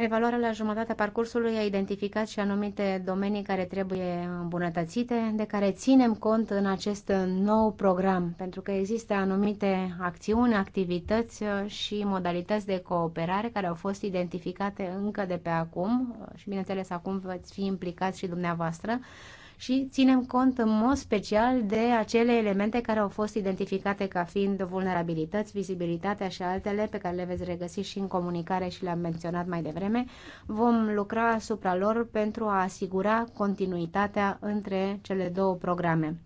Evaluarea la jumătatea parcursului a identificat și anumite domenii care trebuie îmbunătățite, de care ținem cont în acest nou program, pentru că există anumite acțiuni, activități uh, și modalități de cooperare care au fost identificate încă de pe acum uh, și, bineînțeles, acum veți fi implicați și dumneavoastră, și ținem cont în mod special de acele elemente care au fost identificate ca fiind vulnerabilități, vizibilitatea și altele pe care le veți regăsi și în comunicare și le-am menționat mai devreme. Vom lucra asupra lor pentru a asigura continuitatea între cele două programe.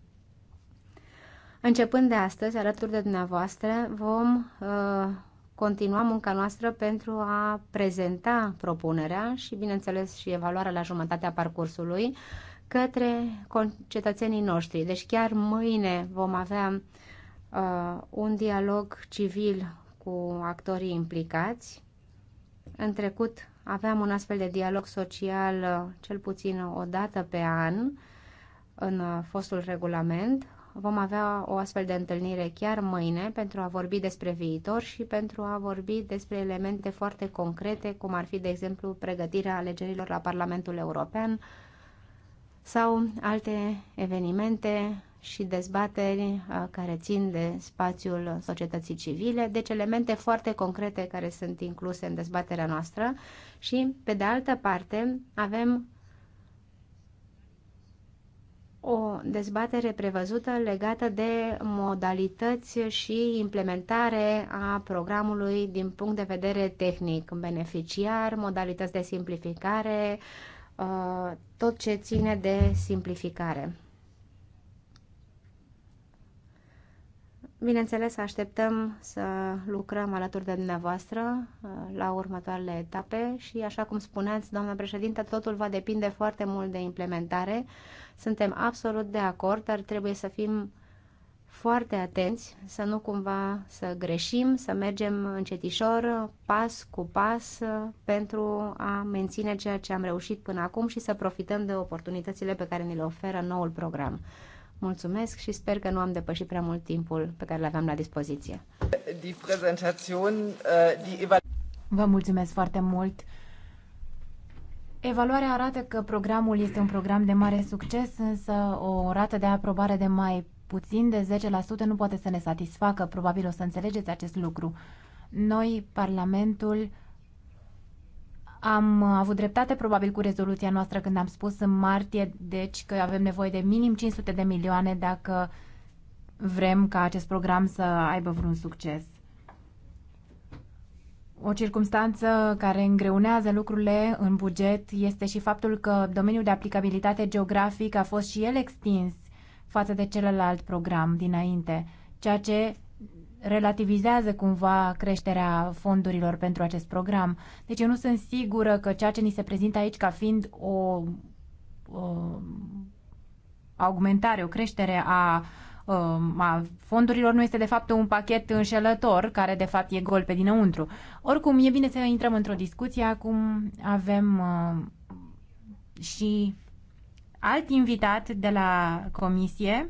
Începând de astăzi, alături de dumneavoastră, vom uh, continua munca noastră pentru a prezenta propunerea și, bineînțeles, și evaluarea la jumătatea parcursului, uh, către cetățenii noștri. Deci chiar mâine vom avea uh, un dialog civil cu actorii implicați. În trecut aveam un astfel de dialog social uh, cel puțin o dată pe an în uh, fostul regulament. Vom avea o astfel de întâlnire chiar mâine pentru a vorbi despre viitor și pentru a vorbi despre elemente foarte concrete, cum ar fi, de exemplu, pregătirea alegerilor la Parlamentul European, uh, sau alte evenimente și dezbateri uh, care țin de spațiul societății civile, deci elemente foarte concrete care sunt incluse în dezbaterea noastră și, pe de altă parte, avem o dezbatere prevăzută legată de modalități și implementare a programului din punct de vedere tehnic, beneficiar, modalități de simplificare, uh, Uh, tot ce ține de simplificare. Bineînțeles, așteptăm să lucrăm alături de dumneavoastră uh, la următoarele etape și, așa cum spuneați, doamna președinte, totul va depinde foarte mult de implementare. Suntem absolut de acord, dar trebuie să fim foarte atenți, să nu cumva să greșim, să mergem încetișor, pas cu pas, pentru a menține ceea ce am reușit până acum și să profităm de oportunitățile pe care ni le oferă noul program. Mulțumesc și sper că nu am depășit prea mult timpul pe care l-aveam la dispoziție. Äh, Vă mulțumesc foarte mult! Evaluarea arată că programul este un program de mare succes, însă o rată de aprobare de mai puțin de 10% nu poate să ne satisfacă. Probabil o să înțelegeți acest lucru. Noi, Parlamentul, am avut dreptate probabil cu rezoluția noastră când am spus în martie, deci că avem nevoie de minim 500 de milioane dacă vrem ca acest program să aibă vreun succes. O circumstanță care îngreunează lucrurile în buget este și faptul că domeniul de aplicabilitate geografic a fost și el extins față de celălalt program dinainte, ceea ce relativizează cumva creșterea fondurilor pentru acest program. Deci eu nu sunt sigură că ceea ce ni se prezintă aici ca fiind o, o augmentare, o creștere a, um, a fondurilor nu este de fapt un pachet înșelător care de fapt e gol pe dinăuntru. Oricum e bine să intrăm într-o discuție. Acum avem uh, și alt invitat de la comisie.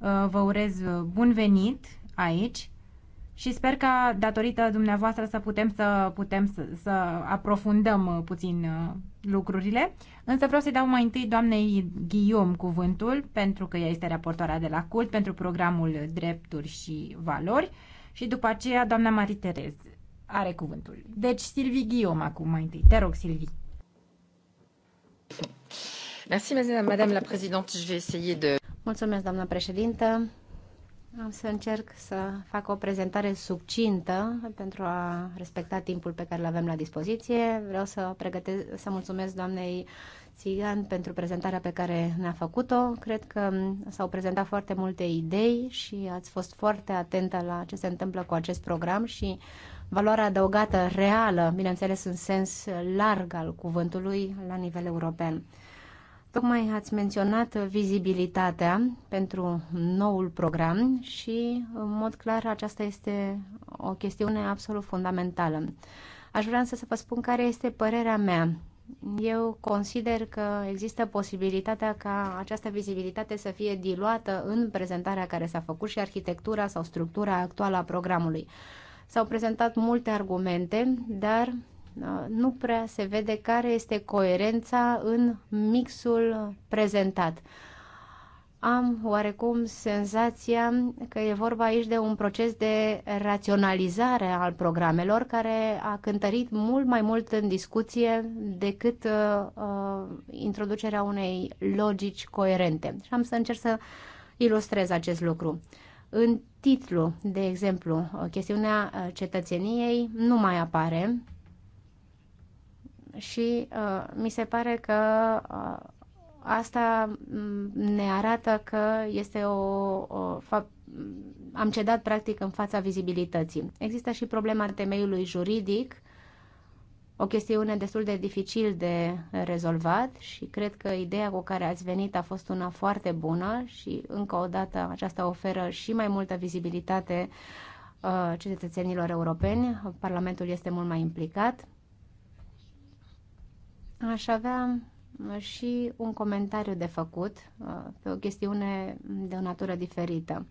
Uh, vă urez bun venit aici și sper că datorită dumneavoastră să putem să, putem să, să aprofundăm uh, puțin uh, lucrurile. Însă vreau să-i dau mai întâi doamnei Ghiom cuvântul, pentru că ea este raportoarea de la CULT pentru programul Drepturi și Valori și după aceea doamna Marie Terez are cuvântul. Deci Silvi Ghiom acum mai întâi. Te rog, Silvi. Mulțumesc, doamnă președintă. Am să încerc să fac o prezentare subcintă pentru a respecta timpul pe care îl avem la dispoziție. Vreau să pregătesc, să mulțumesc doamnei Țigan pentru prezentarea pe care ne-a făcut-o. Cred că s-au prezentat foarte multe idei și ați fost foarte atentă la ce se întâmplă cu acest program și uh, valoarea adăugată reală, bineînțeles în sens larg al cuvântului, la nivel european. Tocmai ați menționat vizibilitatea pentru noul program și, în mod clar, aceasta este o chestiune absolut fundamentală. Aș vrea să vă spun care este părerea mea. Eu consider că există posibilitatea ca această vizibilitate să fie diluată în prezentarea care s-a făcut și arhitectura sau structura actuală a programului. S-au prezentat multe argumente, dar uh, nu prea se vede care este coerența în mixul prezentat. Am oarecum senzația că e vorba aici de un proces de raționalizare al programelor care a cântărit mult mai mult în discuție decât uh, uh introducerea unei logici coerente. Și am să încerc să ilustrez acest lucru. Uh, în titlu, de exemplu, chestiunea uh, cetățeniei nu mai apare și uh, mi se pare că uh, asta mm, ne arată că este o, o fapt, am cedat practic în fața vizibilității. Există și problema temeiului juridic o chestiune destul de dificil de rezolvat și cred că ideea cu care ați venit a fost una foarte bună și încă o dată aceasta oferă și mai multă vizibilitate uh, cetățenilor europeni. Parlamentul este mult mai implicat. Aș avea și un comentariu de făcut uh, pe o chestiune de o natură diferită.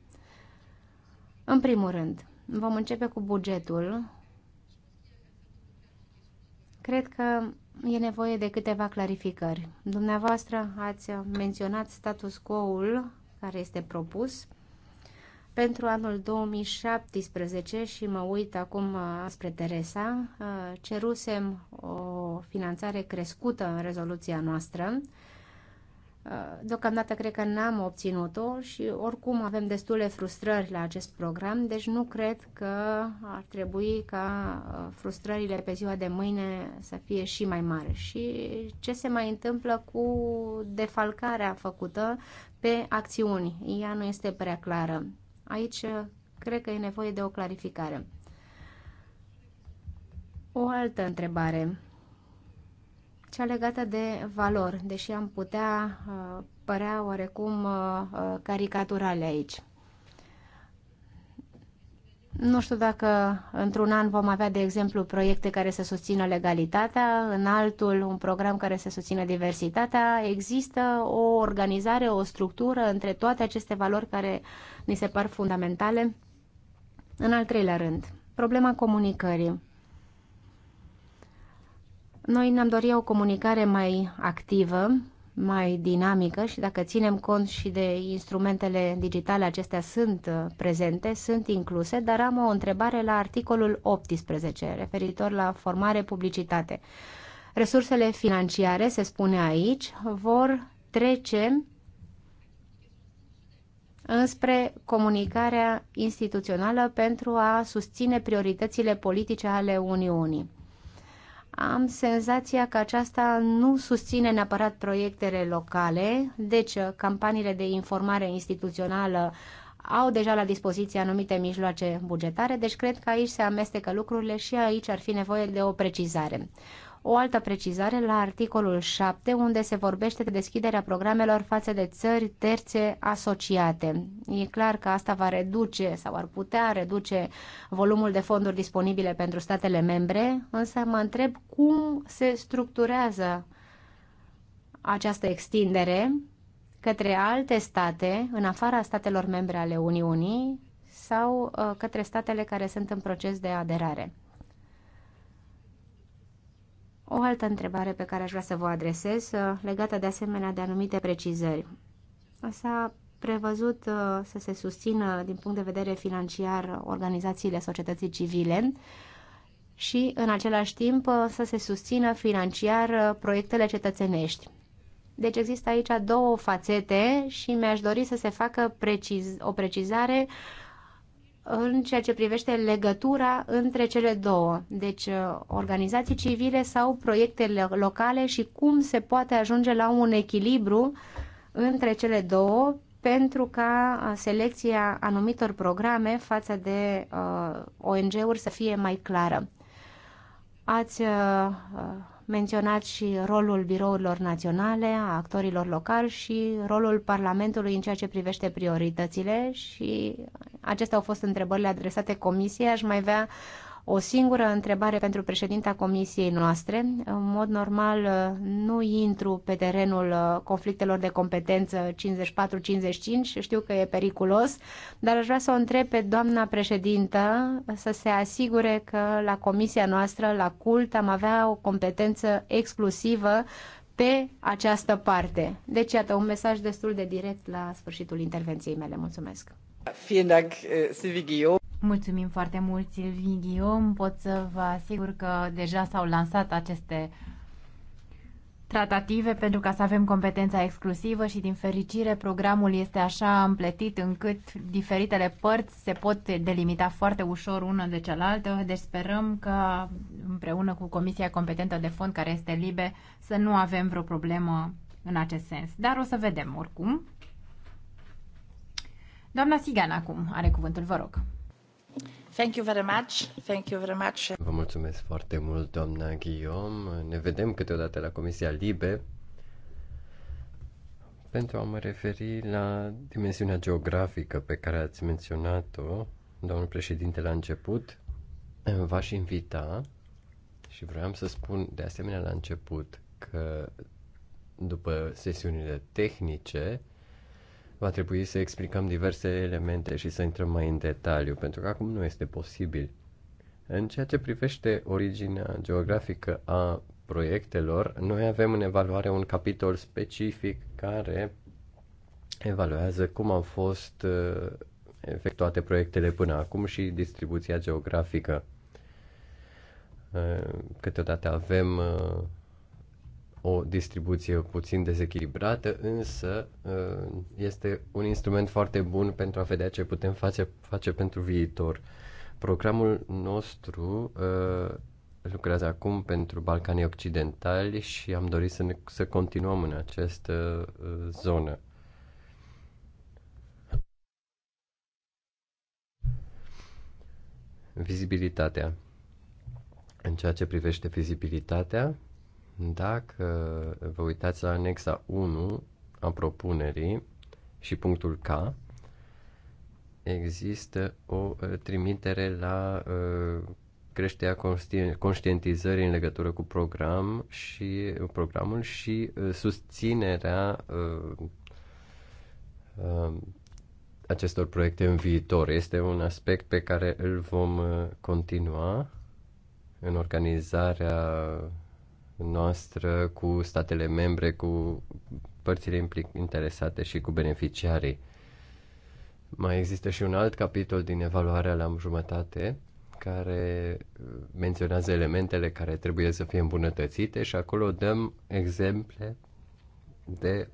În primul rând, vom începe cu bugetul Cred că e nevoie de câteva clarificări. Dumneavoastră ați menționat status quo-ul care este propus pentru anul 2017 și mă uit acum uh, spre Teresa, uh, cerusem o finanțare crescută în rezoluția noastră Uh, deocamdată cred că n-am obținut-o și oricum avem destule frustrări la acest program, deci nu cred că ar trebui ca uh, frustrările pe ziua de mâine să fie și mai mari. Și ce se mai întâmplă cu defalcarea făcută pe acțiuni? Ea nu este prea clară. Aici uh, cred că e nevoie de o clarificare. O altă întrebare cea legată de valori, deși am putea uh, părea oarecum uh, uh, caricaturale aici. Nu știu dacă într-un an vom avea, de exemplu, proiecte care să susțină legalitatea, în altul un program care să susțină diversitatea. Există o organizare, o structură între toate aceste valori care ni se par fundamentale. În al treilea rând, problema comunicării. Noi ne-am dorit o comunicare mai activă, mai dinamică și dacă ținem cont și de instrumentele digitale, acestea sunt uh, prezente, sunt incluse, dar am o întrebare la articolul 18, referitor la formare publicitate. Resursele financiare, se spune aici, vor trece înspre comunicarea instituțională pentru a susține prioritățile politice ale Uniunii am senzația că aceasta nu susține neapărat proiectele locale, deci uh, campaniile de informare instituțională au deja la dispoziție anumite mijloace bugetare, deci cred că aici se amestecă lucrurile și aici ar fi nevoie de o precizare o altă precizare la articolul 7, unde se vorbește de deschiderea programelor față de țări terțe asociate. E clar că asta va reduce sau ar putea reduce volumul de fonduri disponibile pentru statele membre, însă mă întreb cum se structurează această extindere către alte state, în afara statelor membre ale Uniunii, sau uh, către statele care sunt în proces de aderare. O altă întrebare pe care aș vrea să vă adresez, uh, legată de asemenea de anumite precizări. S-a prevăzut uh, să se susțină din punct de vedere financiar organizațiile societății civile și în același timp uh, să se susțină financiar proiectele cetățenești. Deci există aici două fațete și mi-aș dori să se facă preciz, o precizare uh, în ceea ce privește legătura între cele două, deci uh, organizații civile sau proiectele locale și cum se poate ajunge la un echilibru între cele două pentru ca uh, selecția anumitor programe față de uh, ONG-uri să fie mai clară. Ați uh, uh menționat și rolul birourilor naționale, a actorilor locali și rolul Parlamentului în ceea ce privește prioritățile și acestea au fost întrebările adresate Comisiei. Aș mai avea o singură întrebare pentru președinta comisiei noastre. În mod normal nu intru pe terenul uh, conflictelor de competență 54-55, știu că e periculos, dar aș vrea să o întreb pe doamna președintă să se asigure că la comisia noastră, la cult, am avea o competență exclusivă pe această parte. Deci, iată, un mesaj destul de direct la sfârșitul intervenției mele. Mulțumesc! Vielen Dank, uh, Silvi Mulțumim foarte mult, Silvin Ghiom. Pot să vă asigur că deja s-au lansat aceste tratative pentru ca să avem competența exclusivă și din fericire programul este așa împletit încât diferitele părți se pot delimita foarte ușor una de cealaltă, deci sperăm că împreună cu Comisia Competentă de Fond care este libe să nu avem vreo problemă în acest sens. Dar o să vedem oricum. Doamna Sigan acum are cuvântul, vă rog. Thank you very much. Thank you very much. Vă mulțumesc foarte mult, doamna Guillaume. Ne vedem câteodată la Comisia Libe pentru a mă referi la dimensiunea geografică pe care ați menționat-o, domnul președinte, la început. V-aș invita și vreau să spun de asemenea la început că după sesiunile tehnice, va trebui să explicăm diverse elemente și să intrăm mai în detaliu, pentru că acum nu este posibil. În ceea ce privește originea geografică a proiectelor, noi avem în evaluare un capitol specific care evaluează cum au fost uh, efectuate proiectele până acum și distribuția geografică. Uh, câteodată avem uh, o distribuție puțin dezechilibrată, însă uh, este un instrument foarte bun pentru a vedea ce putem face, face pentru viitor. Programul nostru uh, lucrează acum pentru Balcanii Occidentali și am dorit să, ne, să continuăm în această uh, zonă. Vizibilitatea. În ceea ce privește vizibilitatea, dacă vă uitați la anexa 1 a propunerii și punctul K, există o uh, trimitere la uh, creșterea conștientizării în legătură cu program și uh, programul și susținerea acestor proiecte în viitor. Este un aspect pe care îl vom continua în organizarea noastră cu statele membre, cu părțile interesate și cu beneficiarii. Mai există și un alt capitol din evaluarea la jumătate care uh, menționează elementele care trebuie să fie îmbunătățite și acolo dăm exemple de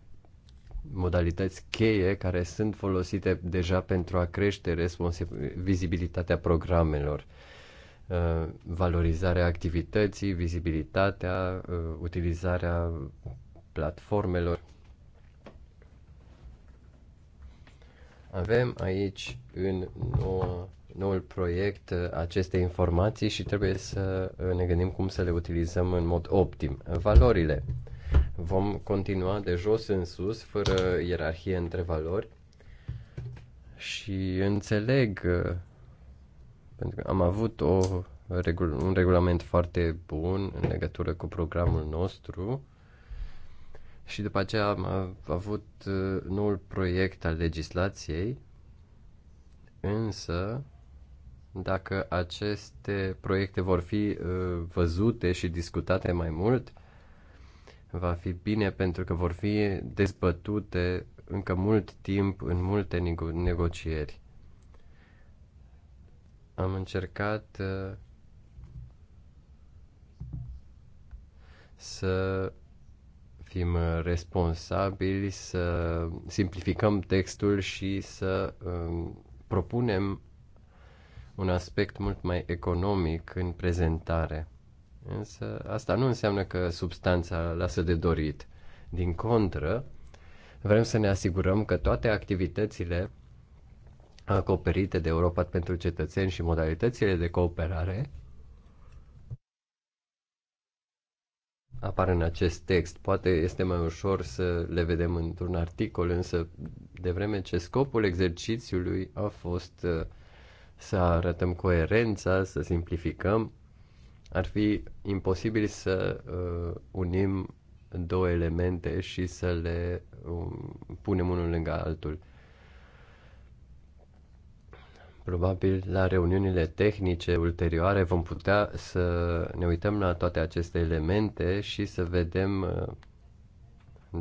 modalități cheie care sunt folosite deja pentru a crește vizibilitatea programelor Uh, valorizarea activității, vizibilitatea, uh, utilizarea platformelor. Avem aici în nou noul proiect aceste informații și trebuie să uh, ne gândim cum să le utilizăm în mod optim. Valorile. Vom continua de jos în sus, fără ierarhie între valori și înțeleg pentru că am avut o, un regulament foarte bun în legătură cu programul nostru și după aceea am avut uh, noul proiect al legislației, însă dacă aceste proiecte vor fi uh, văzute și discutate mai mult, va fi bine pentru că vor fi dezbătute încă mult timp în multe nego- negocieri. Am încercat uh, să fim responsabili, să simplificăm textul și să um, propunem un aspect mult mai economic în prezentare. Însă asta nu înseamnă că substanța lasă de dorit. Din contră, vrem să ne asigurăm că toate activitățile acoperite de Europa pentru cetățeni și modalitățile de cooperare apar în acest text. Poate este mai ușor să le vedem într-un articol, însă de vreme ce scopul exercițiului a fost uh, să arătăm coerența, să simplificăm, ar fi imposibil să uh, unim două elemente și să le um, punem unul lângă altul. Probabil la reuniunile tehnice ulterioare vom putea să ne uităm la toate aceste elemente și să vedem uh,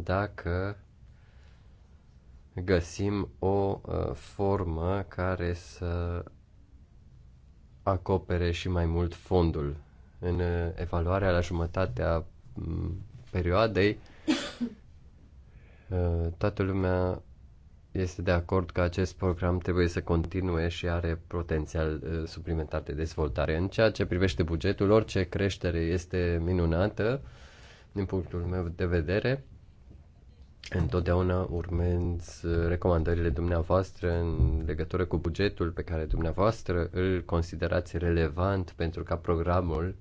dacă găsim o uh, formă care să acopere și mai mult fondul. În uh, evaluarea la jumătatea mm, perioadei, toată lumea este de acord că acest program trebuie să continue și are potențial uh, suplimentar de dezvoltare. În ceea ce privește bugetul, orice creștere este minunată din punctul meu de vedere. Întotdeauna urmez uh, recomandările dumneavoastră în legătură cu bugetul pe care dumneavoastră îl considerați relevant pentru ca programul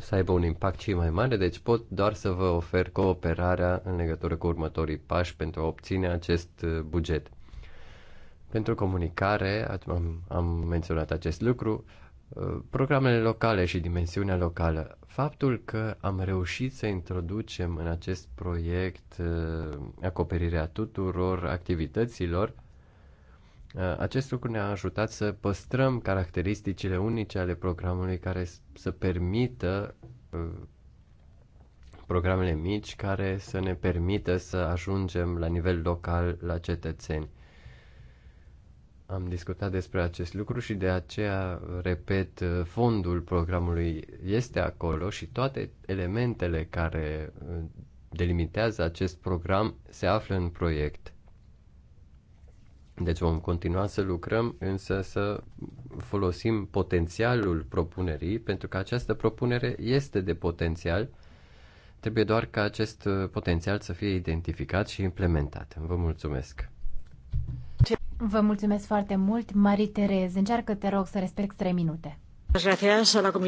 să aibă un impact și mai mare, deci pot doar să vă ofer cooperarea în legătură cu următorii pași pentru a obține acest uh, buget. Pentru comunicare, am, am menționat acest lucru, uh, programele locale și dimensiunea locală. Faptul că am reușit să introducem în acest proiect uh, acoperirea tuturor activităților Uh, acest lucru ne-a ajutat să păstrăm caracteristicile unice ale programului care să permită uh, programele mici care să ne permită să ajungem la nivel local la cetățeni. Am discutat despre acest lucru și de aceea, repet, uh, fondul programului este acolo și toate elementele care delimitează acest program se află în proiect. Deci vom continua să lucrăm, însă să folosim potențialul propunerii, pentru că această propunere este de potențial. Trebuie doar ca acest uh, potențial să fie identificat și implementat. Vă mulțumesc! Vă mulțumesc foarte mult, Marie Terez. Încearcă, te rog, să respect 3 minute.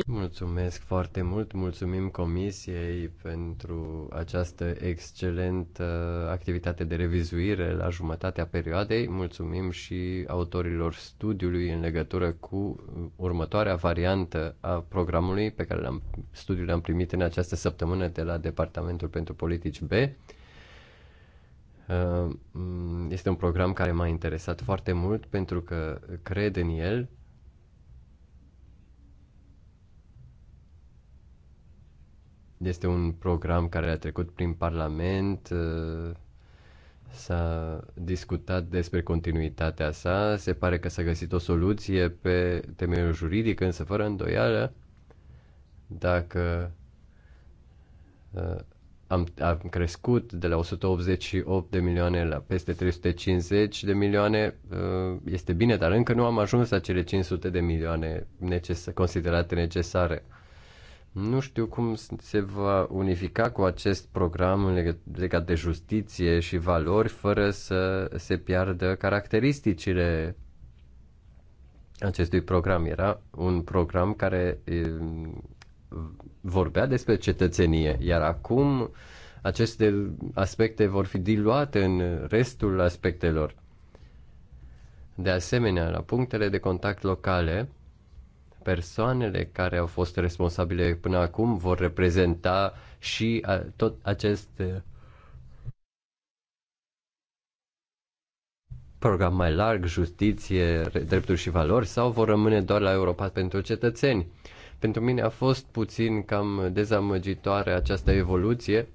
Mulțumesc foarte mult, mulțumim Comisiei pentru această excelentă activitate de revizuire la jumătatea perioadei, mulțumim și autorilor studiului în legătură cu următoarea variantă a programului pe care l-am, studiul l-am primit în această săptămână de la Departamentul pentru Politici B. Uh, este un program care m-a interesat foarte mult pentru că cred în el Este un program care a trecut prin Parlament, uh, s-a discutat despre continuitatea sa, se pare că s-a găsit o soluție pe temeiul juridic, însă fără îndoială, dacă uh, am, am crescut de la 188 de milioane la peste 350 de milioane, uh, este bine, dar încă nu am ajuns la cele 500 de milioane neces- considerate necesare. Nu știu cum se va unifica cu acest program legat de justiție și valori fără să se piardă caracteristicile acestui program. Era un program care vorbea despre cetățenie, iar acum aceste aspecte vor fi diluate în restul aspectelor. De asemenea, la punctele de contact locale, persoanele care au fost responsabile până acum vor reprezenta și tot acest uh, program mai larg, justiție, drepturi și valori, sau vor rămâne doar la Europa pentru cetățeni. Pentru mine a fost puțin cam dezamăgitoare această evoluție,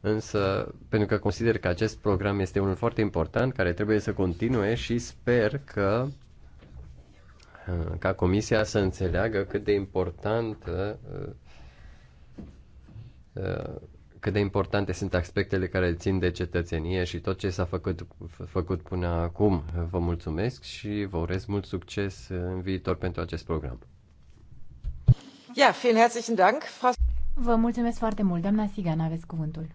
însă pentru că consider că acest program este unul foarte important care trebuie să continue și sper că ca Comisia să înțeleagă cât de importantă uh, uh, cât de importante sunt aspectele care țin de cetățenie și tot ce s-a făcut, făcut până acum. Vă mulțumesc și vă urez mult succes în viitor pentru acest program. Ja, vielen herzlichen Dank, Frau... Vă mulțumesc foarte mult. Doamna Sigan, aveți cuvântul.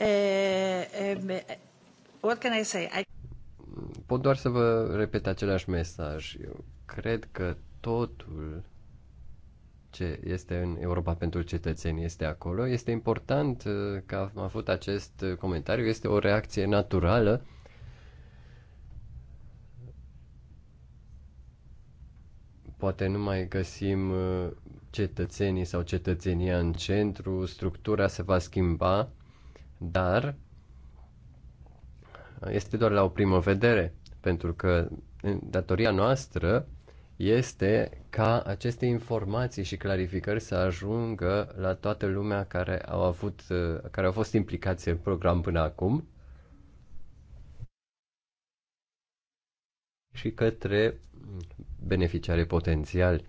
Uh, uh, what can I say? I pot doar să vă repet același mesaj. Eu cred că totul ce este în Europa pentru cetățeni este acolo. Este important uh, că am avut acest comentariu. Este o reacție naturală poate nu mai găsim uh, cetățenii sau cetățenia în centru, structura se va schimba, dar este doar la o primă vedere pentru că datoria noastră este ca aceste informații și clarificări să ajungă la toată lumea care au avut, uh, care au fost implicați în program până acum și către beneficiare potențiali.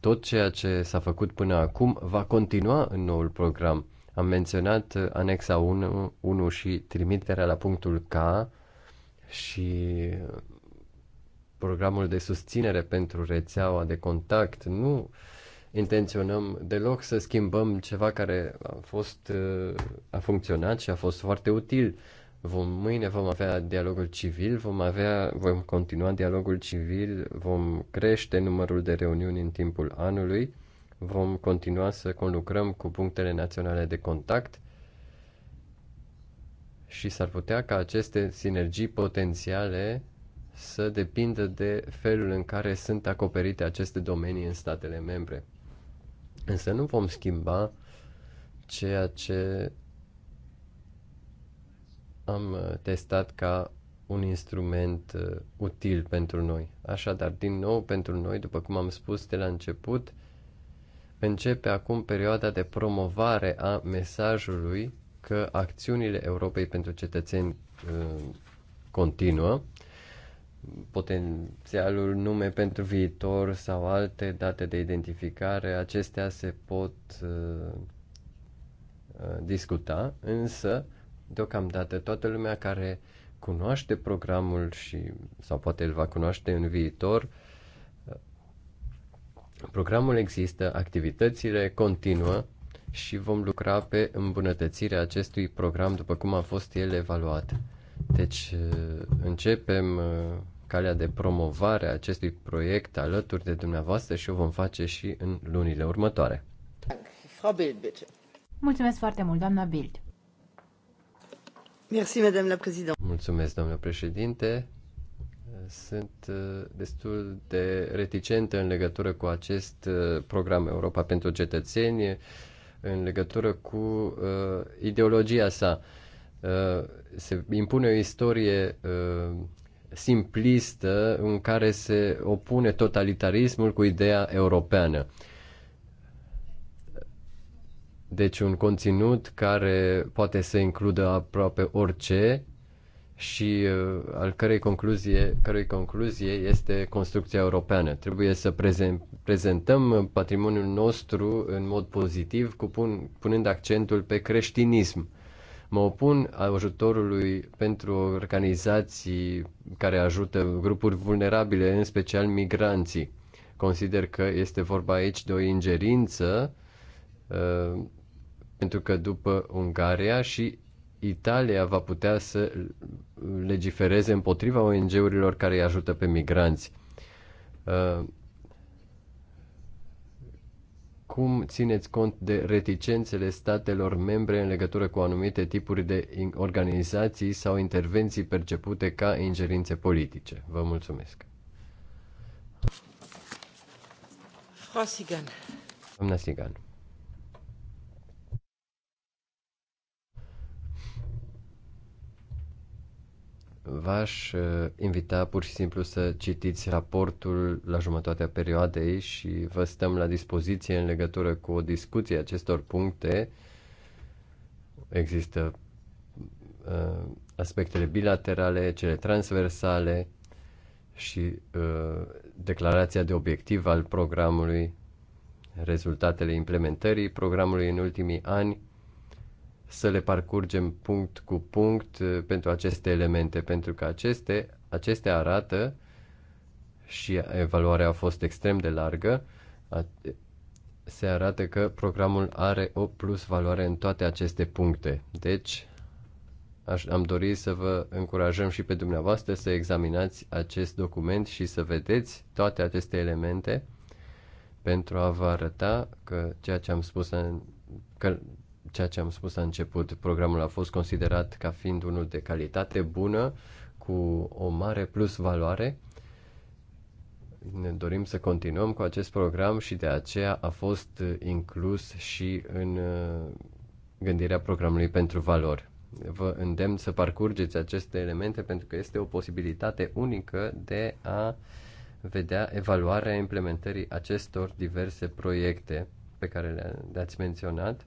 Tot ceea ce s-a făcut până acum va continua în noul program. Am menționat anexa 1, 1 și trimiterea la punctul K și programul de susținere pentru rețeaua de contact. Nu intenționăm deloc să schimbăm ceva care a fost a funcționat și a fost foarte util. Vom, mâine vom avea dialogul civil, vom avea, vom continua dialogul civil, vom crește numărul de reuniuni în timpul anului, vom continua să conlucrăm cu punctele naționale de contact și s-ar putea ca aceste sinergii potențiale să depindă de felul în care sunt acoperite aceste domenii în statele membre. Însă nu vom schimba ceea ce am uh, testat ca un instrument uh, util pentru noi. Așadar, din nou, pentru noi, după cum am spus de la început, începe acum perioada de promovare a mesajului că acțiunile Europei pentru cetățeni uh, continuă. Potențialul nume pentru viitor sau alte date de identificare, acestea se pot uh, uh, discuta, însă deocamdată toată lumea care cunoaște programul și sau poate îl va cunoaște în viitor, programul există, activitățile continuă și vom lucra pe îmbunătățirea acestui program după cum a fost el evaluat. Deci uh, începem uh, calea de promovare a acestui proiect alături de dumneavoastră și o vom face și în lunile următoare. Mulțumesc foarte mult, doamna Bild. Merci, madame la président. Mulțumesc, doamna președinte. Sunt uh, destul de reticentă în legătură cu acest program Europa pentru cetățenie în legătură cu uh, ideologia sa. Uh, se impune o istorie uh, simplistă în care se opune totalitarismul cu ideea europeană. Deci un conținut care poate să includă aproape orice și uh, al cărei concluzie, cărei concluzie este construcția europeană. Trebuie să prezentăm patrimoniul nostru în mod pozitiv, cu pun, punând accentul pe creștinism. Mă opun ajutorului pentru organizații care ajută grupuri vulnerabile, în special migranții. Consider că este vorba aici de o ingerință uh, pentru că după Ungaria și Italia va putea să legifereze împotriva ONG-urilor care îi ajută pe migranți. Uh, cum țineți cont de reticențele statelor membre în legătură cu anumite tipuri de organizații sau intervenții percepute ca ingerințe politice? Vă mulțumesc. Frau Sigan. Doamna Sigan. v-aș uh, invita pur și simplu să citiți raportul la jumătatea perioadei și vă stăm la dispoziție în legătură cu o discuție acestor puncte. Există uh, aspectele bilaterale, cele transversale și uh, declarația de obiectiv al programului, rezultatele implementării programului în ultimii ani să le parcurgem punct cu punct uh, pentru aceste elemente, pentru că aceste, aceste arată și evaluarea a fost extrem de largă, se arată că programul are o plus valoare în toate aceste puncte. Deci, aș, am dorit să vă încurajăm și pe dumneavoastră să examinați acest document și să vedeți toate aceste elemente pentru a vă arăta că ceea ce am spus în, că ceea ce am spus la început. Programul a fost considerat ca fiind unul de calitate bună, cu o mare plus valoare. Ne dorim să continuăm cu acest program și de aceea a fost uh, inclus și în uh, gândirea programului pentru valori. Vă îndemn să parcurgeți aceste elemente pentru că este o posibilitate unică de a vedea evaluarea implementării acestor diverse proiecte pe care le-ați menționat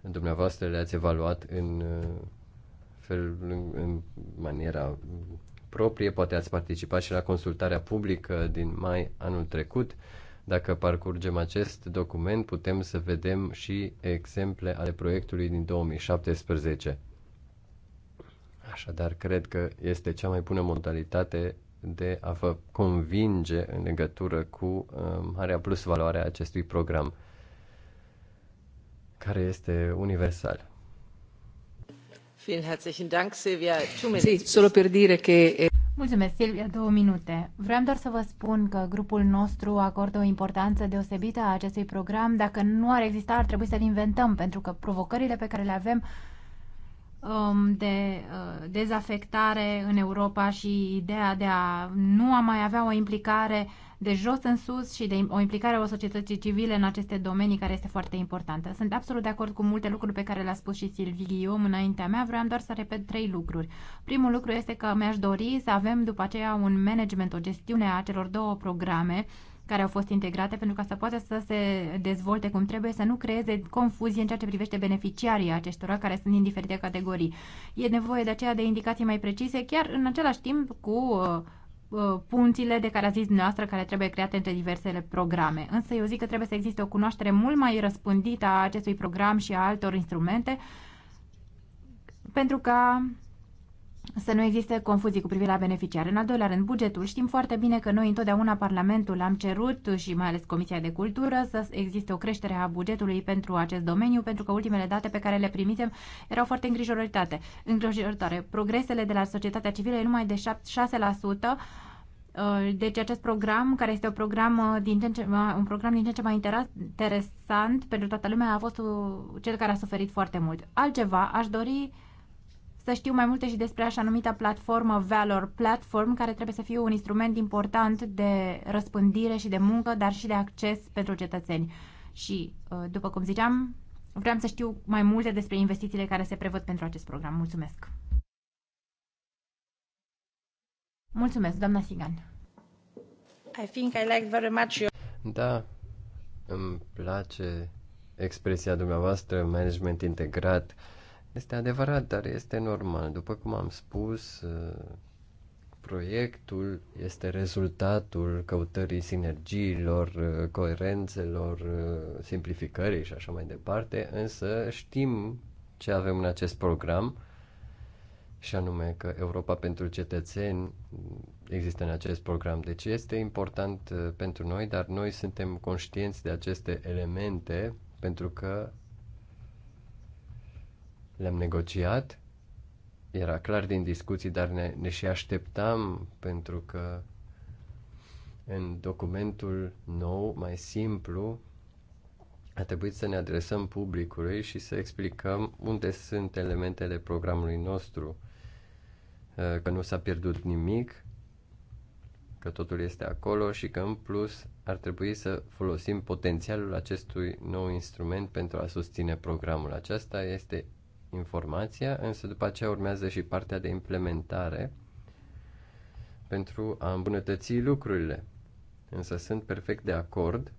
dumneavoastră le-ați evaluat în uh, fel, în, în maniera proprie, poate ați participat și la consultarea publică din mai anul trecut. Dacă parcurgem acest document, putem să vedem și exemple ale proiectului din 2017. Așadar, cred că este cea mai bună modalitate de a vă convinge în legătură cu uh, marea plus valoare a acestui program care este universal. Eh, Mulțumesc, Silvia. Două minute. Vreau doar să vă spun că grupul nostru acordă o importanță deosebită a acestui program. Dacă nu ar exista, ar trebui să-l inventăm, pentru că provocările pe care le avem um, de uh, dezafectare în Europa și ideea de a nu a mai avea o implicare uh, de jos în sus și de o implicare a societății civile în aceste domenii care este foarte importantă. Sunt absolut de acord cu multe lucruri pe care le-a spus și Silvi Guillaume înaintea mea. Vreau doar să repet trei lucruri. Primul lucru este că mi-aș dori să avem după aceea un management, o gestiune a celor două programe care au fost integrate pentru ca să poată să se dezvolte cum trebuie, să nu creeze confuzie în ceea ce privește beneficiarii acestora care sunt din diferite categorii. E nevoie de aceea de indicații mai precise, chiar în același timp cu uh, Uh, punțile de care a zis dumneavoastră care trebuie create între diversele programe. Însă eu zic că trebuie să existe o cunoaștere mult mai răspândită a acestui program și a altor instrumente pentru ca să nu existe confuzii cu privire la beneficiare. În al doilea rând, bugetul. Știm foarte bine că noi întotdeauna Parlamentul am cerut și mai ales Comisia de Cultură să existe o creștere a bugetului pentru acest domeniu, pentru că ultimele date pe care le primisem erau foarte îngrijorătoare îngrijorătoare. Progresele de la societatea civilă e numai de 6%, uh, deci acest program, care este un program uh, din ce un program din ce, ce mai interesant pentru toată lumea, a fost uh, cel care a suferit foarte mult. Altceva, aș dori să știu mai multe și despre așa numita platformă Valor Platform, care trebuie să fie un instrument important de răspândire și de muncă, dar și de acces pentru cetățeni. Și, uh, după cum ziceam, vreau să știu mai multe despre investițiile care se prevăd pentru acest program. Mulțumesc! Mulțumesc, doamna Sigan. I think I like very much your... Da, îmi place expresia dumneavoastră, management integrat. Uh, este adevărat, dar este normal. După cum am spus, uh, proiectul este rezultatul căutării sinergiilor, uh, coerențelor, uh, simplificării și așa mai departe, însă știm ce avem în acest program și anume că Europa pentru cetățeni există în acest program. Deci este important pentru noi, dar noi suntem conștienți de aceste elemente pentru că le-am negociat. Era clar din discuții, dar ne, ne și așteptam pentru că în documentul nou, mai simplu, a trebuit să ne adresăm publicului și să explicăm unde sunt elementele programului nostru, uh, că nu s-a pierdut nimic, că totul este acolo și că în plus ar trebui să folosim potențialul acestui nou instrument pentru a susține programul. Aceasta este informația, însă după aceea urmează și partea de implementare pentru a îmbunătăți lucrurile. Însă sunt perfect de acord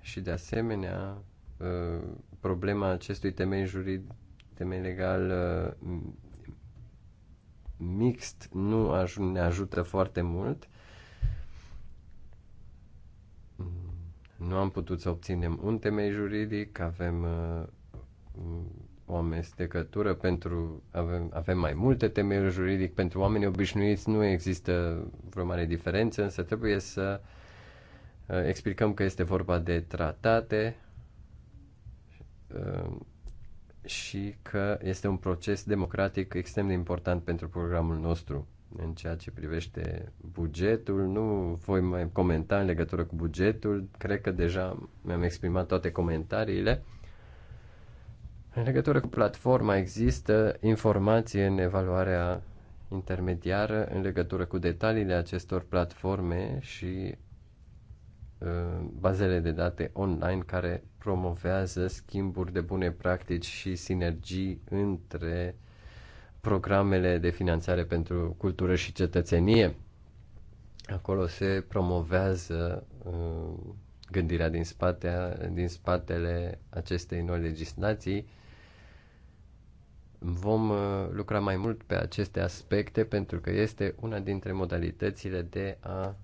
și de asemenea ă, problema acestui temei jurid, temei legal ă, mixt nu ne ajută foarte mult. Nu am putut să obținem un temei juridic, avem ă, o amestecătură pentru, avem, avem mai multe temeiuri juridic, pentru oamenii obișnuiți nu există vreo mare diferență, însă trebuie să uh, explicăm că este vorba de tratate uh, și că este un proces democratic extrem de important pentru programul nostru. În ceea ce privește bugetul, nu voi mai comenta în legătură cu bugetul, cred că deja mi-am exprimat toate comentariile. În legătură cu platforma există informație în evaluarea intermediară în legătură cu detaliile acestor platforme și uh, bazele de date online care promovează schimburi de bune practici și sinergii între programele de finanțare pentru cultură și cetățenie. Acolo se promovează uh, gândirea din, spate, din spatele acestei noi legislații Vom uh, lucra mai mult pe aceste aspecte pentru că este una dintre modalitățile de a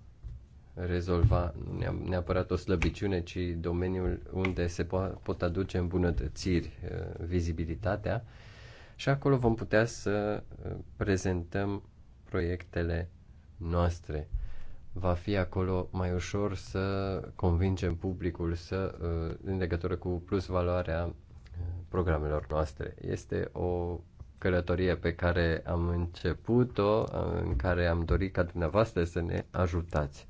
rezolva nu neapărat o slăbiciune, ci domeniul unde se pot aduce îmbunătățiri, uh, vizibilitatea și acolo vom putea să uh, prezentăm proiectele noastre. Va fi acolo mai ușor să convingem publicul să, în legătură cu plus valoarea programelor noastre. Este o călătorie pe care am început-o, în care am dorit ca dumneavoastră să ne ajutați.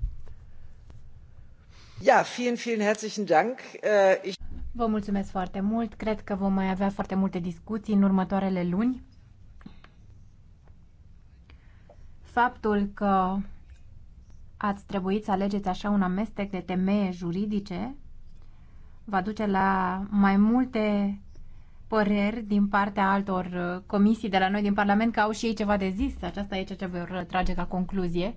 Ja, vielen, vielen herzlichen Dank. Äh, ich... Vă mulțumesc foarte mult. Cred că vom mai avea foarte multe discuții în următoarele luni. Faptul că ați trebuit să alegeți așa un amestec de temeie juridice va duce la mai multe păreri din partea altor uh, comisii de la noi din Parlament că au și ei ceva de zis. Aceasta e ceea ce vor trage ca concluzie.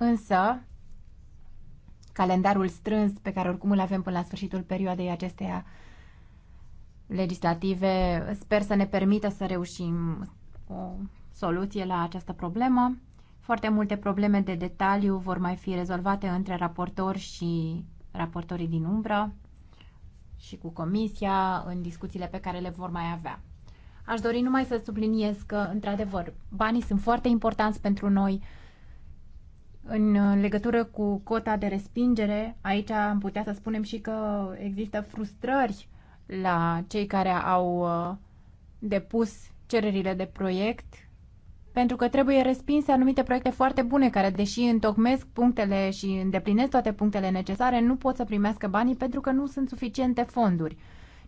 Însă, calendarul strâns pe care oricum îl avem până la sfârșitul perioadei acesteia legislative sper să ne permită să reușim o soluție la această problemă. Foarte multe probleme de detaliu vor mai fi rezolvate între raportori și raportorii din umbră și cu Comisia în discuțiile pe care le vor mai avea. Aș dori numai să subliniez că, într-adevăr, banii sunt foarte importanți pentru noi. În legătură cu cota de respingere, aici am putea să spunem și că există frustrări la cei care au uh, depus cererile de proiect pentru că trebuie respinse anumite proiecte foarte bune care, deși întocmesc punctele și îndeplinesc toate punctele necesare, nu pot să primească banii pentru că nu sunt suficiente fonduri,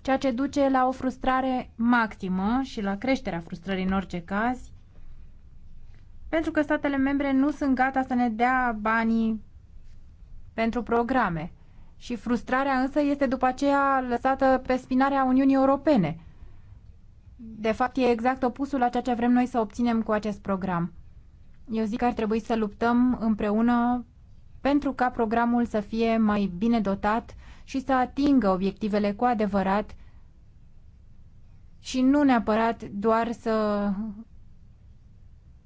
ceea ce duce la o frustrare maximă și la creșterea frustrării în orice caz, pentru că statele membre nu sunt gata să ne dea banii pentru programe. Și frustrarea însă este după aceea lăsată pe spinarea Uniunii Europene – de fapt, e exact opusul la ceea ce vrem noi să obținem cu acest program. Eu zic că ar trebui să luptăm împreună pentru ca programul să fie mai bine dotat și să atingă obiectivele cu adevărat și nu neapărat doar să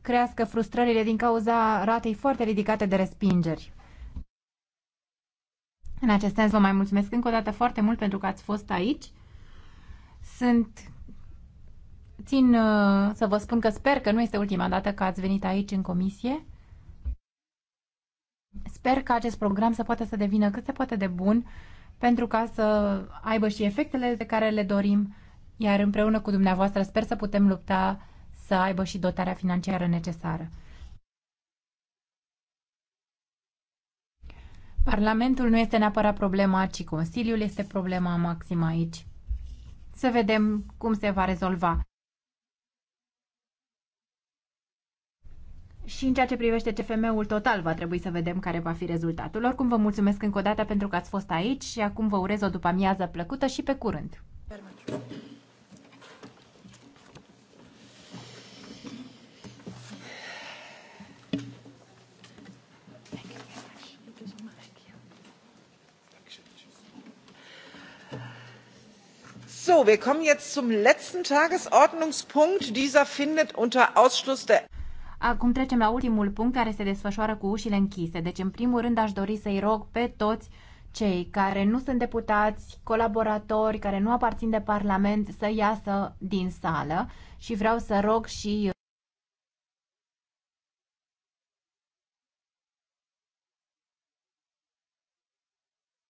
crească frustrările din cauza ratei foarte ridicate de respingeri. În acest sens, vă mai mulțumesc încă o dată foarte mult pentru că ați fost aici. Sunt țin uh, să vă spun că sper că nu este ultima dată că ați venit aici în comisie. Sper că acest program să poată să devină cât se poate de bun pentru ca să aibă și efectele de care le dorim, iar împreună cu dumneavoastră sper să putem lupta să aibă și dotarea financiară necesară. Parlamentul nu este neapărat problema, ci Consiliul este problema maximă aici. Să vedem cum se va rezolva. și în ceea ce privește CFM-ul total va trebui să vedem care va fi rezultatul. Oricum vă mulțumesc încă o dată pentru că ați fost aici și acum vă urez o după amiază plăcută și pe curând. So, wir kommen jetzt zum letzten Tagesordnungspunkt. Dieser findet unter Ausschluss der Acum trecem la ultimul punct care se desfășoară cu ușile închise. Deci, în primul rând, aș dori să-i rog pe toți cei care nu sunt deputați, colaboratori, care nu aparțin de Parlament, să iasă din sală și vreau să rog și